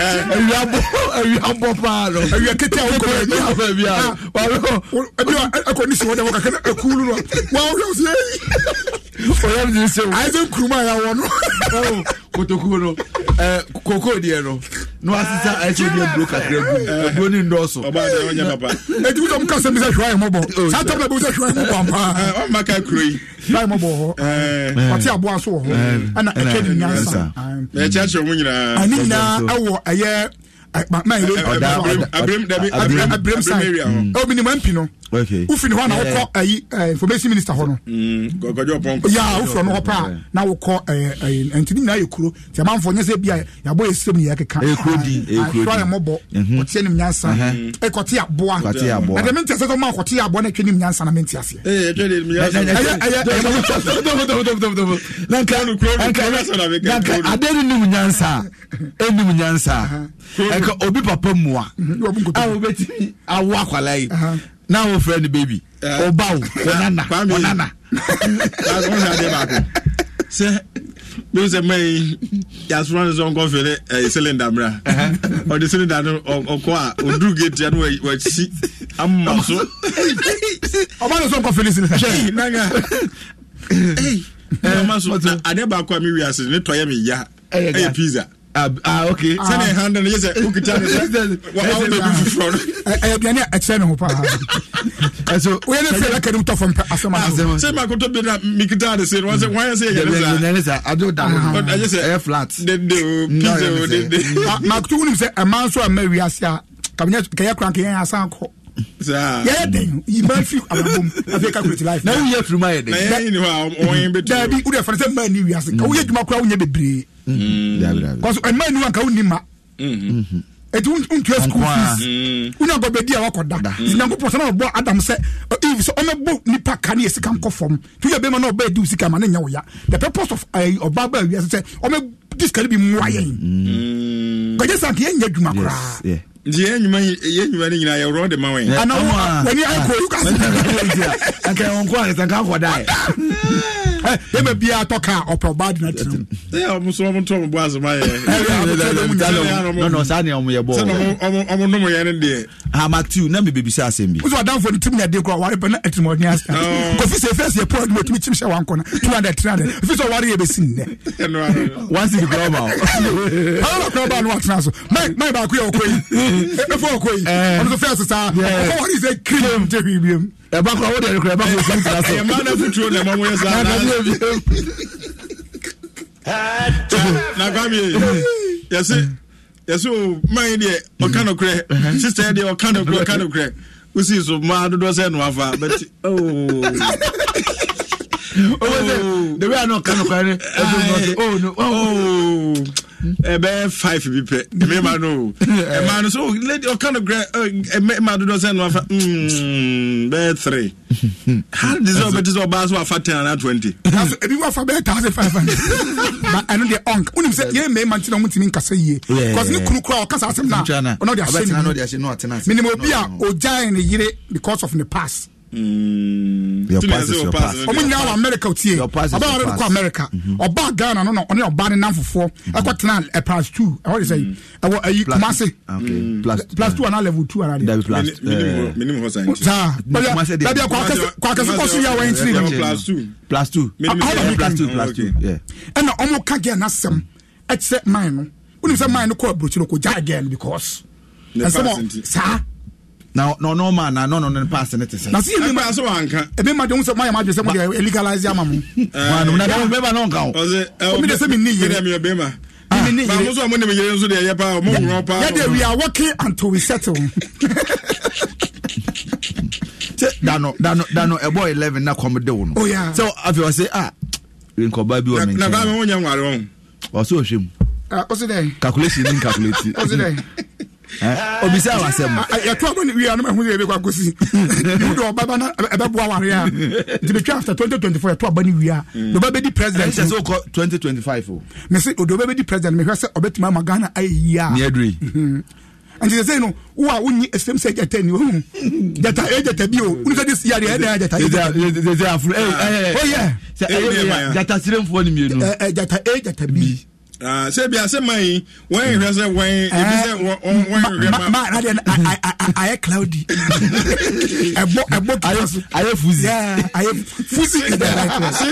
oyam di se o. aise kuruma ya wɔ no. kotoku no ɛɛ koko deɛ no na wasisa aise deɛ buro kakra gu ɛburo ni ndɔɔso. ɔba de ɔnyɛ papa. eti wusa mu kasa mi sɛ hwaa yɛ mɔbɔ saa tɛm na bi wusa hwaa yɛ mɔbɔ ama. ɔn ma ka kuro yi. hwaa yɛ mɔbɔ wɔ hɔ ɔte aboa so wɔ hɔ ɛna ɛkɛ ni nyansa. ɛkyɛ kyerɛ mu nyinaa. ani nyinaa ɛwɔ ɛyɛ. Abirem dabi abirem abirem sign. Obinrin mọ mpi no wofini hɔ na wokɔ ayi information minister hɔ no yɛ wofrɔ no hɔ pɛ a na wokɔ ɛnti ne nyinaa yɛ kuro nti amanfoɔ nyɛ sɛ bia yɛabɔ yɛsrɛm ne yɛkekafra yɛmmɔbɔ ɔteɛ nim nyansa ɛkɔte aboa ɛde mente sɛ sɛ ma kɔte aboa no atwa nim nyansa na mente aseɛade no nim nyansa ɛnim nyansa ɛka obi papa mua a wobɛtumi awo akwala yi na wo frɛ no baby ɔba wo ɔnana ɔnana sɛ mehu sɛ mai yɛasoma no sɛ ɔnkɔ fere cylinder mmra ɔde uh-huh. cylinder no ɔkɔ eh, a ɔduru gatia no wahyi amma so ɔba no sɛ ɔnkɔ fere cylindernaga ɔma so adeɛ baako a mewiase ne tɔyɛ meya ɛyɛ pizza ah ok sani ɛhan dɛ ne o kita ne sɛ wa aw bɛ bi foforɔ no. ɛyɛ aduane a ɛkyerɛ ne ho paa ɛso o yɛ ne fɛ ɛlɛkɛ ne mu tɔfɔ mpɛ asɛm asɛm. sɛ maa koto bi na mi kita de se wɔn sɛ wɔn yɛ sɛ yɛrɛ sa yɛrɛ sa adi o da o ɛyɛ sɛ ɛyɛ flat. dende o pizza o dende. maa koto wuli sɛ ɛmaa nso a mɛ wi ase a kabini kɛyɛ kura kɛyɛ asan kɔ yɛyɛ dɛn yima fi ababom afei calculate life. na wuyɛ firima yɛ na yɛn ni hɔ a wɔn yɛn bɛ tu. dabi o de fana sɛ mmaa kɔsɔ ɛmɛ ni wanka wuni ma eti ntua school fees wuna nkɔ bɛ di a wakɔ da sinanko pɔtɔ náà bɔ adam sɛ if sɛ ɔmɛ bɔ nipa kan yɛ sika nkɔ fam tuya bɛɛ ma n'o bɛɛ di o sika ma ne nya o ya the purpose of ɔba bɛɛ wia sɛ ɔmɛ disikali bi mu ayɛ yi kɔjɛ san k'e nya juma koraa nti yɛn nnwuma yɛn nnwuma no nyinaa yɛworɔ de ma wɔn. ana wɔn ani ayɛ kɔ olu ka se. nka wɔn kɔ akitaka akɔ da yɛ ebe bia atɔ ka ɔpɛ ɔbaa de n'atiri mu. ɛ ɔmu sɔn ɔmu tɔn mu bɔ asoma yɛ. nɔnɔ saa ni ɔmu yɛ bɔ. sɛ ɔmu ɔmu numu yɛ ni deɛ. amatiw n'a mi bɛ bisa asɛm bi. wusu adanfo ni timi na den kura wari bɛ na ɛtumi ɔni asa. kofi se fɛn se pɔl ni otumi timi sɛ wan kɔnɔ two hundred three hundred fi sɔ wari yɛ bɛ sin dɛ. one sixty kura ba o. ala kura ba ni wa tena so mayi mayi baako yɛ ɔkɔ yi efo ɔkɔ so fɛn sisan ɔkɔ wari yi sɛ kiri mu tɛ fi ɛba kora wode ɛrekora ɛba kora sɛmtena sɛnakwameɛ yɛse yɛse o mae deɛ ɔka nokorɛ sister deɛ ɔka nokorɛ ɔka nokorɛ wosii so maa dodoɔ sɛ noafa but ɔwɔ sɛ the way a na ɔka nokorɛ no ɛfɛ no ɔno ɛbɛyɛ five bi pɛ mmarima no mmaa eh. no so lady ɔka no grɛ eh, mmarima dodoɔ sɛ no afa mm, bɛyɛ three how did sɛ ɔbɛte sɛ ɔbaa so afa ten ana twenty. ebi eh, wafa bɛyɛ taase five hundred but ɛno deɛ ɔnk wonim sɛ yɛn mmarima ntina wɔn ntumi nkasa yie because ne kunu kura ɔkasa asɛm na ɔno de ahyɛ ne mu minimu obi a ogya ne yere because of ne past your pass is your pass. ọmọ nyinaa wọ america tie ọba wa bẹẹ kọ america ọba ghana no na ọne ọba ne nanfofoɔ ɛkɔ tena plus two ɛwɔ de sɛ ɛwɔ ayi kumase plus two ana level two ana de. saa dabi akɔ akɛse kɔ so yi a wɔn ntiri. plus two plus two plus two. ɛna ɔmo ka gɛn n'asɛm ɛkyɛ mine no wɔn nim sɛ mine no kɔ aburokyire kɔ gya gɛn because ɛnsɛm saa na na ɔno ma na na ɔno ne paase ne te sɛ. na si ebi ma aso wa nka. ebi ma de ŋun sɛ maa yɛ ma jɛ mo de legalize ama mo. Eh. maa numu na bɛɛ ma n'o kan o. ɔsɛ ɛwɔ mi de sɛ mi ni yɛrɛ. mi de mi yɛ bɛɛ ma. mi ni ah, yɛrɛ. baamuso a mo ne mi yɛrɛ nso de yɛ pa o mo wura pa. yɛ de we are working until we settle. sɛ dano dano dano ɛbɔ eleven na kɔm de wo no. o oh, ya. sɛ afei ɔsɛ a ah, nkɔba bi wɔ mi nkyɛn. na baa mi wọn yɛ nwari wɔn. ɔsɛ Eh? obisa wa asɛm yɛto abɔ ne wie anoma ɛho yɛ bɛkɔ akɔsi wode ɔbaba no ɛbɛboa ware a nti metwa after twenty twenty four, 2024 yɛto aba no wie a de ɔbɛbɛdi president Twenty sɛ wokɔ 2025 me se ode ɔbɛbɛdi president mehwɛ sɛ ɔbɛtumi ama ghana ayɛ yie a neadre mhm. nti sɛ sɛ no wo a wonyi asɛm sɛ gyata ni ohu gyata ɛ gyata bi o wone sɛ de siadeɛ ɛna gyata gyata seremfoɔ no mmienu gyata ɛ gyata bi Ah, sɛbi asɛ ma yi wɔn nhwɛ sɛ wɔn ebi sɛ eh, wɔn nhwɛ ma. ma na deɛ ayɛ cloudy ɛbɔ ɛbɔ kura so. ayɛ fuzi. ayɛ fuzi is the right word. se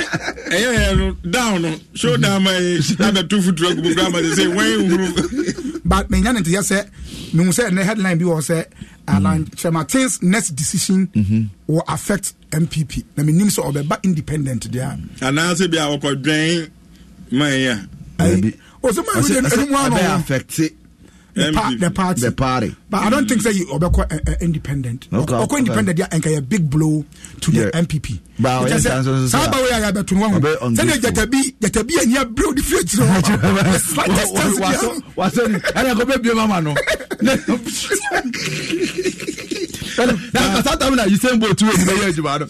ɛyɛ yɛ no down no show down ma yi abɛ tu futu agubu kura de se wɔn ehuru. but mɛ nyanu ti yɛ sɛ nuhu sɛ ne headline bi wɔ sɛ alan mhm. chemate's next decision mhm. will affect npp na mɛ nim sɛ ɔbɛ ba independent deɛ. anaasɛ bi a ɔkɔ dwɛn mayɛ ayi osima ewu de enumu ano the, the party the party but i don't think say you obeko uh, eh, eh, independent okay, obeko okay. independent ya nka ya big blow to the yeah. mpp but yes saa ba wey ya beto no ho say na jata bi jata bi anya bro di free tiro waso waso ana ko be bi mama no na ka sa tam na you say bo tu we be ye adwuma no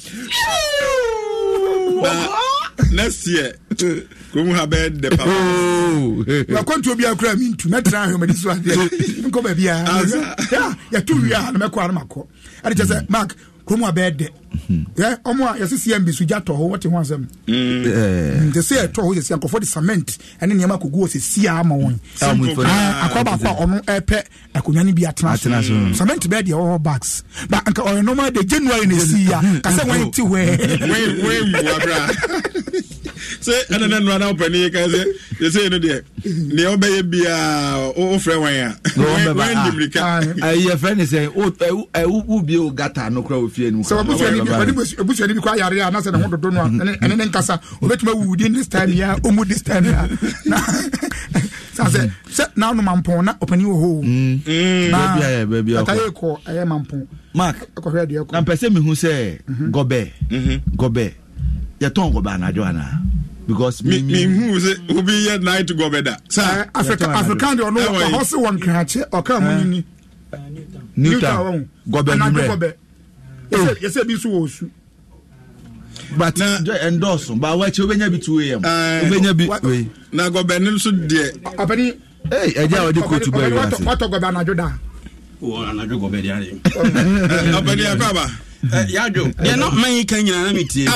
next year kòmù ha bɛɛ dɛ papa. wa kɔntu obi akura mi ntu mɛtira ahomadi so adeɛ nkɔ baabi a yɛtu wia a mɛkɔ arama kɔ adi kyɛ sɛ mm. mark kurom a bɛɛ hmm. dɛ yɛ ɔmo a yɛsi cmb so gya tɔ hɔ wɔte ho asɛm. nti hmm. sɛ yɛ tɔ hɔ sɛ nkɔfɔ de cement ɛne nneɛma kogu wɔ sɛ sia ama wɔn. Ah, ah, akɔ baako a ɔno ɛpɛ akonnwa no bi atena so hmm. cement bɛɛ deɛ ɔwɔ bags ba nka ɔyɛ normal de january na esi ya kasɛ wɔn ti wɛɛ. wɔn ewu abira. sɛ ɛna ne nnora na wopɛne ah, ah, eh, yɛ ka sɛ yɛsɛi no deɛ neɛ wobɛyɛ o wofrɛ wan a wandimrikayɛfrɛ ne sɛ wobie eh, eh, wo gata no kora wɔfie nomsɛbusua no bi kɔ ayare a na sɛ ne ho dodo no a ɛne ne nkasa obɛtumi awuwudin this time yɛ a ɔmu this time yɛ sa sɛ sɛ na wonoma mpɔn mm. na ɔpani wɔ hoomata yɛ kɔ ɛyɛ mampɔn mark na mpɛ sɛ mehu sɛ gɔbɛ mhm. gɔbɛ yɛtɔn kɔba anadwo ana. because mi mi hu sɛ obi go bɛda. sɛ afrika afrikan de ɔno ɔhɔ se wɔn kranakye ɔka mu ni ni. newton gɔbɛ numrɛ yɛsɛ bi nso wɔ osu. but na endorse ba wa kye obenya bi two am obenya bi wei. na gɔbɛ nim so deɛ. ɔpɛni. ee ɛdi a wɔde kootu bɛɛ wi ase. wɔtɔ gɔbɛ anadwo da. wɔ anadwo gɔbɛ di a ye. ɔpɛni ɛkɔ aba yàdùn yẹn náà mẹ́yìn ika nyinaa mi tiẹ̀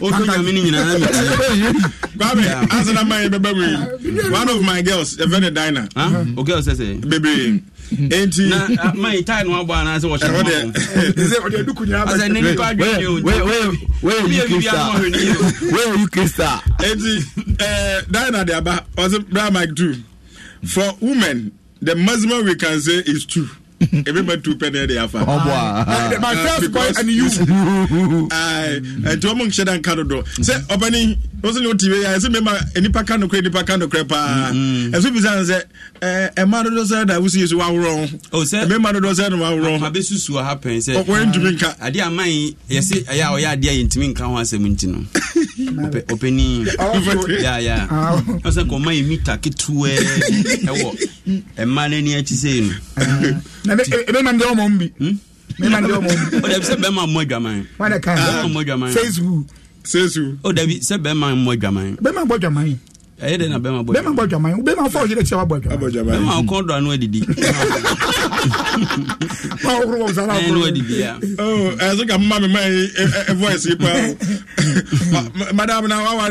oṣù nyàmí ni nyinaa mi tiẹ̀. Babe, answer that man, baby. One of my girls, the very diner. Huh? Okay, I say. Baby. Enti na ah, my tie no abo ana se wo se. Ze o de duku nya ba. Asa ne nipa dwe ni o. Where where where you kista? Where you kista? Enti eh diner de aba. O se bra mic too. For women, the maximum we can say is two ebi ma tu pɛ ne de afa. ɔbɔ a eh, my eh, first boy and you. ɛti ɔmu nhyɛ da nka dodo sɛ ɔbɛni wosi ni o ti yɛ ɛsi mɛma eh, nipa ka nukurɛ nipa ka nukurɛ paa ɛsi bi san sɛ ɛɛ ɛma dodo sɛ na wusi yi so wa wurɔ o sɛ mɛma dodo sɛ na wa wurɔ. papa bɛ susu ɔha pɛn sɛ ɔkɔ ntumi nka. adi a man yi yɛsi ɛyɛ a ɔyɛ adeɛ yɛ ntumi nka ho asɛm nti no ɔpɛni ya ya ɔsɛ kɔma yi mita ketewa ɛwɔ ɛma n'ani akyi sɛ yi no ɛbɛma deɛ ɔmɔ bi mɛma deɛ ɔmɔ bi sɛ bɛma mmɔ adwaman wadɛ facebook o dabi sɛ bɛma mmɔ adwaman bɛma bɔ adwaman na bɛma bɔ bɛma bɔ adwaman bɛma fɔ ɔyɛ kyɛ wabɔ adwaman bɛma ɔkɔn do ano adidi ma ɔkoro wɔ sara ɔkoro ɛnu adidi ya ɛsɛ ka mma mi ma ye voice yi pa na wa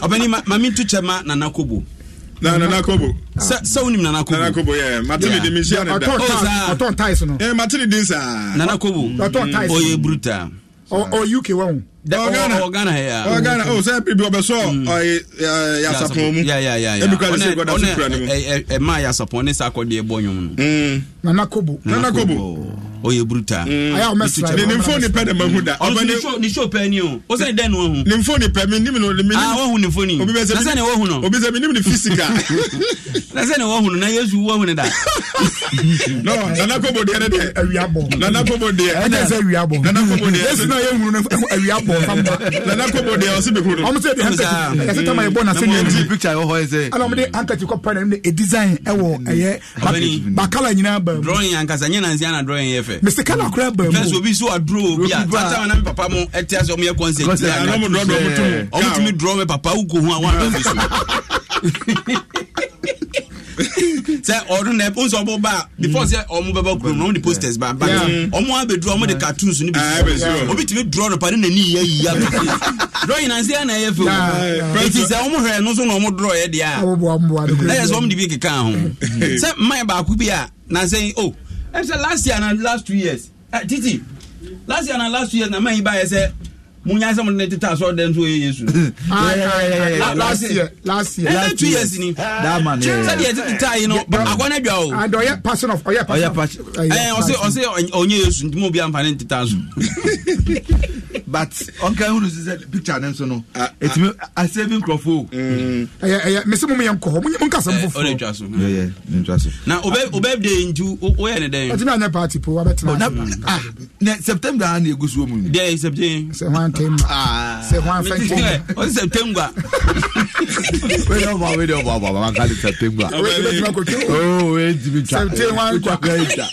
ɔbɛni maami tu cɛ ma na nana kobo. Ah. sɛ wonim nana kobo. nana kobo yɛ matini di mi si ani da. Oh, ɔtɔn tais no. ɛɛ matini di sa. nana kobo ɔtɔn tais no. ɔyɛ bruta. ɔ uk wɔn. ɔgana ɔgana hɛ ɔgana o sɛ bibi ɔbɛ sɔ mm. ɔye yasapɔn mu. ebi kura de se kɔ da se kura ne mu. ɛmaa yasapɔn ne sa akɔdeɛ bɔ nyɔmu no. Mm nana kobo nana kobo oyè buruta. ayi awo mɛ sira ni nin fo ni pɛ de ma hun da. ɔlọsi ni so ni so pɛ ni o o sani dɛ nin o hun. nin fo ni pɛ mi ni mi ni mi. aa o hun nin fo ni nasa ni o hun na. o bi se mi ni mi ni fisika. nasa ni o hun na yesu o hun da. non nana kobo deɛ dɛ. awia bɔ nana kobo deɛ. ɛna sɛ awia bɔ nana kobo deɛ. yesu n'a ye wulu awia bɔ fanba. nana kobo deɛ ɔsi bi kunu. ɔmu se de hankati kasi tama ye bɔ na se ni ye. ala mu de hankati kɔ pɛ na mu de design ɛwɔ ɛyɛ bakala ɲinan drawing ankasa nye nansi ana drawing yɛ fɛ mɛ sika na kura baa mu fɛn obi so aduro obi a tata wa na mi papa mu ɛte ase ɔmu yɛ concert bi a ɔmu dɔn dɔn mu tumu ɔmu tumi draw mi papa awu ko hu a wa dɔn mi so sɛ ɔno na ɛpɔ nsɛ ɔbɔ ba before sɛ ɔmo bɛbɔ kurom mm. na ɔmo de posters ba but ɔmo abɛduru ɔmo di cartoons ne ah, bi obi tumi draw no pa ne ni yɛ yiya bi drawing na se ɛna ɛyɛ fɛ o eti sɛ ɔmo hwɛ no na ɔmo draw yɛ deɛ a na yɛ sɛ ɔmo de bi keka ho mm. sɛ mmaa baako bi a na sɛ o ɛm sɛ last year na last two years eh, titi last year na last two years na mayi ba yɛ sɛ munya sɛ mo ne tete asɔre dɛ nso ɔyɛ yesu last year last year ɛnɛ two years ni that man eh. yeah sɛdeɛ ɛte tete ayi no akɔnɛ dwa o and ɔyɛ person of ɔyɛ person ɛɛ ɔsɛ ɔsɛ ɔnyɛ yesu ntoma obi anfa ne tete aso but ɔnka ehunu sisɛ picture ne nso no etumi asebi nkurɔfo o ɛyɛ ɛyɛ mesi mu yɛ nkɔ hɔ mo nka sɛ mo eh, foforɔ ɔde twa so ɛyɛ ne twa so na obɛ ah. obɛ de ntu oyɛ ne dɛn ɛtumi anyɛ party po wa bɛ tena oh, ah. ne september ana egu so mu ni dɛ september ntam ma sɛ ho afɛ ntam o sɛ tengua wei dɛ ɔbaa wei dɛ ɔbaa ɔbaa ɔbaa kari September tengua wei We tuma ko tengua ooo wei ti bi twa sɛ tengua n kwa kɛ ja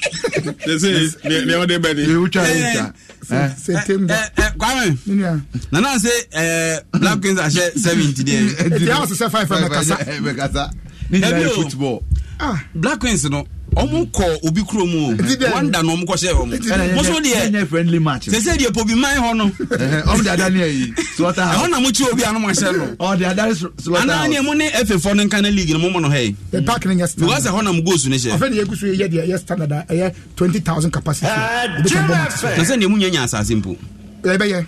sese ni ɔde bɛ ni ewu twa yi ja sɛ tengua kwame nana se eh, black queens ahyɛ seven ti five ɛmɛ kasa ɛmɛ Ah. black queens no ɔmo kɔ obi kuro mu o wanda na ɔmo kɔ hyɛ ɔmo moso deɛ sese deɛ pobi man hɔ no ɔmo de ada ne ayi slɔta ɛhɔ na mo kyi obi a no mo ahyɛ no ɔ de ada ne slɔta ana ne mo ne efe fɔ ne nka ne league no mo mo no hɛ yi park ne yɛ standard because ɛhɔ na mo goals ne hyɛ afɛn de yɛ gusu yɛ deɛ yɛ standard a ɛyɛ twenty thousand capacity sese deɛ mo nya nya asase mpo yɛbɛyɛ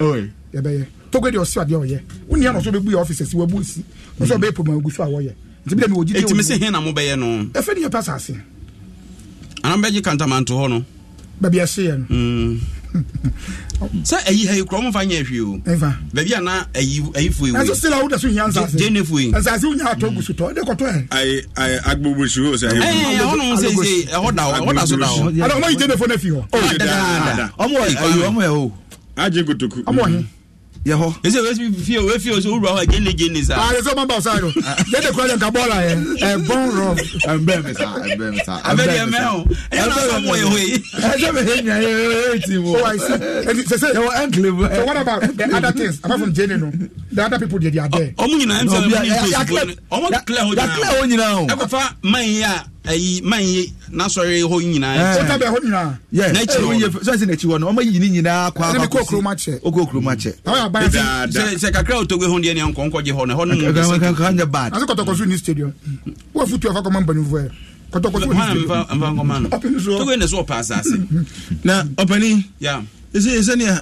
yɛbɛyɛ togbe de ɔsi adeɛ ɔyɛ wo nia na ɔso bɛ bu yɛ ɔfisɛsi wɔ bu si ɔso bɛ poma ogu so a wɔyɛ ɛtumi sɛ he na mobɛyɛ no ɛfɛ ne yɛpɛ asase anaa mobɛgye kantamanto hɔ no baabi ɛhyeɛ no sɛ ɛyi ha yi korɔ mfa nyɛ hwee o baabi ana ayifoɔ ɛnso sila woda so hia nsasegenefoɔ nsase wonya atɔ gu so tɔ ɛde kɔtɔ ɛ agbobosuo sɛ ɛhɔnom sɛsɛ ɛhɔ da hɔ ɛhɔ da so da hɔ ada ɔma yi genefoɔ no afi hɔ ɔmo ɛyɛ o agye kotoku ɔmo ɔhe yɛ hɔ. ɛsɛ wɛsi fi o wɛfi o so wura hɔ jele jele sa. aa ɛsɛ o ma ba o sa yɛ no ne de kura de nka bɔɔla yɛ ɛ bɔn rɔ. ɛnbɛ mi sa ɛnbɛ mi sa. a bɛ diɛ mɛ o ɛyɛ n'a sɔn mɔ ye o ye. ɛsɛ mi ye ɲɛ ye e ti wo. o wa se ɛdi sɛsɛ. ɛwɔ ɛnkile bɔ. so eh? what about the other things apart from jane no the other people de di a bɛɛ. ɔmu ɲinan ɛn sɛ ɔmu ɲinan ayi man ye n'asɔre eh. eh, hɔ nyinaa. ɛɛ o ta bɛ hɔ nyinaa. yɛ n'ekyi hɔ no sɔɔsi n'ekyi hɔ no ɔmɔ yi ni nyinaa kɔ akɔ kɔ kuroma cɛ. o kɔ kuroma cɛ. y'a ban fɛn sɛ sɛ kakra o togo hɔn deɛ ni nkɔ nkɔ je hɔ no hɔ ni mun bɛ se. kankan kankan bad. ase kɔtɔkɔsu ni stadium wa futu afa kɔma nbani fɔ yɛ kɔtɔkɔsu ni stadium. togo ne so ɔpa asase. na ɔpɛni. ya ese ese ni a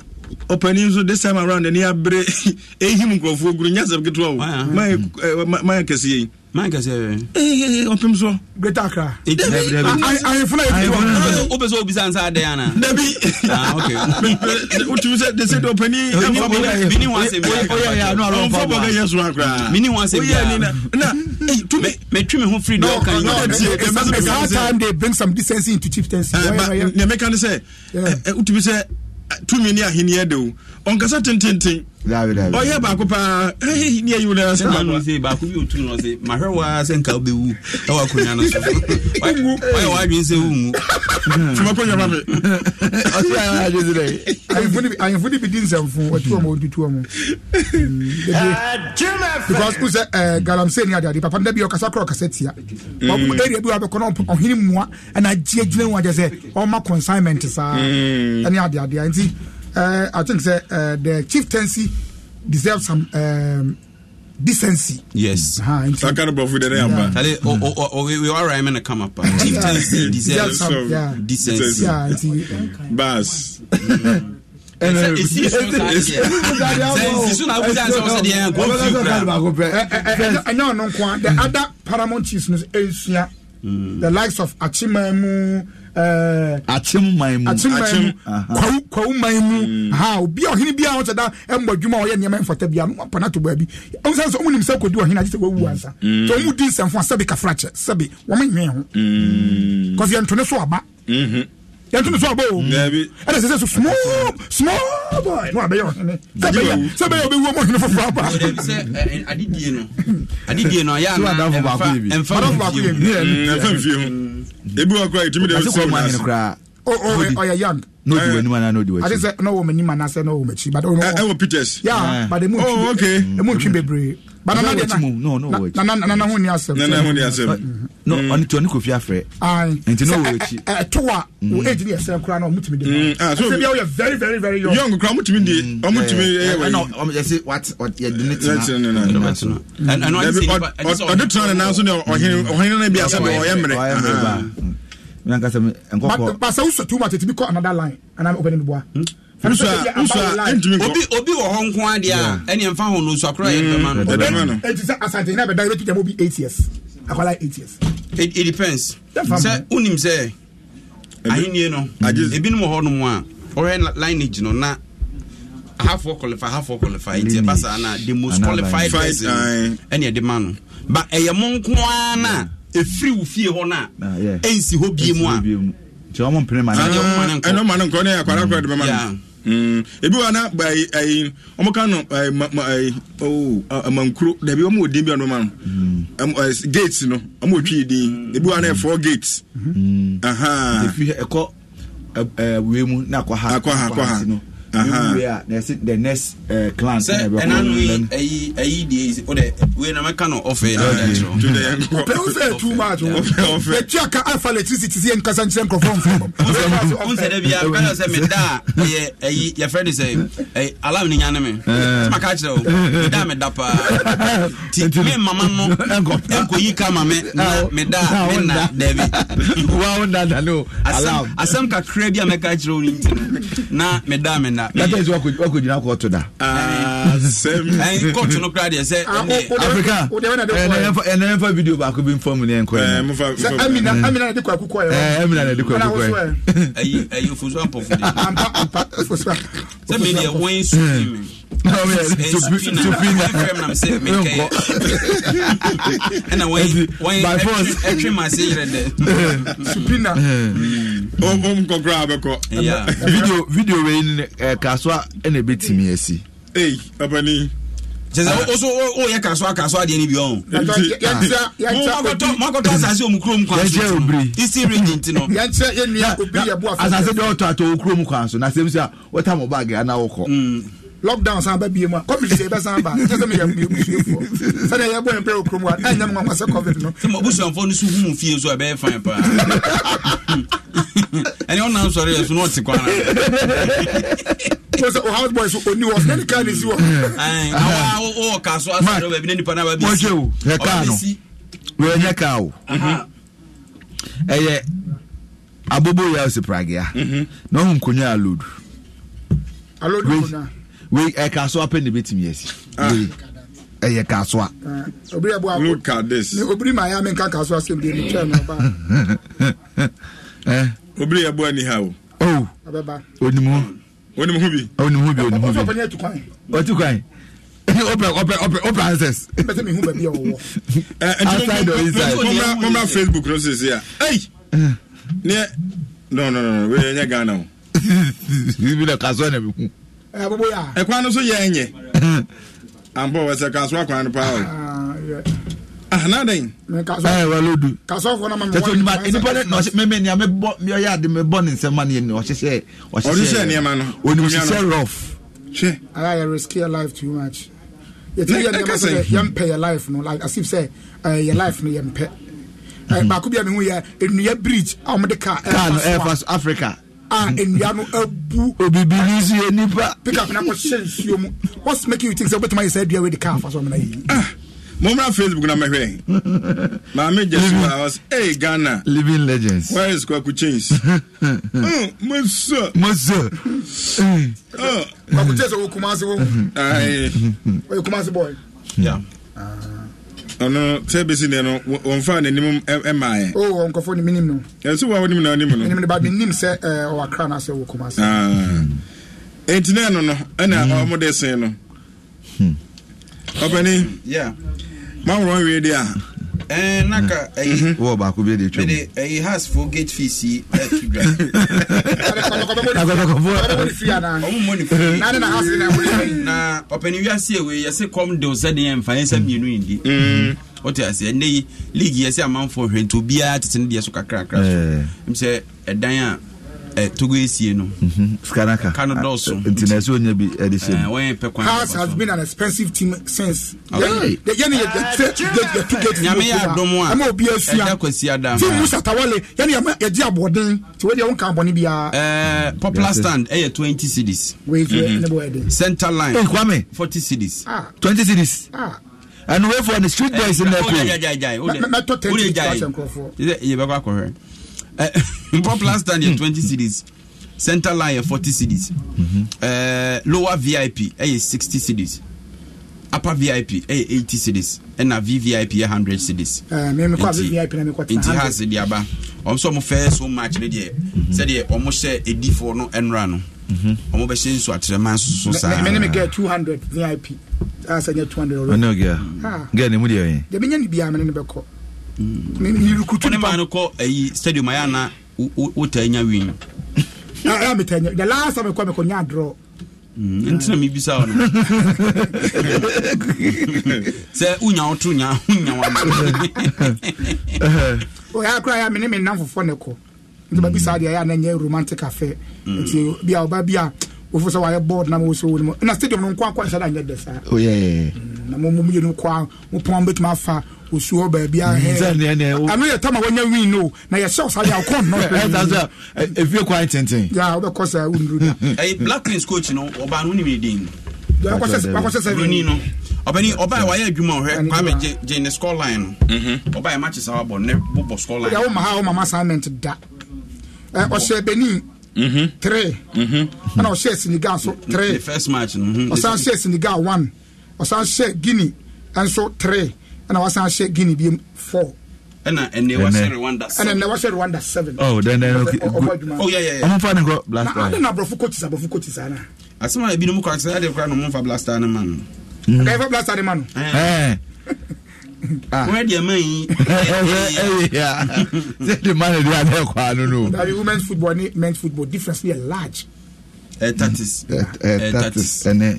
ɔpɛni nso this time around ni abere ehim nkurɔfoɔ guru nyasɛm ketewa o mayɛ eh, kɛseɛ yi maa kɛ sɛ. ee ɔpem sɔ. greater Accra. debi ayefuna ye tiwa. o bɛ se o bisa nsa de yan na. debi. aa ok. o tun sɛ de se dɔ pɛ ni. mi ni wa se bi. o yɛ yɛ anu alo fɔ bɔ kɛ yɛ suna kura. mi ni wa se bi. o yɛ nin na tumi. mɛ tumi hun firi dɔw kan. n'o tɛ tiɲɛ kɛ mɛ sɛ how time they bring some decency into chieftaincy. ɛɛ mɛ ɲamɛ kan sɛ ɛ o tun sɛ tumi ni ahiniya de o ɔnkasa tententen ɔyɛ baako paa ne ayi wona sɛ baako bi ɔtu no sɛ mahwɛ waa sɛ nka wobɛwu ɛwɔ akonnwa no so woyɛ wadwen sɛ wonwu tumakɔnya ma bi di nsɛmfo ɔtua ma ɔtutua galamsɛ ni adeade papa nda bi ɔkasa korɔ ɔkasa tia mm. area bi wa ɔhene mmoa ɛna agyeagyina mu agye sɛ ɔma consignment saa mm. ɛne adeadeɛ nti uh, I think say, uh, the chieftaincy deserves some um, decency. Yes. Uh-huh, that kind of profit that I am. We are right to come up. Chieftaincy deserves some yeah. decency. Yeah, Bas. ɛnɛ ɔno nko a the other paramount chiefs no ɛnsua the likes of achimamu Eh, akyem man mu akyem kwawu kwawu man mu hmm. ha obi a ɔhene bi da ɛmbɔ adwuma a ɔyɛ nneɛma mfata bi a no wapɔ n'ato baabi ɔmo sɛ ɔmo nim sɛ kodi ɔhene agye sɛ wawu ansa hmm. Hmm. so ɔmo di nsɛmfo a yɛntu ne so ɛna sɛ so small small boy no abɛyɛ ɔhene sɛ bɛyɛ sɛ bɛyɛ obɛwu ɔmɔ hene foforɔ aba adedie no adedie no yɛ anaadamfo baako yɛ bi ɛmfa mfie ho ebi wɔ kora ɛtumi de ɛsɛ kɔma hene koraa ɔyɛ young no di w'anim anaa no di w'akyi ade sɛ na ɔwɔ m'anim anaa sɛ na ɔwɔ m'akyi ɛwɔ peters yeah eh. but emu ntwi bebree banana de na na na na ho ni asɛm na na ho ni asɛm no mm. ɔne tí ɔne kofi afrɛ nti no wɔ akyi ɛto a wo mm. age ne yɛsɛ kora na ɔmotumi de ɛsɛ mm. ah, bia woyɛ very very very young young kora ɔmotumi de ɔmotumi eh, eh, ɛna ɔmyɛse wat yɛde ne tena ɔde tena ne nan so ne ɔhene no bi asɛ bɛ ɔyɛ mmerɛ ah. mmeankasɛ nkɔkɔ but sɛ wosɔ too much ɛtumi kɔ another line anaa ɔbɛne meboa obi wɔ hɔ nko adeɛ a ɛne ɛmfa ho no so akora yɛ mm, bɛma noɛnti sɛ asante na bɛda yɛbɛpita mu bi eight years akwala eight years it, depends sɛ wonim sɛ ahennie no ebinom wɔ hɔ no mu a ɔhwɛ lineage no na ahafoɔ qualify ahafoɔ qualify nti ɛba saa na the most qualified person ɛne ɛde ma no but ɛyɛ mo nko ara no a ɛfiri wo fie hɔ no a ɛnsi hɔ bie mu a ɛnɔma no nkɔ ne akwara kora de bɛma no Mm, ebi wa na ɔmo ka no ma ma mankuro dabi ɔmo odin bi ɔnoma no mm. gate no ɔmo otwi din mm. ebi wa na ɛfɔ gate. efi ɛkɔ wei mu na akɔ ha akɔ ha akɔ ha. Uh huh. na ɛsi the next uh, clan ɛna ɛbɛ kɔ lɛn. ɛyi ɛyi de ɛyi o de no ɔfɛ yi la ɔda too much o ɔfɛ ɔfɛ etu aka alpha electricity si yɛn kasa nkyɛn nkorɔfɔ nfɔ. n sɛ dɛbi a bɛ sɛ mɛ da ɛyɛ ɛyi yɛfrɛ de sɛ ɛyi alam ni nyanne mi sima k'a kyerɛ o mɛ da mɛ da paa ti mi mama no ɛnko yi kama mɛ na mɛ da mɛ na dɛbi. wa o da da a mɛ k'a na mɛ da na. that is wakɔ wakɔ gyina kɔɔto na. asɛm. ɛn kɔɔto no kura deɛ sɛ. afrika ɛnɛ ɛnɛ nfa video baako bi nfa mu ni ɛnkɔ yɛ. sɛ amina eh. amina na de kɔ akukɔ yɛ. ɛɛ amina na de kɔ akukɔ yɛ. ɛyi ɛyi ofosu ampɔfu de. ampa ampa ofosu ampɔfu. sɛ mi deɛ wɔn su mi mi. supina ɛna wɔn ɛtwi maa se yɛrɛ dɛ. supina ɔmkɔ koraa bɛkɔ video wei n kasoa ɛna ɛbɛtumi asi ɛpani woyɛ kasoa kasoa deɛ no bi ɔmakɔtɔ asase ɔmu kurom kwan soɛsi regent no asase deɛ ɔtɔ atɔ wo kurom kwan so na sɛm sɛ a wɔtamɔbaage ana wokɔ mm lockdown san bɛbie mu a covid sɛ yɛbɛsan ba kyɛ sɛ meyɛmusuefoɔ sɛdeɛ yɛbɔ yɛmpɛ wɔ kurom a ɛnyɛ m nwanwa sɛ covid no abusuafoɔ no so humu fie so a ɛbɛyɛ fan paa ɛne ɔnam sɔre yɛ so na ɔte kwana sɛ o house boy so oni wɔ sɛ ne kaa ne si wɔ wɔ ka so asɔre baabi na nipa na baabi si wɔhwɛ o yɛkaa no wɔnyɛ kaa o ɛyɛ yɛ ɔsi pragea na ɔhu nkonwa alodu alodu nkonwa wei ɛka so apɛ ne bɛtumi asi wei ɛyɛ kasoa obiri ɛbu akɔ look at this obiri maa ya mi nka kasoa se obiri ni twɛ na ɔba ɛ obiri ɛbu ɛni ha o o onimu onimu bi onimu bi onimu hu bi ɔfɔ ɔfɔ ɔtu kwan ɔtu kwan open open open open access. mbese mi hu baabi ɔwɔ. outside or inside. mọmọ mọmọ facebook ló ṣe ṣe à. ní ẹ no no no wẹ́n yẹn ghana o. ibi na kasoa na mi kun ɛkwan no so yɛ nyɛ ampɔ wɔ sɛ kaso akwan no paa ah, nadan risk your life too much yɛtumi yɛ nneɛma sɛ yɛmpɛ yɛ life no like asif sɛ yɛ life no yɛmpɛ mm-hmm. baako bi a mehu yɛ nnua bridge a wɔmde car ɛfa so africa a nnua no abu obibiri si yɛ nipa pickup na kɔhyɛ nsuo mu what's making you think sɛ wobɛtumi ayɛ sɛ adua wei de car fa so ɔmena yi ah, mɔmra facebook na mɛhwɛ maame jesua was hey ghana living legends where is kwaku chains mɔsɔ mɔsɔ kwaku chains ɔwɔ kumase wɔ ɔyɛ kumase boy yeah uh, ɔno sɛ deɛ no wɔmfa n'anim ɛmaeɛ o nkɔfoɔ ne menim no ɛso wa wonim na wonim no sɛ ɔwɔ no asɛ wɔ kɔma se enti na no ɛna hmm. ɔmode sen no ɔpani maworɔ wie a ɛn na ka ɛyi wɔ baako bi de twɛ mu ɛyi eh, house for gate fees yi ɛtu dra ɔmu mɔ ni fi na ne na house na ɛwɔ yɛn na ɔpɛni wiase ewe yɛsɛ kɔm de o sɛ de yɛn nfa yɛn sɛ mhm. mienu yin mhm. di ɔte ase ɛnɛ yi league yɛsɛ amanfo hwɛ nti obiara tete ne deɛ so kakrakra so n eh. sɛ ɛdan eh, a togo esie no. scanaka kano dɔɔso nti na ɛsɛ onye bi ɛde mu. wɔn yɛ pɛ kwan. house has been an expensive team since. yɛn yɛn yɛ yɛ yɛ tu gate. nyame yɛ adomu a ɛma obi esua ɛda kwasi adam. fi musa tawale yɛn yɛ yɛ di abɔden ti wo de yɛn kan abɔni biara. ɛɛ eh, popular stand ɛyɛ eh, twenty cities. Mhm. E center line. ee eh, kwame forty cities. Ah. twenty cities. ɛnu wefɔ ni street boys n bɛ ko. o de jai jai o de jai o de jai yɛ bɛ kɔ akɔhɛ popular stand yɛ 20 cedis center line yɛ 40 cedis lower vip ɛyɛ 60 cedis upper vip ɛyɛ 80 cedis ɛna vvip yɛ 100 cedis nti ha se deɛ aba ɔm sɛ ɔmo fɛɛ so match mm-hmm. no deɛ sɛdeɛ ɔmo hyɛ ɛdifoɔ no ɛnora no ɔmo bɛhyɛ nsu atrɛma nsoso saamene 200 vip asɛ nyɛ 200 ɔnɛ gɛ ne mu deɛ ɛ deɛ menya ne biaa mene ne bɛkɔ nirikutu nipa ne kɔ ayi stadium ayɛ ana wotaa nya win ɛyɛ metaa nya the last time ɛkɔ mɛkɔ nya draw mm, ntina mebisa wo no sɛ wonya wo to nya wonya wama kora yɛ mene me nam fofoɔ ne kɔ nti babi saa deɛ ɛyɛ ana nyɛ romantic affair mm. nti bia ɔba bi a wofo sɛ wayɛ board na mawosɛ wo no mu na stadium no nkoa nkɔ nhyɛ da nyɛ dɛ saa oh, mm, na momomyɛ no koa mopɔn bɛtumi afa osuo baabi ahɛɛno mhm. eh, yɛ tama wanya win no na yɛhyɛ wo saa deɛ wokɔ nnɔ ɛfie kwan tenten ya wobɛkɔ saa wonduru black prince coach no ɔba no wonim din wakɔhyɛ sɛ roni no ɔbɛni ɔba yɛ wayɛ adwuma ɔhwɛ kwame gye gye ne score line no mhm. ɔba yɛ match saa wabɔ ne bobɔ score line yɛwo ma ha wo mama assignment da eh, ɔhyɛ benin mhm. three ɛna ɔhyɛ senegal so three ɔsan hyɛ senegal one ɔsan hyɛ guinea nso three ɛna wasan ahyɛ guinea bi four. ɛna ɛnɛ wahyɛ rwanda seven. ɛna ɛnɛ wahyɛ rwanda seven. ɔ dɛn dɛn ok ɔ yɛ yɛ yɛ. ɔmo fa ne nkɔ blaster. na adan na aborɔfo coaches aborɔfo coaches ana. asoma ebi nom kɔ akisɛ ɛdi kura na ɔmo fa blaster ne ma no. Mm. nka yɛfa blaster ne ma no. wọ́n di ẹ̀ma yìí. ẹ yà ṣé the man dey adé ẹ̀kọ́ àánú nù. dabi women's football ni men's football difference be large. ẹ tatis ẹ tatis ẹnẹ.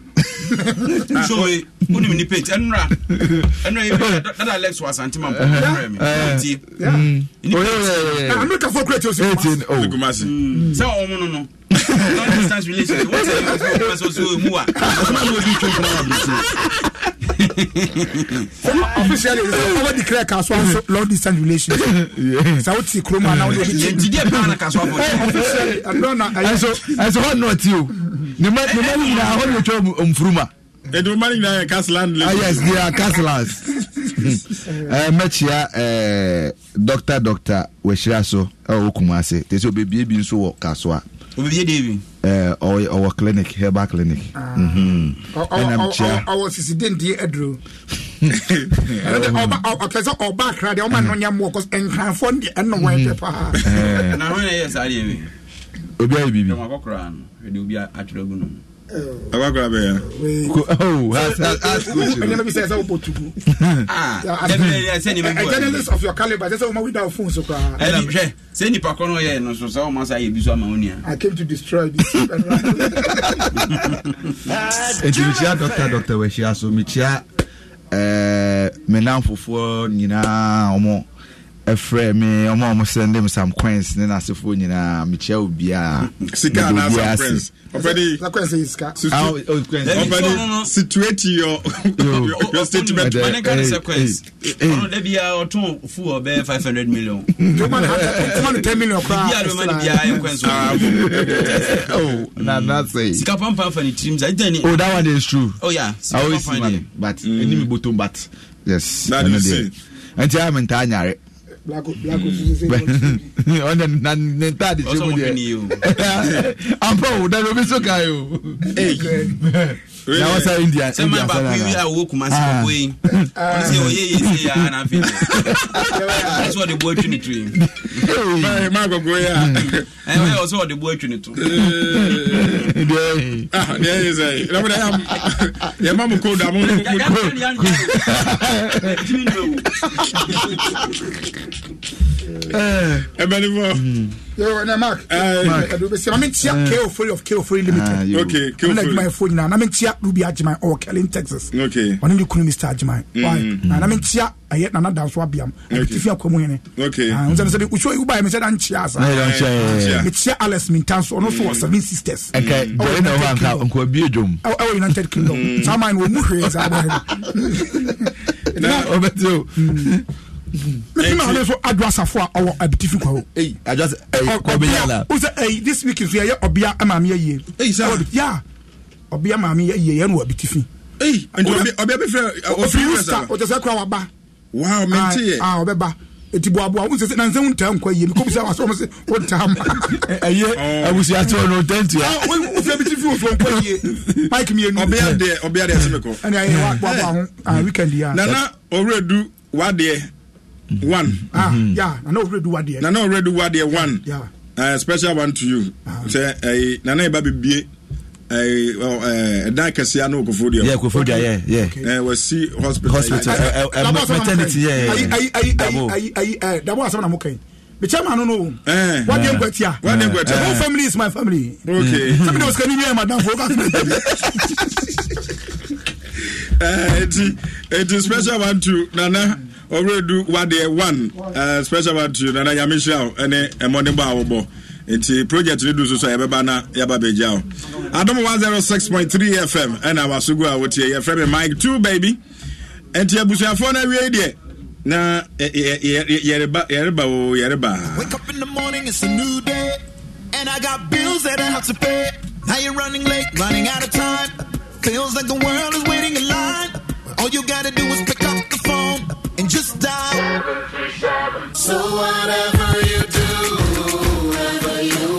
so wonim ne page ɛnora ɛnora dada lex wɔ asante ma mpɔ mɛrɛ me tie amerikafoɔ kora tie sɛ ɔmo no no long distance relationship wọ́n sẹ́yìn ọ̀sán ọ̀sán ọ̀sán ọ̀mú wa ọ̀sán ọ̀sán ọ̀bí tó ń fún wa bìí sí. officially ọwọ di kẹrẹ kasuwa nso law relation sa o ti kuroma na o de ti ti diẹ paana kasuwa eh, officially adúlọ na. ẹsọ ẹsọ hàn náà ti o ní ma ní ma nyina ahọ́n ni o tọ́ nfuruma. ẹni ma nyina eh, ah yes eh, they oh, are castlands. ẹ mẹkyia ẹ dọkita dọkita wẹhyira so ẹ wọ okun ase tẹsí o bẹ bie bi nso wọ kasuwa obibi de bi. ɛɛ eh, ɔwɔ ɔwɔ clinic herbal clinic. Ah. Mhm. ɛnam kyia ɔwɔ sisi den di aduro. ɔba ɔpɛ sɛ ɔba akra deɛ ɔma no mhm. nyɛ mɔ kɔsɛ nkranfo deɛ ɛna wɔn ɛtɛ mhm. paa. Eh. na hɔn yɛ yɛ saa deɛ bi. obi ayɛ bibi. ɛdi obi atwerɛ gu no akwakora bɛyɛ oh, sɛ ah. oh, nipa korɔ yɛ no so sɛ woma sa yɛbi so ama wo nua ɛnti mekyia dɔctor dɔctor wahyia so mekyia eh, me namfofoɔ nyinaa ɔmɔ ɛfrɛ me ɔma ɔmo sɛ ndem sam coins ne n'asefoɔ nyinaa mekyia obiaa sika anaasam coins ɔpɛni ɔpɛni oh, situate your your statement. ɔpɛni kan sɛ coins ɔno dɛbi a ɔtún fu ɔbɛ five hundred million. tomani ten million kura bi aloma ni bi a yɛ coins wɔ. Ah, oh, na na sɛ. sika pampan fani tirim sa ita ni. oh that one is true. oh yeah sika pampan de. but mm. enim ibotom but yes. na de se. nti a mi n ta anyare blako blako tuntun se ni wọn ni na ne ta di se mu jẹ ọsọ wọn bi ni ye o anpa o dẹrẹ o bi ka ye o na wọn sá india india sẹ máa bá kú iwi awo kuma sí ọkọ yìí wọn sẹ ọyẹ yẹ sẹ yà hàn àfẹ ẹ sọ de bu ẹtù ni tu yìí. máa gbogbo yà. ẹ wọ́n yà sọ de bu ẹtù ni tu. ní ẹ yẹ sẹ lọ́wọ́dà yà yẹ má mu kó dà mú mu kó ɛbɛnifɔ. na mark maame n tia ko fori of ko fori limited. Ah, okay ko fori ɛna adwuma efo nyinaa na mi n tia ruby ajiman ɔwɔ kɛlɛ texas. okay ɔne mi kunu mr ajiman. Mm-hmm. why na mm-hmm. na mi n tia ɛyɛ nana danso abiam ɛkutifi akɔmu yɛn. okay n sɛ sɛbi usu uba yɛ mi sɛ da n tia sa. mi tia alex mintan so ɔno so wɔ mm-hmm. seven sisters. ɛkɛ jɔlen na wa nka nkɔ bie jom. ɛwɔ united kingdom saa maa yi ni o mu hwee saa bɔ yɛn. na ɔbɛ ti o. Mm mesima hane so adu asafo a ɔwɔ abitifi kwa o. eyi adu asa eyi kɔbɛya la. o sɛ eyi this week nso yɛ ɔbia maame yɛ yie. eyi sa ya ɔbia maame yɛ yie yɛ no abitifi. eyi nti ɔbia bɛ fɛ ɔfiri yɛ sa. o tɛ sɛ kura wa ba. waaw mɛ n aa ɔbɛ ba eti buabua n sese nansan n ta nkɔ yie mi ko bisa wa sɔn o ta ma. ɛyɛ abusuya tí o n'o tɛ n tu ya. o fɛ bi ti fi o fɔ nkɔ yie mike mi ye nu. ɔbɛya de ɔbɛya de ɛsɛ mi kɔ. ɛni ayi wa buabua ho a ah, eh. weekend ya. Ah. nana owurɛ du wa one mm-hmm. ah mm-hmm. yeah nana already do wadeɛ nana already do wadeɛ one yeah. uh, special one to you ah. sɛ ɛyi eh, nana yɛ ba bibie ɛdan eh, oh, eh, kɛseɛ no kofodia yɛ kofodia yɛ yɛ wasi hospital hospital maternity yɛ yɛ ayi ayi ayi ayi ayi dabo asɛm na mo kan the chairman no no eh what dem kwetia what dem kwetia whole family is my family okay sabi de osikani nwi madam for ka eh eti eti special one to nana ɔwurɛ du wadeɛ one uh, special about nana nyame ɛne ɛmmɔde bɔ a wobɔ nti project no du so a yɛbɛba na yɛba bɛgya wo adom 106.3 fm ɛna wasogu a wotie yɛfrɛ me mike 2 baby nti abusuafoɔ no awiei deɛ na yɛreba o yɛreba And I got bills that I have to pay. Now you're running late, running out of time. Feels like the world is waiting in line. All you gotta do is pick up the phone and just die. So whatever you do, whatever you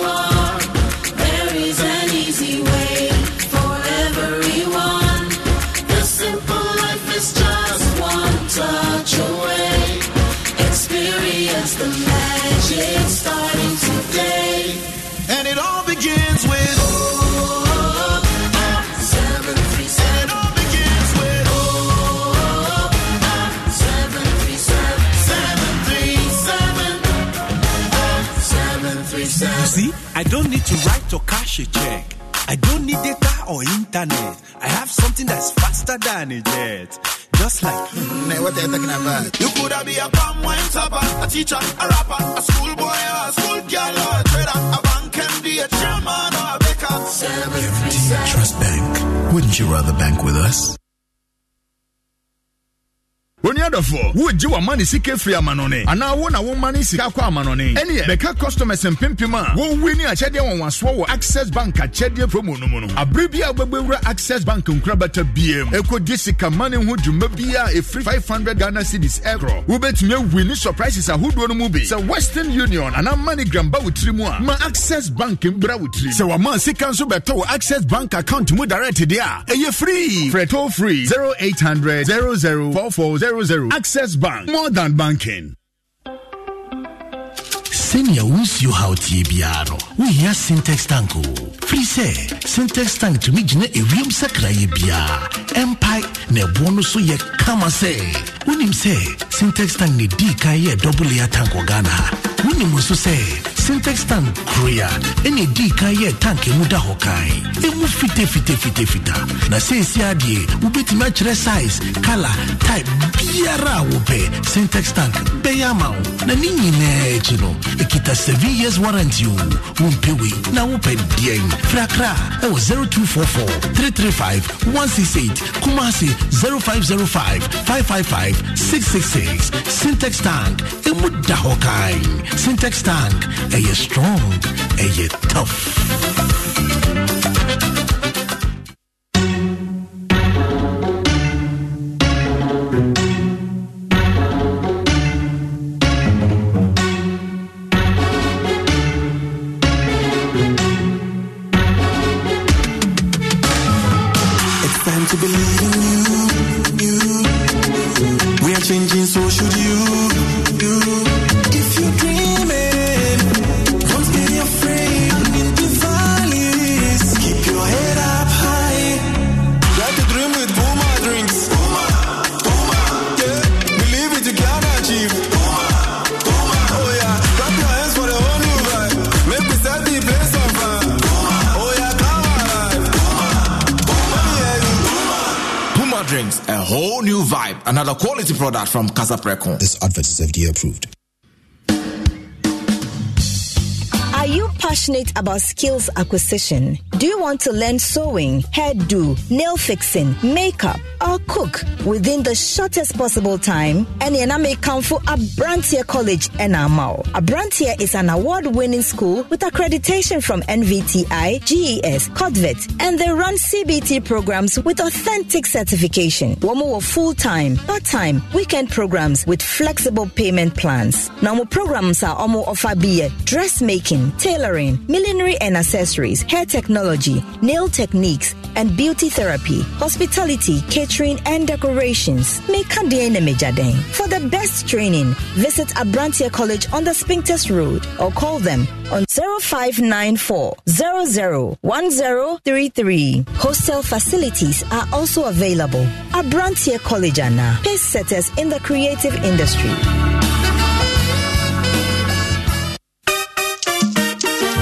I don't need to write or cash a check. I don't need data or internet. I have something that's faster than a jet. Just like hmm, man, what are you talking about? You could have be a palm topper, a teacher, a rapper, a schoolboy, or a school girl, or a trader, a bank be a chairman, or a baker. Trust Bank. Wouldn't you rather bank with us? oni adɔfoɔ wogye wama ne sika firi amanɔne anaa wo na woma ne sika kɔ amanɔne ɛneɛ bɛka customers mpempem a wɔwi ne akyɛdeɛ wɔnwasoɔ wɔ access bank akyɛdeɛ promo no mu no abere bi a wobɛbɛwura access bank nkorabata bia mu ɛkɔdi sika ma ne ho dwuma bi a ɛfiri 500 ghana cedis ɛkorɔ wobɛtumi awi ne surprises ahodoɔ no mu bi sɛ western union anaa moneygram ba wo tiri mu a ma access bank mbra wo tiri sɛ wama sika nso bɛtɔ wo access bank account mu direct deɛ a ɛyɛ free frɛ toll free 0800 00 440 Zero Zero Access Bank, more than banking. sɛnea wonsuo haw tie biara no wohia sintex tank o firi sɛ sintex tank tumi gyina ewiem sakrayɛ biara ɛmpae na ɛboɔ no so yɛ kama sɛ wonim sɛ sintex tank ne dii kan yɛ double tank wɔ ha wonim nso sɛ sintex tank korea ɛne dii kan yɛ tank emu da hɔ kan ɛmu fitafitafitafita na seesia deɛ wobɛtumi akyerɛ size kala type biara a wopɛ sintex tank bɛyɛ ama wo na ne nyinaa akyi no ɛkita e seven years warranty e o wompewe na wopɛ deɛn frakra ɛwɔ 0244 335 168 kumase 0505 555 666 syntex tank ɛmu e da hɔ kae syntex tank ɛyɛ strong ɛyɛ tough product from Casa This advert is FDA approved. Are you passionate about skills acquisition? Do you want to learn sewing, hairdo, nail fixing, makeup, or cook within the shortest possible time? And for a Abrantia College A Abrantia is an award-winning school with accreditation from NVTI, GES, CODVET, and they run CBT programs with authentic certification. more full-time, part-time, weekend programs with flexible payment plans. Now programs are Omo ofabia, dressmaking, tailoring, millinery and accessories, hair technology, Nail Techniques, and Beauty Therapy, Hospitality, Catering, and Decorations. make For the best training, visit Abrantia College on the Spinctus Road or call them on 0594 001033. Hostel facilities are also available. Abrantia College Anna, pace setters in the creative industry.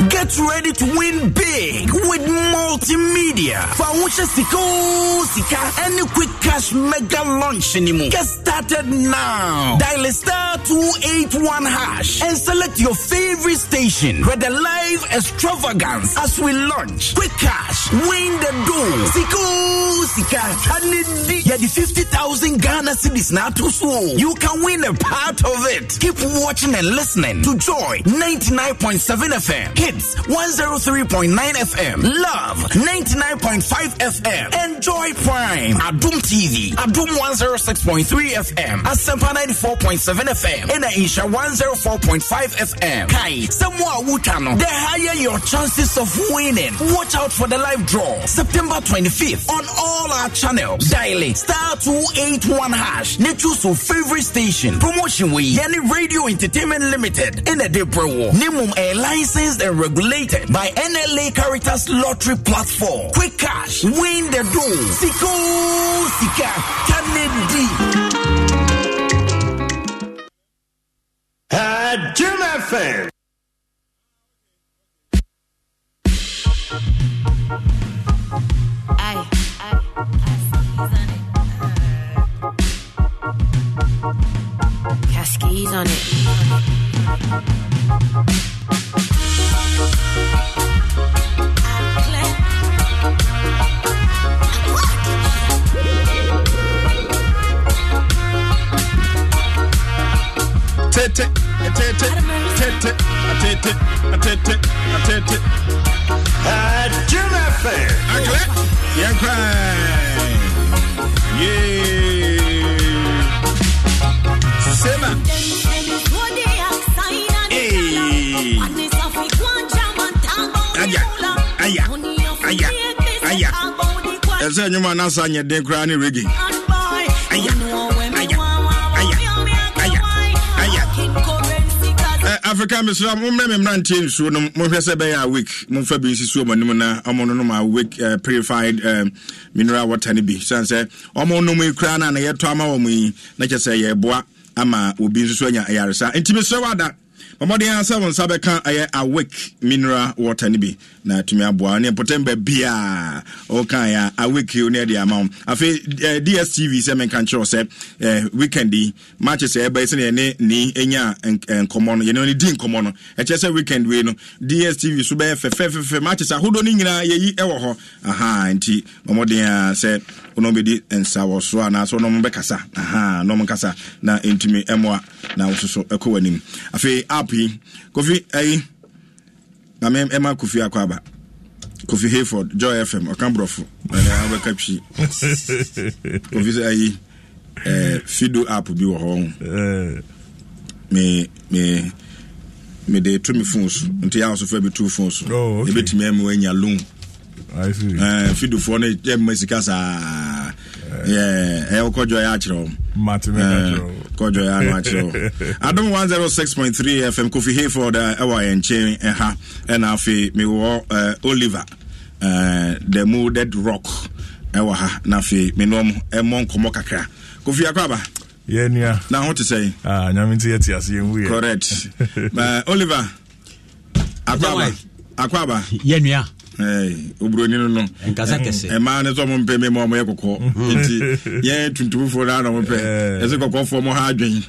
Get ready ready to win big with multimedia. Fawusha Siko Sika and Quick Cash Mega Launch anymore. Get started now. Dial star 281 hash and select your favorite station. where the live extravagance as we launch. Quick Cash, win the door. Siko Sika and yeah, the 50,000 Ghana cities now too slow. you can win a part of it. Keep watching and listening to Joy 99.7 FM. Hits one 103.9 FM, Love 99.5 FM, Enjoy Prime, Adum TV, Adum 106.3 FM, Asempa 94.7 FM, and Aisha 104.5 FM. Kai, Samoa Wutano, the higher your chances of winning. Watch out for the live draw September 25th on all our channels. Daily. star 281 hash. Ne choose your favorite station. Promotion we, any Radio Entertainment Limited, in a Debra War. Nimum a licensed and regulated presented by NLA Caritas Lottery Platform. Quick cash, win the dough. Siko, Sika, Kennedy. At Jim FM. I, I, I, Cascades on it. Cascades on it. Sema. aya aya aya ɛsɛ nnwom a nasa nyɛ den koraa ne regi aya aya aya aya aya africa mesra mommrɛ me mmeranteɛ nsuo no monhwɛ sɛ ɛbɛyɛ a wek momfa bi nsi suo mɔanim na ɔmo no a wek uh, purified um, mineral water no bi siane sɛ ɔmo nom yi koraa no a na yɛtɔ ama wɔ mo yi na kyɛ sɛ yɛboa ama obi nso so anya ayaresa enti mesrɛ wada ɔmmɔden a sɛ wo nsa bɛka ɛyɛ awake mineral water no bi na atumi aboa ne mpɔtam baabiaa ɔwokaeɛ a awake o ne ɛde ama wo afei dstv eh, sɛ menka nkyerɛ sɛ eh, weekend yi match sɛ ɛbɛyɛ sɛ ne yɛne ne ɛnya eh, nkɔmmɔ no yɛne ne di nkɔmmɔ no ɛkyerɛ sɛ weekend wei no dstv so bɛyɛ fɛfɛfɛfɛ match sɛ ahodoɔ no nyinaa yɛyi ɛwɔ hɔ aha nti ɔmmɔden a sɛ wɔn bɛdi nsa wɔ so anaasɛ wɔn bɛkasa ahan na wɔn kasa na ntumi mmoa na wɔn soso kɔ wɔn anim afei app yi kofi ɛyi maame ɛma kofi akɔ aba kofi hayford joy fm ɔkan borɔfo ɛna abɛka twi kofi sɛ ɛyi ɛɛ fido app bi wɔ hɔ eh. me me mede to me phone so nti yɛ ahosuo fɛ bi to phone so oh, ebetumi ɛmu ɛnya loan fidofoɔ no yɛma sika saa ɛwɔ eh. eh, kɔdwɔeɛ akyerɛ wo eh, kɔdwɔeɛ ano akyerɛ wo adom 106.3 fm kofi hayford ɛwɔ yɛ nkyɛn ha, ɛna afei mewɔ oliver the mu rock ɛwɔ ha na afei menoɔm ɛmmɔ nkɔmmɔ kakra kofi akɔ aba yɛnua na ho te sɛ ah, nyame nti yɛte ase yɛmuyɛ correct oliver akɔ aba akɔ aba oburoni no no ɛma eh, ne sɛ ɔmo mpɛ me ma ɔmo yɛ kɔkɔɔ nti yɛ tuntumfoɔ no ana ɔmo pɛ ɛsɛ kɔkɔɔfoɔ mo ha adwen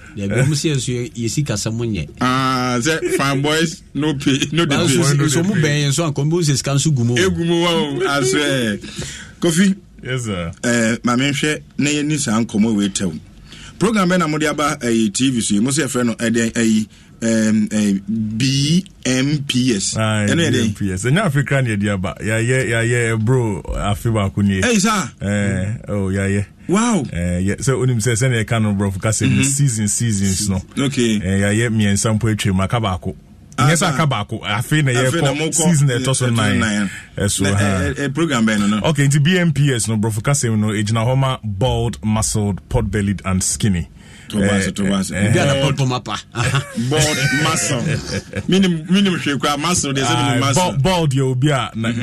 sɛ fan boys no pay no de ɛgu mu wa asɛ kofi mame nhwɛ na yɛni saa nkɔmmɔ wei tɛw program bɛ na mode aba tv so yi mo sɛ yɛfrɛ no ɛdɛn ayi um, uh, um, BMPS. ɛno yɛ dɛ BMPS ɛnyɛ afi kra ne yɛde aba yɛayɛ yɛayɛ ɛbro afi baako nie. ɛyi saa. Eh, oh, ɛɛ o yɛayɛ. wow. ɛɛ yɛ sɛ onim sɛ sɛnɛ yɛ ka no borɔfo kasa mu season seasons no. okay. ɛɛ eh, yɛayɛ mmiɛnsa mpo atwa mu aka baako. nyɛ ah, sɛ aka baako afei na yɛkɔ season na ɛtɔ so eh, ha. ɛso program bɛn no no okay nti bmps no borɔfo kasa mu no ɛgyina hɔ ma bald muscled pot bellied and skinny tobase eh, tobase eh, obi eh. na pɔmpɔm apa bɔd muscle minim minim muscle deɛ sɛ muscle bɔd yɛ obi ah, a na ne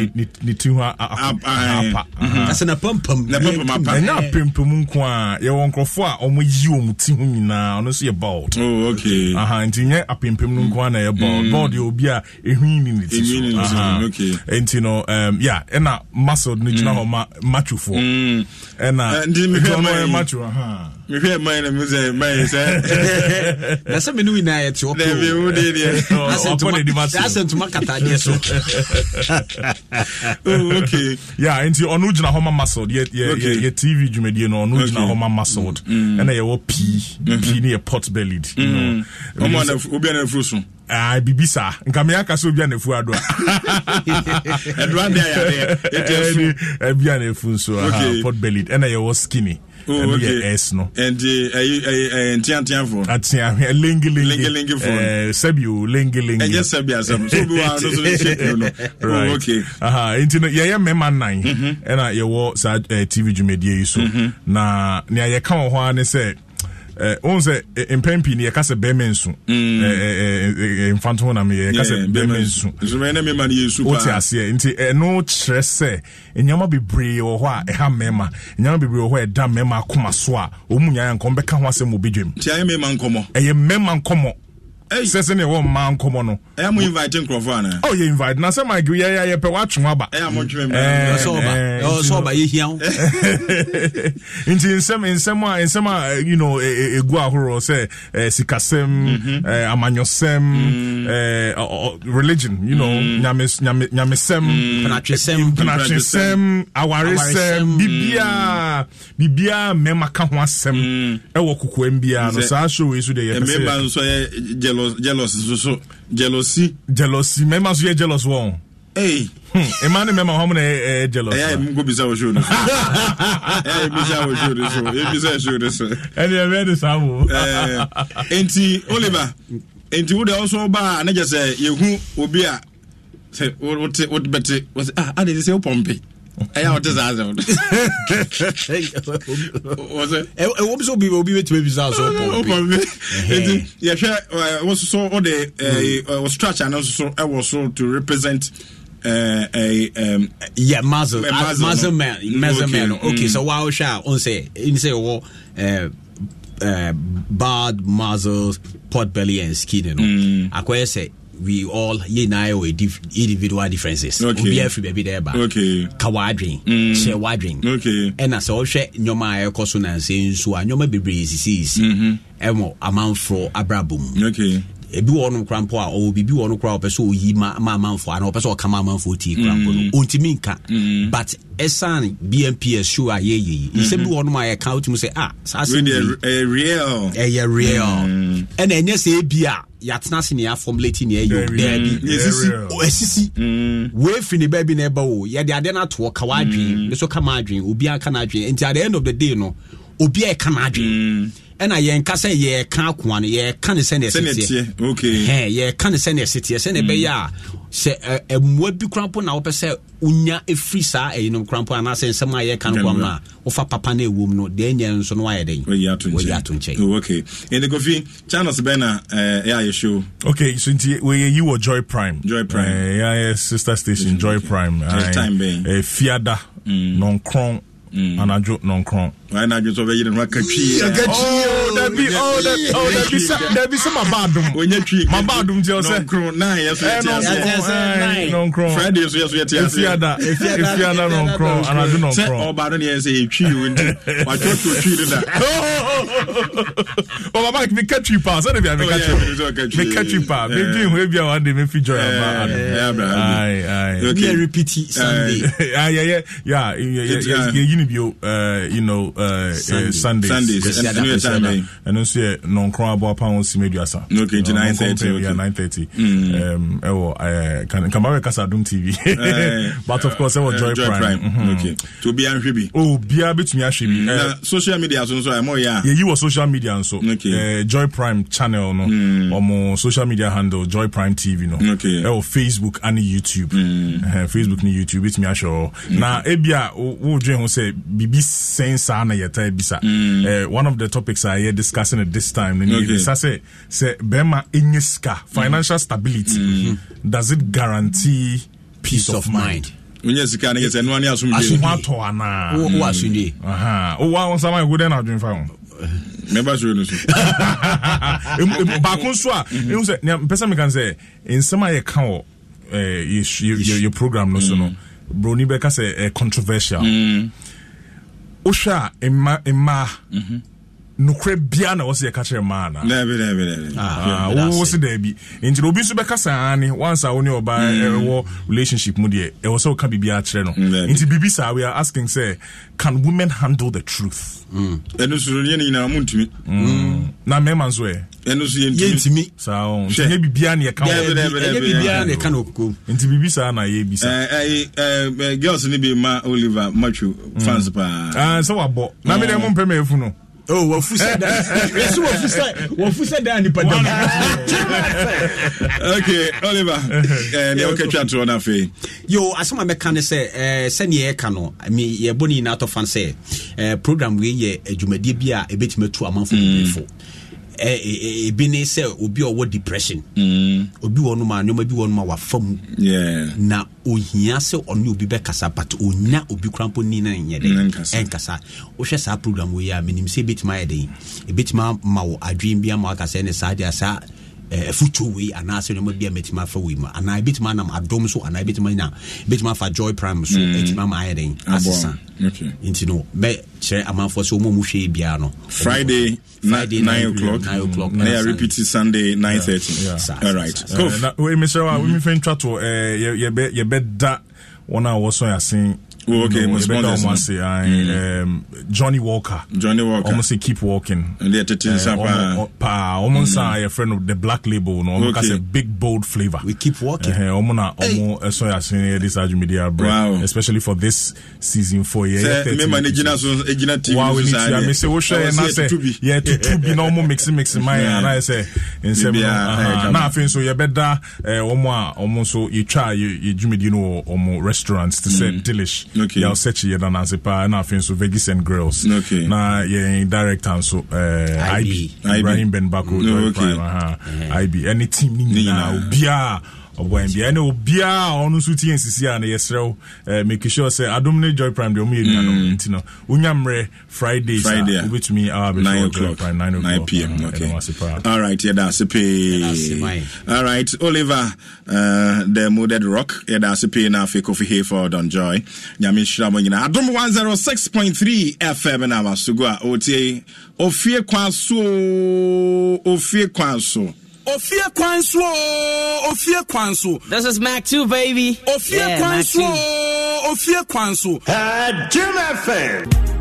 apa asɛ na pɔmpɔm na pɔmpɔm apa ɛnyɛ apempem nko a yɛwɔ nkurɔfoɔ a ɔmo yi wɔn ti ho nyinaa ɔno nso yɛ bɔd oh okay aha nti nyɛ apempem no nko a na yɛ bɔd bɔd yɛ obi a ehwin ni ne ti nti no ya ɛna muscle ne gyina mm. hɔ ma macho foɔ ɛna ɛhwɛ no mehwɛ man na mesɛ man sɛ na sɛ mene nyinaa yɛte ɔpɛasɛ ntoma katadeɛ so yeah oh, nti ɔno gyina hɔ ma muscled yɛ tv dwumadie no ɔno gyina hɔ ma muscled mm. Mm. ɛna yɛwɔ pii pii mm-hmm. ne yɛ pot bellied obiana mm. afuro so Ah, bibi saa nka me aka sɛ obia na afu adoa ɛdoa ɛbia na nso pot bellied ɛna yɛwɔ skinny Oh, ɛnoyɛ s no uh, ntiantiafoɔ lingi lingi. sɛbio lengelengeɛnyɛ sɛbiasɛm so bi wa no so ne hyɛpio no right. Oh, okay. Aha, nti no yɛyɛ mmarima nan mhm. ɛna yɛwɔ saa tv dwumadie yi so mhm. na nea yɛka wɔ hɔ a ne sɛ ohun sɛ mpɛn pii ni yɛka sɛ bɛrima nsu mfanto ho nam yɛka sɛ bɛrima nsu wote aseɛ eh, nti ɛno eh, kyerɛ sɛ eh, nneɛma bebree wɔ hɔ a ɛha mmarima nneɛma bebree wɔ hɔ a ɛda mmarima akoma so a wɔn mu nkɔm bɛka ho asɛm wɔ bi ɛyɛ mmarima nkɔmɔ sɛ sɛ ne ɛwɔ mmaa nkɔmmɔ no ɛyɛ mo invite nkurɔfoɔ ana ɔyɛ oh, invite na sɛ ma agri yɛyɛ yɛpɛ woatwe ho aba nti nsɛm nsɛm a nsɛm a you know ɛgu e, e, ahoroɔ sɛ eh, sikasɛm mhm. eh, amanyɔsɛm mm. eh, religion you know mm. nyamesɛm penatwesɛm mm. awaresɛm biribiaa biribiaa mmɛma ka ho asɛm ɛwɔ kokoam biaa no saa show yi so deɛ yɛpɛ sɛ jealous jealous soso jealousy. jealousy mẹ́ẹ̀ma sọ yẹ jealous wọ̀n. ee. emma ni mẹ́ẹ̀ma wọn ẹ ẹ jealous. ẹ yà mú kó bisa o ṣòro so ẹ yà bisa o ṣòro so ẹ bisa o ṣòro so. ẹni ẹ bẹ́ẹ̀ ni sá wo. Eh, nti Oliver nti wo de ọsọ ba anagye sẹ yehu obi a sẹ wote wote bẹte wọ́n sẹ ah adi sẹ o pọmpe ɛyɛ wote saa asɛm ɛwɔ bi sɛ obi obi bɛtumi bi saa sɛnti yɛhwɛ wo soso wode wo structure no nsoso ɛwɔ so to represent Uh, uh, um, yeah, muscle, uh, man, muscle mm, man. Okay, mm. so wow, sha, on say, in say, oh, eh, bad muscles, pot belly and skin, No. know. Mm. say, we all we wɔ individual differences okay. obiaa firi baabi dɛ Okay. ka w'adwen mm. hyɛ w'adwen ɛna sɛ wɔhwɛ nnwɔma a ɛkɔ so nansɛ nso a nnwɔma bebree sisiisi mm-hmm. ɛmɔ amanforɔ abrabɔ Okay ebi wɔ no kora mpo a ɔwɔ biribi wɔ no kora ɔpɛ sɛ ɔyi ma amanfoɔ ana ɔpɛ sɛ ɔka ma amanfoɔ tii kora mpo no ɔntumi mm. nka mm. but ɛsan bmps show a yɛyɛ yi mm-hmm. nsɛm bi wɔ no ma yɛka wotumi sɛ ah saa sɛ ɛyɛ ɛyɛ real mm. ɛna ɛnyɛ sɛ ebi a yàtena se nìyà fọmuleti nìyà yọ dẹẹbi esisi wee fi ni bẹẹbi na ẹbẹ wo yàda adé na tó kawa adwene nso kama adwene obi aka na adwene nti at the end of the day no obi a ɛka na adwene ɛna yɛnka sɛ yɛka akoa no yɛka ne sɛne ɛseteɛ yɛka ne sɛne ɛseteɛ sɛne ɛbɛyɛ a sɛ ɛmmoa bi korampo na wopɛ sɛ wonya ɛfiri saa ɛyinom korampo anaasɛ nsɛm a yɛka no koam no a wofa papa no ɛwom no deɛ nyɛ nso no wayɛ dɛn wɔyi ato nkyɛn ɛnti oh, kofi channels bɛn na ɛyɛ ayɛhyew ok so nti wɔyɛyi wɔ joy prime joy prime ɛyɛ sister station joy prime fiada mm. nɔnkron mm. anadwo nɔnkron wọn adwo sọ bɛyere no aka twi dabi sɛ mabadommabaadom tiɛ sɛfriday nso yɛso yɛteaseɛfiada nɔnkrɔ anadwo nɔnkrɔ ɔba no neɛ sɛ yɛtwii wo nti watwɔtwɔ twi no da ɔbaba meka twi paa sɛde bia meka twi paa medwi ho bia wande mɛfi joy amaanoyɛyɛyɛyɛyine bio uh, you know uh, Sundays. Sundays. Sundays. And the time. And also, non crown about pound simeduasa. Okay, to 9.30. Yeah, 9.30. Um, oh, I eh, can come back as I do TV. But of course, I was oh, Joy Prime. Mm-hmm. Okay. To be Anshibi. Oh, be a bit me Anshibi. Hmm. Social media, so I'm more, yeah. Yeah, you were social media, and so. Okay. Joy Prime channel, no. Hmm. Or more social media handle, Joy Prime TV, no. Okay. Oh, Facebook and YouTube. Hmm. Facebook and YouTube, it's me, I show. Now, Ebia, who drink, who say, BB Sensa ana yɛtaa bisa mm. Eh, one of the topics a yɛ discussing at this time okay. yɛbisa sɛ sɛ bɛrima ɛnyɛ sika mm. financial stability mm-hmm. does it guarantee peace, peace of, of mind, mind. wonyɛ sika ne yɛsɛ noa ne asomdwewho atɔ anaa asomdwe wowa wo nsama ɛgu dɛn na adwemfa ho mɛba soro no so baako nso a ɛhu mm-hmm. sɛ mpɛ sɛ meka sɛ nsɛm a yɛka wɔ eh, yɛ program no so no mm. broni bɛka sɛ eh, controversial mm wohwɛ a mmaa nokorɛ biaa na wɔ sɛ yɛka kyerɛ maa na wowɔ se daabi nti obi nso bɛka saa ne wansa wo ne ɔba ɛwɔ hmm. eh, relationship mu deɛ ɛwɔ sɛ woka biribiaa kyerɛ no nti biribi saa we are asking sɛ can women handle the truth hmm. ɛno so no hmm. na mmarima nso ɛ ɛno so yɛntumi saa nti ɛnyɛ biribiaa ne yɛka no nti biribi saa na yɛbisa eh, eh, girls no bi ma oliver matthew fans paa ah, sɛ wabɔ na medɛ mompɛ ma ɛfu no oh wafu sɛ da eh, eh, eh. yesu wafu sɛ wafu sɛ da nipa dam okay oliver ɛɛ deɛ ɔkɛ twa torɔ n'afɛ. yo asɛm a mɛka ne sɛ ɛɛ sɛnea yɛka no mi yɛbɔ ne nyinaa tɔ fan sɛ program wei yɛ dwumadie bi a ebɛtumi atu amanfo mm. bebree fo. Eh, eh, eh, ebi ne sɛ obi ɔwɔ depression mm. obi wɔ noma nneɛma bi wɔ noma wafa mu na ohia sɛ ɔne obi bɛkasa but onya obi kora mpo ni na nyɛ dɛ ɛnkasa wohwɛ saa program wei a menim sɛ ebɛtumi ayɛ den ebɛtumi ama wo adwen bi ama wakasa ne saa deɛ saa afutuo wei anaasɛ nnoɔma bi mɛtumi afa wei mu anaa ɛbɛtumi anam adom so anaa ɛbɛtumi nya bɛtumi afa joy prime so ɛtumi ama ayɛ den asesa nti no bɛkyerɛ amanfoɔ sɛ wɔma mu hwɛ biara no friday Friday nine, 9 o'clock. 9 o'clock. Mm. repeat Sunday 9:30. Yeah. Yeah. All right. Cool. Eh, eh, yeah. Oh, okay, no, almost say um, mm. um, Johnny Walker. Johnny Walker. Almost say keep walking. And they uh, eh, pa. Oh, pa. Almost say mm. uh, a friend of the black label. No, okay. because a big bold flavor. We keep walking. Uh, almost na almost eh, so I seen this Aju Media Wow. Especially for this season four. Yeah. Me managing us on agina Wow, we need to. Me say we show na say yeah to to be normal mixing mixing my and I say in seven. Na afin so you better. Almost uh, almost so you try you you Aju Media no almost restaurants to say mm. delish. okay. yɛw search yɛ da nanse paa na afei nso veggies and grills okay. na yɛn director nso uh, ib ibrahim ben bako no, okay. prime, uh, uh-huh. yeah. ib ɛne team no nyinaa obiaa ɔbɔn bia ɛna obiara a ɔno nso tie nsisi a yɛsrɛ wo make sure sɛ adum ne joy prime deɛ ɔmo yɛ nua no mm. nti no onya mmerɛ fridays a wobɛtumi awa bɛ nine o'clock nine o'clock nine pm okay all right yɛda ase all right Oliver uh, the molded rock yɛda ase pee na afei kofi hayford on joy nyame nhyira mo nyinaa adum 106.3 zero six point three fm na awasogo a otie ofie kwan so ofie kwan so ofie kwan so ofie kwan so. this is mac two baby. ofie yeah, kwan so ofie kwan so. jim fm.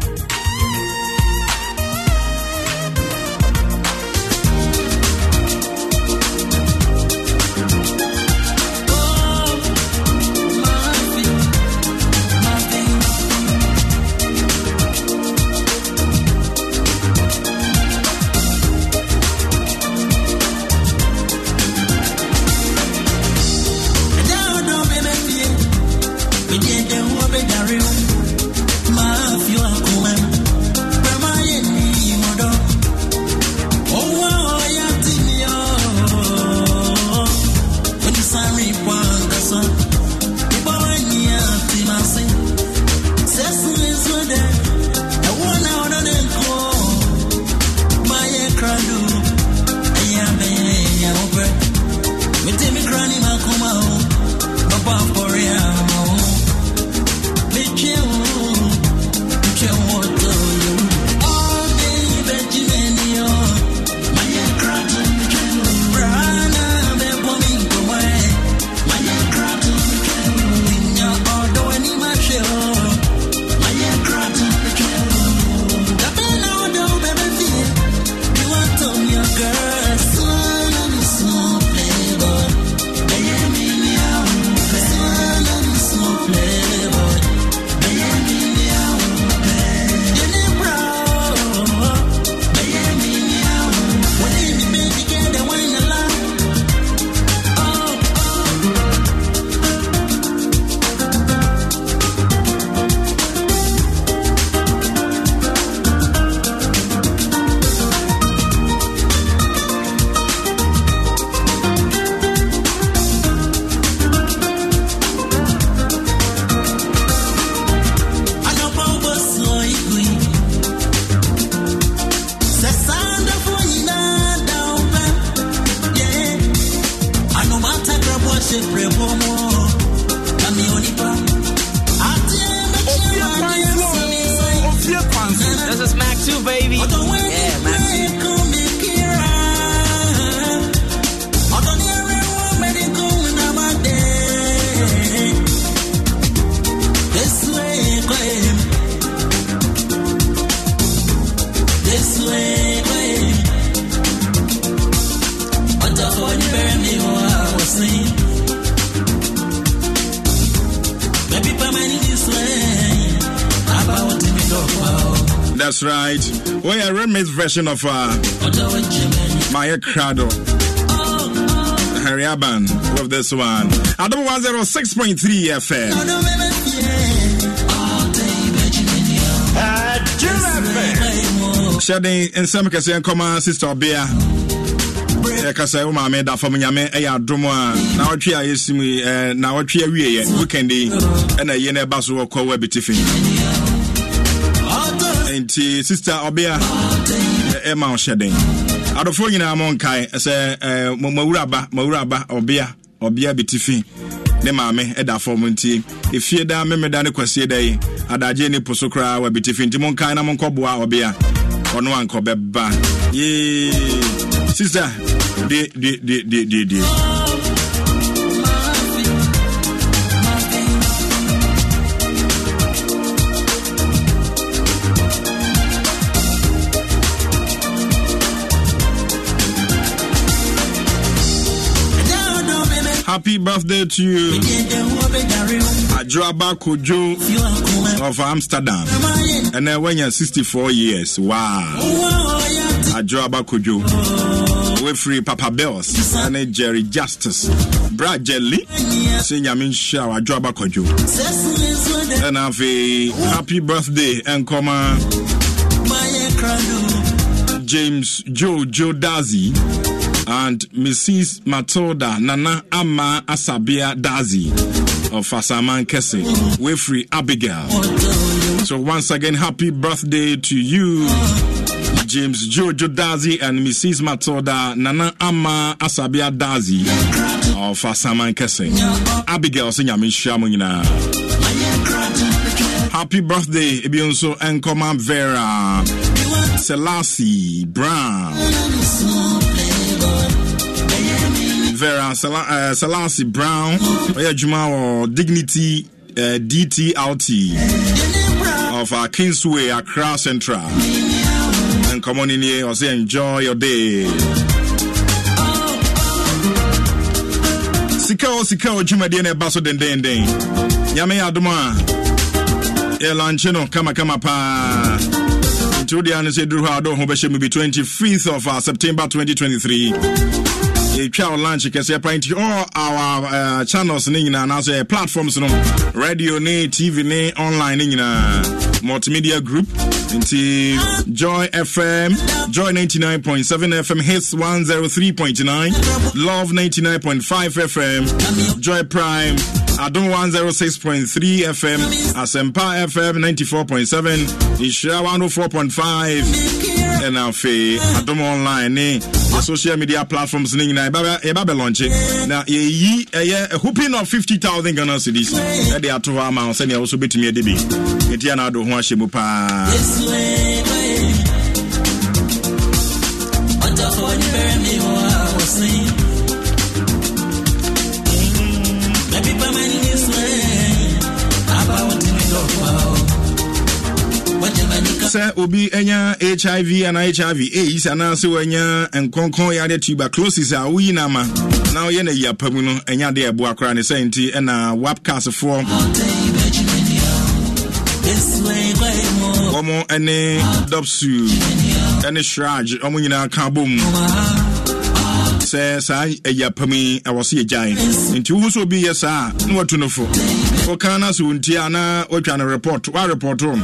version of uh, Maya Crado. Oh, oh. Harry Aban with this one. Adam oh three FM. Shedding in some case, and come sister Bia. yɛkasa e wo maame da fam nyame ɛyɛ e adom a na wɔtwe a yɛsim eh, na wɔtwe awieɛ weekend yi ɛna e ɛyɛ no ɛba so wɔkɔ wɔ abitifi nti sister ɔbea ɛma eh, eh, ɔhyɛ den adɔfoɔ nyinaa mɔ nkae eh, aba mawuraba aba ɔbea ɔbea bitifi ne maame ɛda fam nti efie da memeda ne kwasie da yi adagye ne po so koraa wɔ bitifi nti monkae na monkɔboa ɔbea ɔno ankɔbɛba yee sister die die die die die die birthday to you. Adraba Kojo of Amsterdam. And then when you're 64 years, wow. Adraba Kojo. Wefri Papa Bells. And Jerry Justice. Brad Jelly. Senior Minshaw Adraba Kojo. And have a happy birthday and comma. James Joe Joe Dazzy. and Mrs. Matilda Nana Ama Asabia Dazi of Asaman Kese, Wefri Abigail. So, once again, happy birthday to you. James Jojo Dazi and Mrs. Matilda Nana Ama Asabia Dazi of Asaman Kese. Abigail Sinyami Shamunina. Happy birthday, Ebionso Enkoma Vera, Selassie Brown. Vera Sal- eh, Salasi Brown ɔyɛ adwuma wɔ Dignity eh, DTLT of uh, Kingsway Accra Central nkɔmmɔ no nie ɔsɛ enjoy your day sika o oh, sika o oh, dwumadeɛ na ɛba so dendenden nyame yɛ adom a yɛlanche no kamakama paa nti wodeɛ no sɛ duru hɔ a wode wo ho bɛhyɛ mu bi 25th of uh, september 2023 yɛtwa wo lunch kɛseɛ pa nti all our uh, channels ne nyinaa anaasɛ yɛ platforms no radio ne tv ne online ne nyinaa multimedia group nti joy fm joy 99.7 fm hits 103.9 love 99.5 fm joy prime Adum 106.3 FM, Asempa FM 94.7, Ishia 104.5, ɛna afei adom online ne the social media platforms ne nyinaa yɛba bɛlɔnkye na yɛyi ɛyɛ ahopin of 50000 ghana cedis ɛde ato hɔ ama wo sɛnea wo so bɛtumi ade bi ɛtia na ado ho ahyɛ mu paa sɛ obi anya hiv anaa hiv aids anaasɛ wanya nkronkron yɛade tuberculosis a woyi no ama na woyɛ no ayi apa mu no ɛnya de ɛboa koraa ne sɛ nti ɛna wapcasfoɔ wɔmo ne dopsu ne shrage ɔmo nyinaa ka bɔ mu sɛ saa ayiapam yi ɛwɔ so yɛgyae nti wohu sɛ obi yɛ saa na watu no fo woka no sɛ wontie anaa woatwa no report woarepɔto m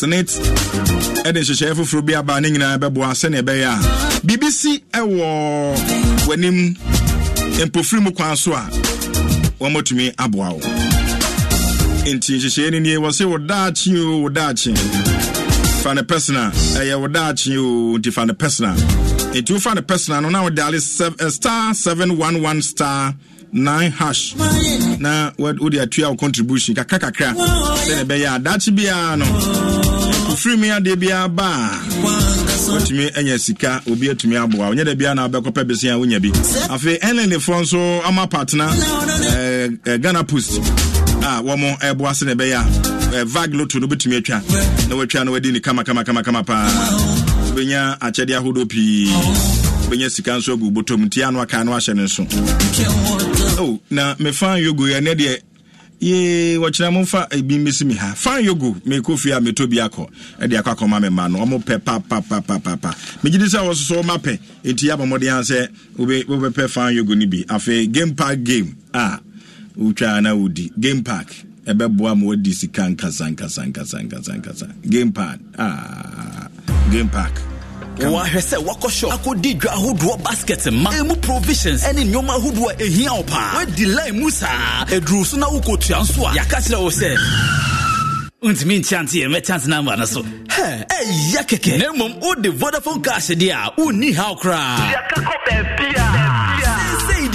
senate ɛde nhyehyɛeɛ foforɔ bi aba ne nyinaa bɛboa sɛneɛ ɛbɛyɛ a biribi si ɛwɔ w'anim mpofiri mu kwan so a wɔmatumi aboa wo enti nhyehyɛeɛ no nie wɔ se wo daakye o wo daakye fa ne pɛsena ɛyɛ wo daakye o nti fa ne pɛsena enti wofa ne pɛsena no na wodaale eh, star 711 star nine hash na wode atua wo contribution kakra kakra sɛne ɛbɛyɛ a daakye biara no ofiri mi adeɛ bi aba a watumi anya sika obi atumi aboa onyɛ dɛ bia na abɛkɔpɛ bɛsia wonya bi afei ɛnenefoɔ nso ama partner eh, eh, ghana post a wɔmo ɛboa eh, se ne ɛbɛyɛ a vag loto no wobɛtumi atwa na watwa na wadi ne kamakamakamakama paa wobɛnya akyɛde ahodoɔ pii wobɛnya sika nso agu botɔm nti ano aka no ahyɛ ne nso oh, na mefa yogo ɛnɛ deɛ yee wɔkyerɛ mo fa ebi eh, mbesi mi ha fan yogo meko fie a meto bi akɔ ɛde akɔ akɔma mi ma no ɔmo pɛ papapapapa megye di sɛ wɔsoso ɔmo apɛ eti abɔmɔden asɛ obe obɛpɛ fan yogo ni bi afei game park game a wotwa na wodi game park ɛbɛboa ma wɔdi sika nkasa nkasa nkasa nkasa nkasa game park aa ah, game park wɔahwɛ sɛ wakɔ shop akɔdi dwa ahodoɔ basket ma Emu provisions ne nneɔma ahodoɔ a ɛhia wo paa woadi line mu saa ɛduru so na wokɔtua nso a yɛaka kyerɛ wo sɛ ntumi nkyante yɛ mɛkyante namba no so ɛya kɛkɛ na mmom wode vodafone cash deɛ a wonni haw koraa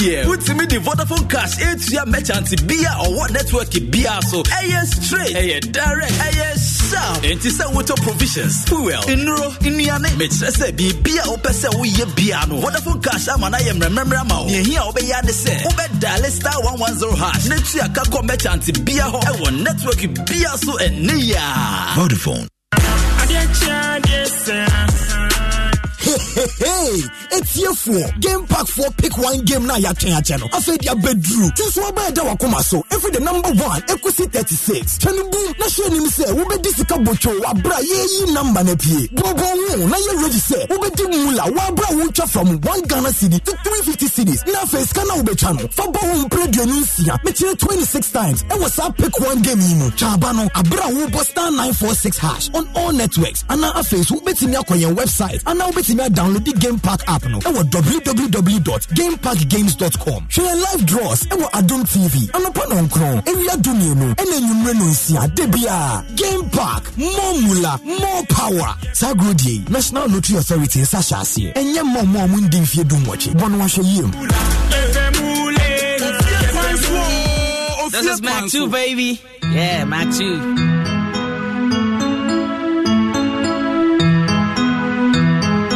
deɛ me the vodafone cash etua merchant or what network bia so ɛyɛ straight ɛyɛ direct ɛyɛ sharp nti sɛ wotɔ provisions fuel nnuro nnuane mekyerɛ sɛ biribia wopɛ sɛ woyɛ bia no vodafone cash ama no ayɛ mmerɛmmerɛmmerɛ ma wo nehia a wobɛyɛ ne sɛ wobɛdaale star 110 hash na tua ka kɔ merchant bia or ɛwɔ network bia so ɛne yia vodafone Hey, it's ɛtiefoɔ game park foɔ pick one game na yɛatwɛn channel. I afei de abɛduru ti so by da wakoma so Every the number one ɛkɔsi 36 twɛ no bum na hyɛ We be wobɛdi sika botwo wabrɛ a yɛyi number ne pie borɔbɔn wo na yɛ ready sɛ wobɛdi mula wabrɛ a wotwa from one ghana city to 350 cities na afei sika no a wobɛtwa no fa bɔ wo mprɛ duanu nsia mekyerɛ 26 times ɛwɔ e up pick one game yi Chabano. twa aba no abrɛ a wobɔ star 946 hash on all networks And now anaa afei so wobɛtumi akɔ yɛn website anaa wobɛtumi nyinaa download the game park app no ɛwɔ www.gameparkgames.com hwɛ live draws ɛwɔ adum tv anapa nɔnkron ewia dumienu ɛna enyimire no nsia debia game park more mula more power saa goro national lottery authority nsa hyɛ aseɛ ɛnyɛ mmɔmmɔ a mo ndi mfie dum wɔkye bɔ no This is Mac 2, baby. Yeah, Mac 2.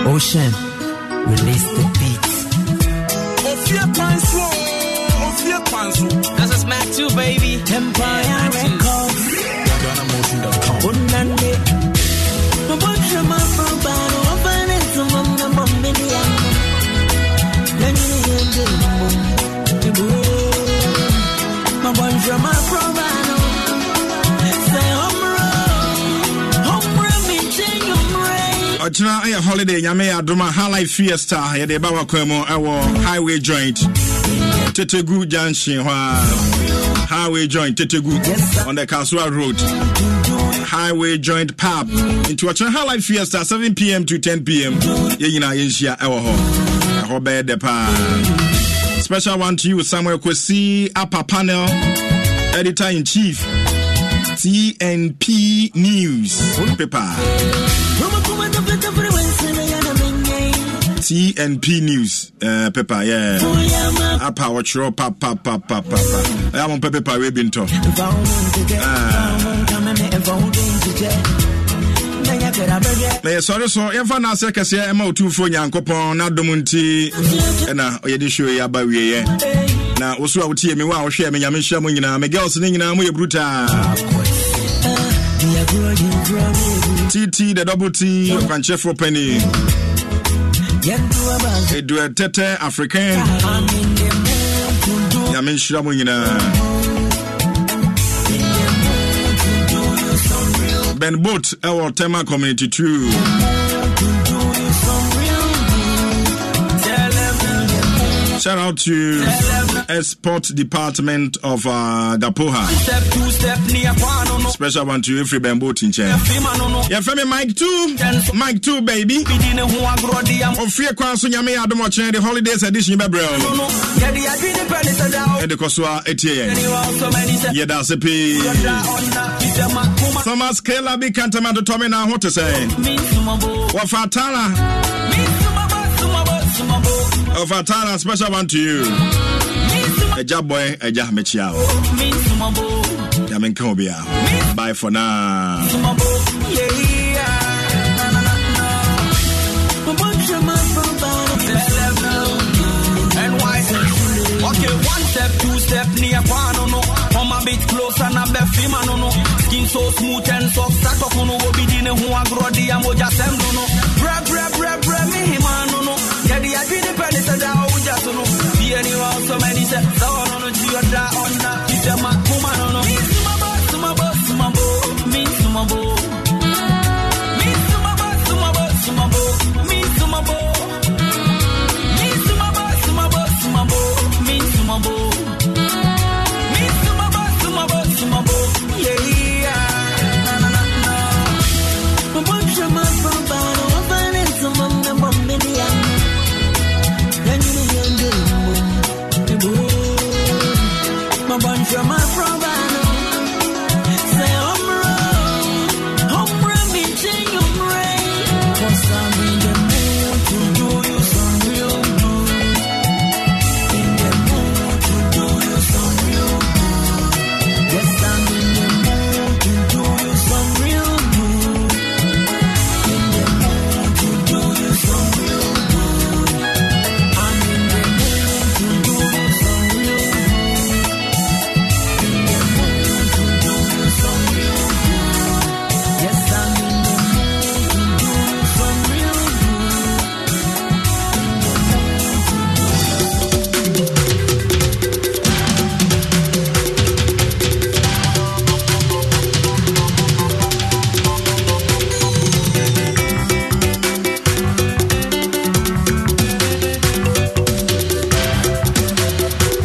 Ocean, release the beats. Ofia Pansu, Ofia Pansu. baby. Empire. ɔkyena ɛyɛ holiday nyame yɛ adoma highlight fiesta yɛde ɛba wakwan mu ɛwɔ highway joint tetegu junction hɔ highway joint tetegu on the kasua road highway joint pub nti ɔkyena highlight fiesta 7pm to 10pm yɛn nyinaa yɛnhyia ɛwɔ hɔ ɛhɔ bɛyɛ dɛ paa special one to you samuel kwesi upper panel editor in chief CNP News. Paper. CNP News. Uh, paper, yeah. Apa wɔtwerɛ papapapapa. Ɛyɛ mo pɛ paper wei bi ntɔ. na yɛsɔre so yɛmfa naasɛ kɛseɛ ɛma ɔtumfoɔ nyankopɔn n'adom nti ɛna yɛde hwɛ yi aba wieɛ na woso a wotie me wo a wohwɛ me nyame nhyira mu nyinaa me girls ne nyinaa moyɛ brutaa TT the double T of Kwanchefo Penny Edua Tete African Nyame nhyira mo nyinaa Ben Boat our Tema Community 2 Shout out to Ghana Export Department of uh, Dapoha. Special one to you, Free Bambo Tinchen. Your family, Mike 2. Mike 2, baby. free Kwanso Nyame Adomochen, the holidays edition, Bebrel. Ede Kosua, Etie. Yeda Sepi. Thomas Kela, be Cantamato Tomina, what to say? Wafatala. Of Atana, special one to you. ɛgya bɔe ɛgya mekyia o ya menka wo bia bye for now Okay, one step, two step, near one, no, no. Come a bit closer, na be man no, no. Skin so smooth and soft, start up, no, no. Obi dine, who a grody, I'm just them, no, no.